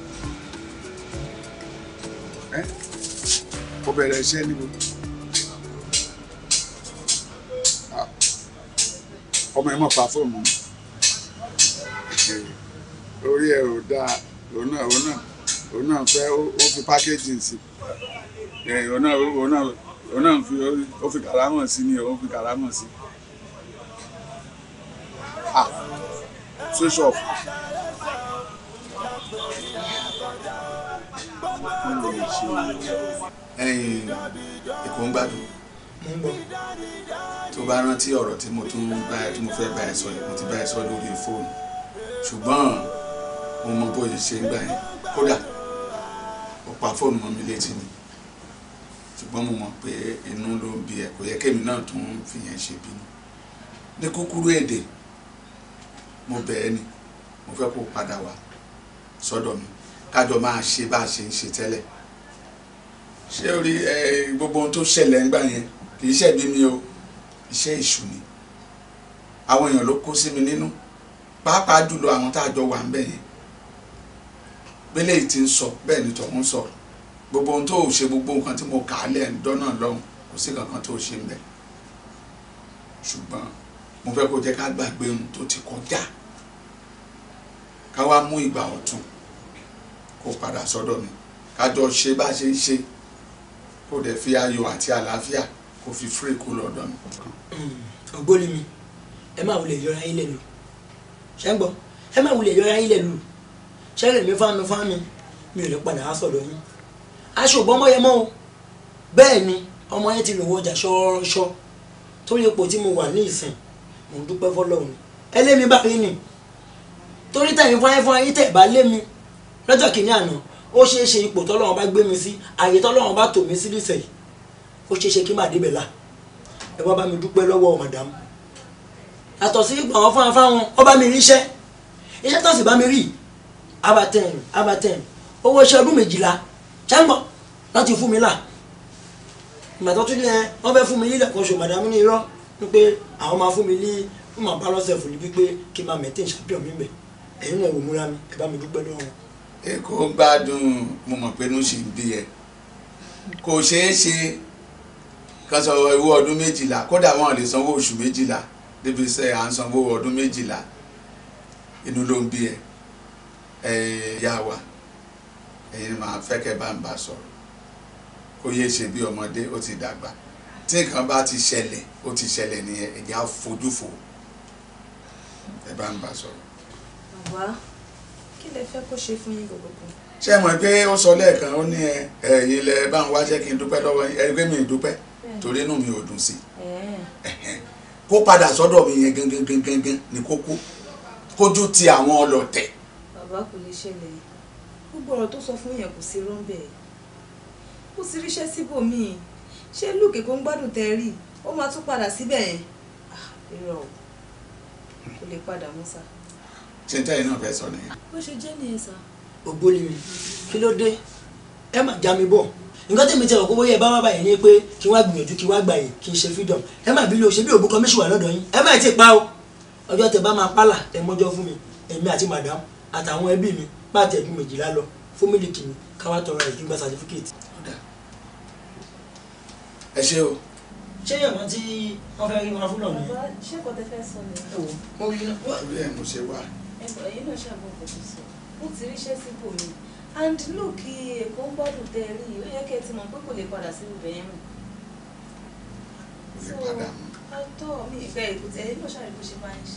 mo bẹ̀rẹ̀ iṣẹ́ níbo ọmọ ẹ mọ̀ pa fóònù orí ẹ̀ ò dáa òun náà òun náà òun náà fẹ́ ó fi pákéjì sí òun náà òun náà òun náà fi ó fi kàrámọ̀ sí ni òun fi kàrámọ̀ sí. Ah, switch off mo lò lè ṣe ẹ̀yin èkó ń gbádùn tó bá rántí ọ̀rọ̀ tí mo tún bá ẹ tí mo fẹ́ bá ẹ sọ yìí mo ti bá ẹ sọ lórí fóònù ṣùgbọ́n mo mọ bó ṣe ṣe ń gbà yẹn kódà ó pa fóònù mọ́ mi létí ni ṣùgbọ́n mo mọ̀ pé inú ló ń bi ẹ kò yẹ kémi náà tún fi yẹn ṣe bínú ní kúkúrú èdè mo bẹ̀ ẹ́ ni mo fẹ́ kó padà wá sọ́dọ̀ mi kájọ máa ṣe bá a ṣe ń ṣe tẹ́lẹ̀ ṣé orí gbogbo ohun tó ṣẹlẹ̀ ń gbà yẹn kì í ṣẹ̀bi mi o iṣẹ́ èṣù ni àwọn èèyàn ló kó sí mi nínú pàápàá jùlọ àwọn tá a jọ wà ń bẹ̀ yẹn bẹ́lẹ̀ yìí ti ń sọ bẹ́ẹ̀ ni tọ̀hún sọ gbogbo ohun tó ṣe gbogbo nǹkan tí mo kà á lẹ̀ ń dọ́nà lọ́hùn kò sí kankan tó ṣe ń bẹ̀ ṣùgbọ́n mo fẹ́ kó jẹ́ ká gbàgbé ohun tó ti kọjá ká wá mú ìgbà ọ̀tun kó padà sọ́dọ̀ mi kájọ ṣe bá ṣe ń ṣe kó dẹ̀ fi ayọ̀ àti àlàáfíà kó fi fúré kó lọ́dọ̀ mi. ògbóni mi ẹ máa wulẹ̀ yọra yín lẹ́nu ṣẹ́ ń gbọ́ ẹ máa wulẹ̀ yọra yín lẹ́nu ṣẹ́ rẹ̀ mi fá mi fá mi mi ò lè padà wá sọ̀dọ̀ yín aṣọ ògbọ́n ọmọ yẹn ti lòwọ́ ọjà ṣọ́ọ́ṣọ́ tó lè pò tí mo wà ní ìsìn mo dúpẹ́ fọlọ́run ẹlẹ́mi bá rí ni torí tẹ̀yìn fún ayé fún ayé tẹ̀ bá lé mi lọ́jọ́ kìíní àná ó ṣeé ṣe ipò tọ́lọ́run bá gbé mi sí àyè tọ́lọ́run bá tò mí sí nísẹ̀ yìí ó ṣeé ṣe kí màá débẹ̀ la ẹ wá bá mi dúpẹ́ lọ́wọ́ màdàmú àtọ̀ sí gbọ̀n wọn fún afáwọn ó bá mi ríṣẹ́ iṣẹ́ tó sì bá mi rí abatẹ́n abatẹ́n owó iṣẹ́ ọdún méjìlá ṣẹ́ńgbọ̀n láti fún mi là màtọ́ tún yẹn wọ́n fẹ́ fún mi nílẹ̀ kan ṣò màdàmú ní irọ́ wípé àwọn máa fún mi ní mọ̀ bá lọ́sẹ̀ fún mi wípé kí n máa mẹ́tẹ̀ ṣàbíọ̀ mi mẹ́ ẹ̀yin náà wò múra mi ẹ bá mi dúpẹ́ lọ́wọ́ èkó gbádùn mo mọ̀ pé inú ṣì ń bí ẹ kò ṣeé ṣe kan sọ owó ọdún méjìlá kódà wọn lè sanwó oṣù méjìlá débi sẹ à ń sanwó ọdún méjìlá inú ló ń bí ẹ ẹ yá wa ẹ̀yin máa fẹ́ kẹ́ bá ń bá sọ̀rọ̀ kó yéé ṣe bí ọmọdé ó ti dàgbà tí nǹkan bá ti ṣẹlẹ̀ ó ti ṣẹlẹ̀ nìyẹn ẹ̀jẹ̀ á fojú fò ẹ bá ń bá sọ̀rọ̀ kí lẹ fẹ́ kó ṣe fún yín gbogbo. ṣé ẹ mọ̀ pé ó sọ lẹ́ẹ̀kan ó ní ẹ̀yin lẹ bá ń wáṣẹ́ kí n dúpẹ́ lọ́wọ́ yín ẹni pé mi ì dúpẹ́ torí inú mi ò dùn sí i kó padà sọ́dọ̀ mi yẹn gangan gangan gan ni kókó kójú ti àwọn ọlọ̀tẹ̀. bàbá kò lè ṣẹlẹ̀ gbogbo ọ̀rọ̀ tó sọ fún yẹn kò sí rọ́ńbẹ̀ kò sí ríṣẹ́ síbòmíì ṣé lùkè kó ń gbádùn tẹ rí ó máa tún padà síbẹ̀ yẹn ah, irọ́ kò lè padà mọ́ sáà ṣe ń tẹ́yìn náà fẹ́ sọ nìyẹn. bó ṣe jẹ́ nìyẹn sá. ògbóni mi kí ló dé ẹ má já mi bọ̀ nǹkan tẹ̀mí tẹ̀wọ̀ kó bóyá ẹ bá wá báyìí ni pé kí wọ́n á gbìyànjú kí wọ́n á gbà yìí kí n ṣe freedom ẹ má bí lo ṣe bí òbú kọmíṣù wà lọ́dọ̀ yín ẹ má ti pa o ọjọ́ tẹ bá máa pálà ẹ mọ́jọ́ fún mi èmi àti madam àtàwọn ẹbí mi bá tẹ̀gbìn méjìlá lọ fún mílìkì mi káwá tọrọ ẹ̀ kí n gba certificate. ẹ ṣe o. ṣé yọ̀mọ́ tí wọ́n fẹ́ rí wọn fún lọ́nà ẹ̀bọ̀ ẹ̀yin náà ṣàbọ̀ kò sọ ó ti ríṣẹ́ síbò mi and look èkó ń gbádùn tẹ rí i ó yẹ kẹ́ ẹ ti mọ̀ pé kò lè padà sí ibẹ̀ yẹn mọ́. so àtọ́ mi ìfẹ́ èkó tẹ ẹ̀yin náà ṣàbọ̀ bó ṣe máa ń ṣe.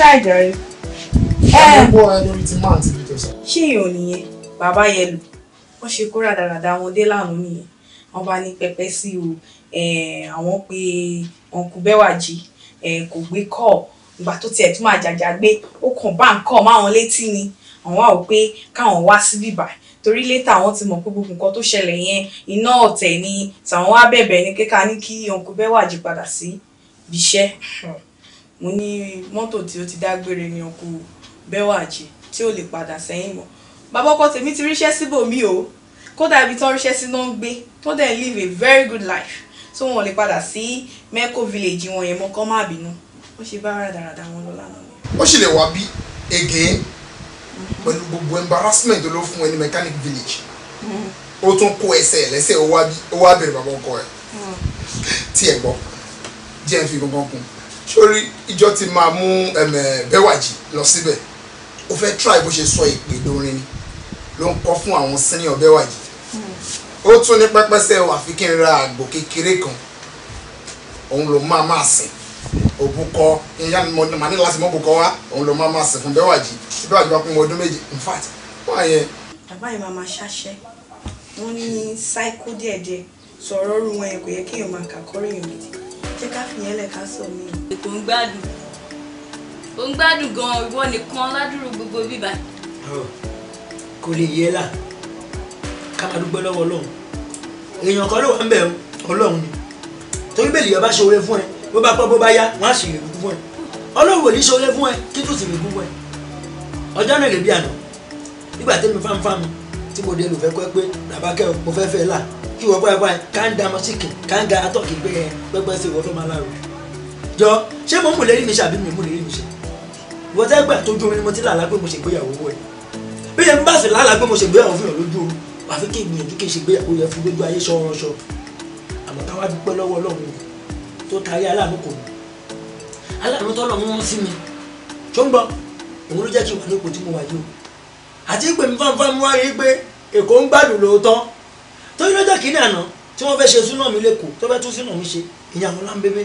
ṣàjọrí. Eh. ọmọ ẹ lórí ti máa ti bí tó sọ. ṣé èèyàn nìyẹn bàbá yẹn lù wọ́n ṣe kó ràdàràdà wọn dé lánàá nìyẹn wọ́n bá ní pẹpẹ sí o eh, àwọn pé ọ̀nkú bẹ́wàjì eh, kò gbé kọ́ ìgbà tó tiẹ̀ tún máa jàjà gbé ó kàn bá nǹkan máwọn létí ni àwọn àwò pé káwọn wá sí bíbà torí létà àwọn ti mọ̀ pé gbogbo nǹkan tó ṣẹlẹ̀ yẹn iná ọ̀tẹ̀ ni tàwọn wá bẹ̀bẹ̀ ní kíkà ní kí ọ̀nkú bẹ́wàjì padà sí ibiṣẹ́. Hmm mo ní mọ́tò tí ó ti dágbére ní ọkọ bẹ́wàjì tí ò lè padà sẹ́yìn mọ́ bàbá ọkọ tèmi ti ríṣẹ́ síbòmí o kódà ibi tó ríṣẹ́ sí náà ń gbé tó dẹ̀ live a very good life tó wọn lè padà sí mẹ́kò village wọn yẹn mọ́ kọ́ má bínú ó ṣe bá rádaràda wọn lọ lánàá. ó sì lè wá bí again pẹ̀lú gbogbo embarrassment ló fún ẹ mechanic village hmm. ó tún kó ẹsẹ̀ lẹ́sẹ̀ ó wá bèrè bàbá ọkọ ẹ̀ hmm. tí ẹ̀ gbọ́ jẹ́ ń fi gbọ́ngàn kún sórí ìjọ ti máa mú Bẹ́wàjì lọ síbẹ̀ ó fẹ́ try bó ṣe sọ ìpè lórin ni ló ń kọ́ fún àwọn senior Bẹ́wàjì hmm. ó tún ní pẹ́pẹ́sẹ́ wà fi kí n ra àgbò kékeré kan òun ló máa máa sìn òbúkọ ìyá mi màá ní láti mọ òbúkọ wá òun ló máa máa sìn fún Bẹ́wàjì Bẹ́wàjì bá kún ọdún méje in fact wọ́n á yẹn. bàbá yìí máa máa ṣáṣẹ́ wọ́n ní cycle díẹ̀díẹ̀ sọ̀rọ̀ ọ̀rùn wọn yẹn kò yẹ kéèyàn máa kà kọ́rọ̀ èèyàn gidi jẹ́ ká fìyẹn lẹ̀ ká sọ mí. ètò ń gbádùn ó ń gbádùn gan-an ìwọ nìkan ládùúrú gbogbo bíbá. kò lè yẹ là ká máa dúpẹ́ lọ́wọ́ ọlọ́run èèyàn kan ló wà ń bẹ̀ ọlọ́run ni torí bẹ́ẹ̀ lèèyàn bá ṣòwe fún ẹ bó bá pẹ́ bó bá yá wọ́n á sì rèé fún ẹ ọlọ́run ò ní ṣòwe fún ẹ kí tùsì rèé fún ẹ ọjọ́ náà lè bí àná nígbà tẹ́mi fáńfáń mi tí mo dé lò fẹ́ pé Làbákẹ́ mo fẹ́ fẹ́ là kí wọ́n báyìí báyìí ká ń da mọ́síkì ká ń ga atọ́kì gbé ẹ pẹ́pẹ́ sí ìwọ́fẹ́ máa láàrú. jọ ṣé mo mú lérí mi ṣàbí mi mú lérí mi ṣe ìwọ tẹ́ gbà tójú omi ni mo ti lálàá pé mo ṣègbéyàwó wọ ẹ bí yẹn bá sì lálàá pé mo ṣègbéyàwó fún yàn lójú oru àfi kí ìgbìyànjú kí n ṣègbéyàwó yẹn fún lójú ayé ṣọranṣọ àmọ́ táwa dúpẹ́ lọ́wọ́ Ọlọ́run tó taari aláàánú kò mí aláàánú tọ́lọ́ mú wọn sí mi ṣó ń gbọ́ òun ló jẹ́ kí n wà ní ipò tí mo wà yìí o àti pé nfànfàn mú wáyé pé èkó ń gbádùn lóòótọ́ torí lọ́jọ́ kìíní àná tí wọ́n fẹ́ ṣe súnà mi lẹ́kọ̀ọ́ tó fẹ́ tún súnà mi ṣe ìyá àwọn lámbébé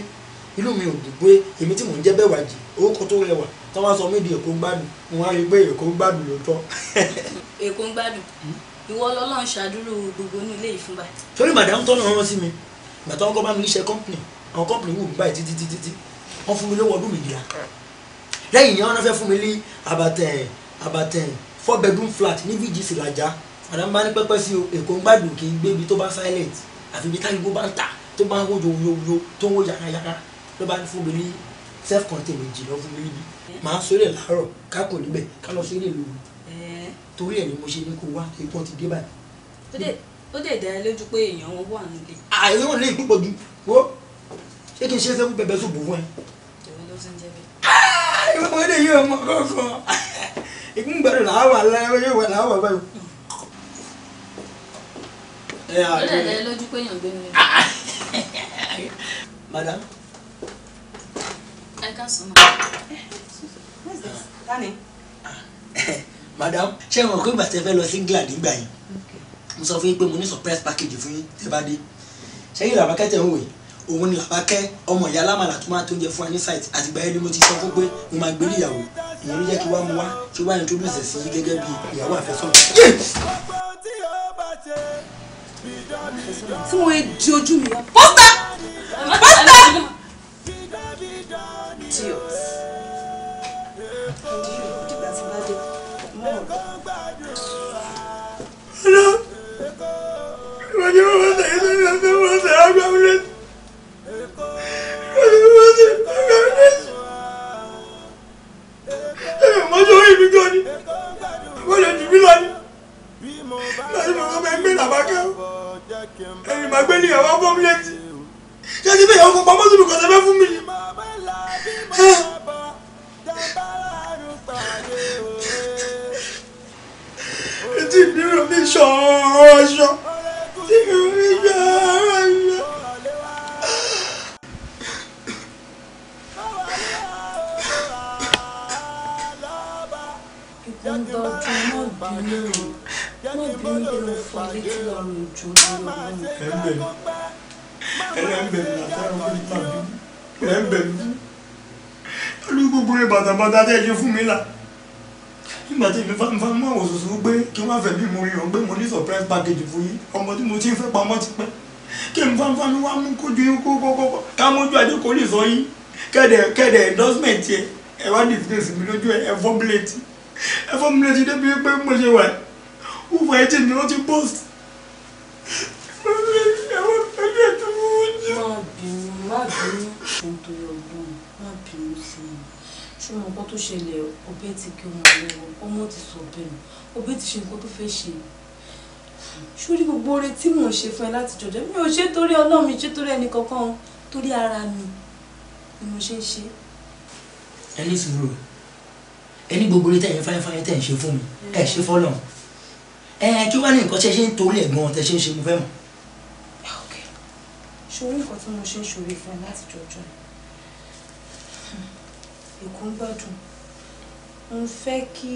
ìlú mi ò dùgbé èmi tí mò ń jẹ́ bẹ́wà jì orúkọ tó rẹwà tó wá sọ mí di èkó ń gbádùn mo wá rí i pé èkó ń gbádùn lóòótọ́. èkó ń gbádùn ìwọ lọ́lọ́run ṣàdúró gbogbo ní ilé ìfúnba. torí màdàm tó náà rán sí mi gbàtà wọn kọ́ bá mi níṣẹ́ kọ́ńpìnì àwọn kọ́ńpìnì wù mí báyìí títí títí tí wọ́n fún mi lówó ọdún méjìlá lẹ́yìn yẹn wọ́n fẹ́ fún mi ní abatẹ́yìn abatẹ́yìn four bedroom flat ní VGC làjà madam bá ní pẹ́pẹ́ sí o èkó ń gbàdùn kì í gbé ibi tó bá silent àfi ibi táyìnbó bá ń tà tó bá ń wójó wójó tó ń wó yàrá ló bá ń fún mi ní self contained méjì lọ fún mi níbí màá sọ èlé làárọ̀ ká kò níbẹ̀ ká lọ sọ èlé lòun torí ẹ̀ ni mo ṣe ní kó wá ikú ti dé báyìí. ó dẹ̀ dá ẹ lójú pé èèyàn wọn wà nílé. àìsàn wọn lè púpọ̀ ju wo ṣé kí n ṣe é sẹ́kù bẹ̀bẹ̀ sóbò fún ẹ. ìwé ló ti ń jẹ bẹ́ẹ̀. Ah, ìwé ìgbìngbẹ̀rẹ̀ là á wà lẹ́wọ́ yóò wà là á wà báyìí. ó lè lẹ́ lójú pé èèyàn gbé mi. madam. ẹ káàsán ma. tani. madam ṣé wọn kó ìgbà tẹ fẹ́ lọ sí England nígbà yìí mo sọ fún yín pé mo ní surprise package fún yín tẹ bá dé ṣé yìí làwọn akẹ́tẹ̀ ń wò yìí òun ni làwọn akẹ́ ọmọ ìyá alámàlà tó máa tó oúnjẹ fún wa ní site àtìgbà yẹn ni mo ti sọ fún pé mo máa gbé níyàwó ìyẹn ló jẹ́ kí wá mu wá tí wá introduce sí i gẹ́gẹ́ bí ìyàwó àfẹ́sọ́nà. tí wọ́n di ojú mi wá. bọ́sà bọ́sà. dios dígbà tí bá dé mọ́ ọ̀rọ̀. ìwádìí wọn bá sàyẹ́ sórí ọ̀sẹ̀ wọn sàyẹ́ àgbà wọlé. mi jọ ni wọ́n lè jù mí lọ ni lọ́dún mi wọ́n máa ń gbé làbákẹ́ ẹ̀yìn máa gbé nìyẹn wá mi létí ṣé ti bẹ́ẹ̀ ọkọ̀ pamọ́ sínú kọ̀ọ̀tẹ́ fẹ́ fún mi ni. etí ìdí rẹ̀ mi ṣọ̀ọ̀ṣọ̀ tí mi ò rí ṣọ̀ọ̀ṣọ̀. ń dọ́jú mọ́ bínú mọ́ bínú pé mo fọ létí ọrùn jù lọ. ẹlẹ́mbẹ̀ mi àtàrà orí tàbí ẹlẹ́mbẹ̀ mi pẹ̀lú gbogbo rẹ̀ bàtàbàtà tẹ́ ẹ ṣe fún mi là nígbà tí mi fa mi fa mọ́ òṣùṣù gbé kí wọ́n fẹ́ bí mo yàn gbé mo ní surprise package fún yín ọmọ tí mo ti ń fẹ́ pamọ́ ti pẹ́ kí n fa mi fa mi wá mú kójú yín kó kọ́kọ́ ká mójú adé kò lè sọ yín kẹ́dẹ̀ kẹ́dẹ̀ endorsement yẹ ẹ wá disgrace mi lójú ẹ ẹ fọ́ bíléètì ẹ fọ́ mi létí débi pé mo ṣe wà ufa ẹ̀jẹ̀ mi rántí post. má bínú má bínú nítorí ọgbọ́n má bínú sí i ṣé mo nǹkan tó ṣẹlẹ̀ ọbẹ̀ ti kí ọmọ rẹ ọmọ ti sọ bẹ́ẹ̀ nù ọbẹ̀ ti ṣe nǹkan tó fẹ́ ṣe sórí gbogbo oore tí mò ń ṣe fún ẹ láti jọjọ mi ò ṣe torí ọlọ́run mi ṣe torí ẹnì kankan torí ara mi ni mo ṣe ń ṣe. ẹni sùúrù ẹni gbogbo lè tẹ̀yìn fáyẹ́fáyẹ́ tẹ̀ ń ṣe fún mi ẹ ṣe fọ́lọ̀ ẹ kí wàá ní nǹkan tẹ ṣe ń torí ẹ̀ gan tẹ ṣe ń ṣe mo fẹ́ mọ̀. Ah, ṣòro nǹkan tí mo ṣe ń ṣòro fún ẹ láti jọjọ èkó ń gbádùn mo fẹ́ kí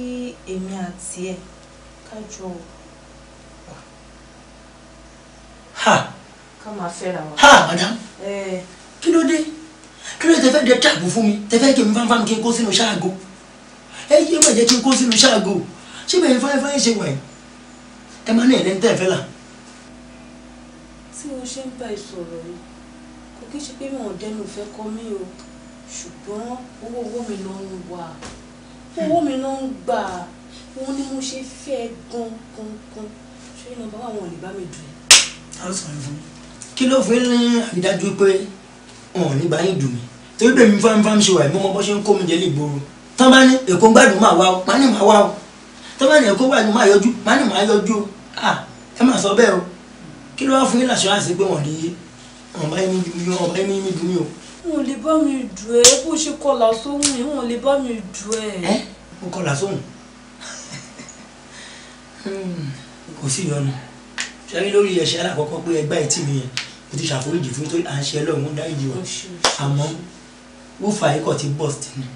èmi àti ẹ kájọ wà ká máa fẹ́ra wa. ha madam eh. kí ló dé kí ló dé tẹ fẹ́ dẹ tààbù fún mi tẹ fẹ́ kí mi fáńfáń kí n kó sínú ṣáàgó ẹ yé má jẹ́ kí n kó sínú ṣáàgó ṣé bẹ́ẹ̀ fáyẹ́fáyẹ́ ṣe wà ẹ́ ẹ máa ní ẹ̀rẹ́ tẹ́ ẹ fẹ́ tí mo ṣe ń bá ẹ yìí kò kí n ṣe pé mi ò dẹnu ìfẹ́ kọ mí o ṣùgbọ́n owó owó mi ló ń wà owó mi ló ń gbà òun ni mo ṣe fẹ́ gan gan gan ṣé nọ́mbà wà wọn ò lè bá mi dùn ẹ́. a ó sọ̀rọ̀ fún mi kí ló fi ń ní àrídájú pé wọn ò ní bá yín dùn mí torí bẹ́ẹ̀ mi fáńfáń ṣe wà mo mọ bó ṣe ń kó mi jẹ ní ìgboro tán bá ní èkó gbádùn máa wá o má ní máa wá o tán bá ní èkó gbádùn máa yọjú má ní máa yọjú o à ẹ má sọ bẹ́ẹ̀ o kí ló wá fún yín làṣọ àṣẹ pé wọ́n lè yé ọ̀nà ẹni dùn mí ọ̀nà ẹni mi dùn mí o. wọn ò lè bá mi dùn ẹ bó ṣe kọlà sóhun yìí wọn ò lè bá mi dùn ẹ. ẹ mo kọlà sóhun hmm, kò sí ìyọnu ṣáyé lórí ẹ̀ṣẹ̀ alákọ̀ọ́kọ́ pé ẹgbẹ́ ẹtì mi yẹn mo ti ṣàforíjì fún torí à ń ṣe ẹlọ́run ó dáríjì wa àmọ́ wúfà ikọ̀ ti bọ́ọ̀sì ni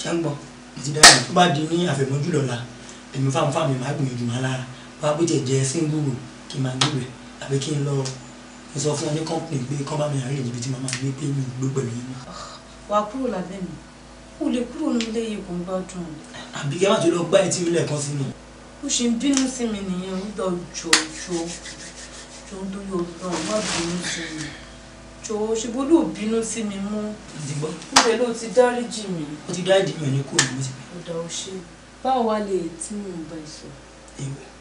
ṣé ń gbọ́ àti dáhùn tó bá di ní àfẹ̀mọ́jú lọ́la èmi fáwọn fáwọn mi máa gbìyànjú máa lára wá bó tiẹ̀ jẹ́ síngúrù kí n máa gbìyànjú àbí kí n lọ mo sọ fún ẹni kọ́ńpìnì pé kọ́ bá mi àárẹ̀ ìjìbìtì máa máa gbé pé mi ò gbé pẹ̀lú yín mọ́. wà á kúrò lábẹ́ mi o lè kúrò nílé yìí kò ń gbádùn. àbí kí ẹ má ti lọ gbá etí mi lẹ́ẹ̀kan sí mi. ó ṣe ń bínú sí mi nìyẹn ó lọ jòjò jòjò nítorí olùdó má bínú sí jọ ṣùgbọ́n ló bínú sí mi mú. ìdìgbọ́. níbẹ̀ ló ti dáríjì mi. ó ti dáríjì mi ò ní kó o lóṣù. ọ̀dà ò ṣe báwo wá lè tí mò ń bá ẹ sọ. èèwọ̀.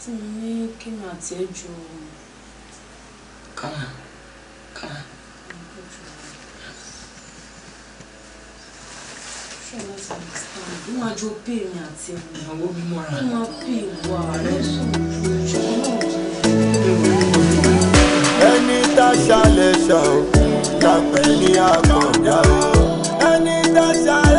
tí mo ní kí n àti ẹ jọ. kàrà kàrà. Wọ́n á pè mí àti ẹ̀mí. Àwọn mọ́ra. Wọ́n pè wá. Àlẹ́ sùn tá ṣàlẹ̀ ṣàn lápẹ́ ní àkàndá o ẹni tá ṣàlẹ̀.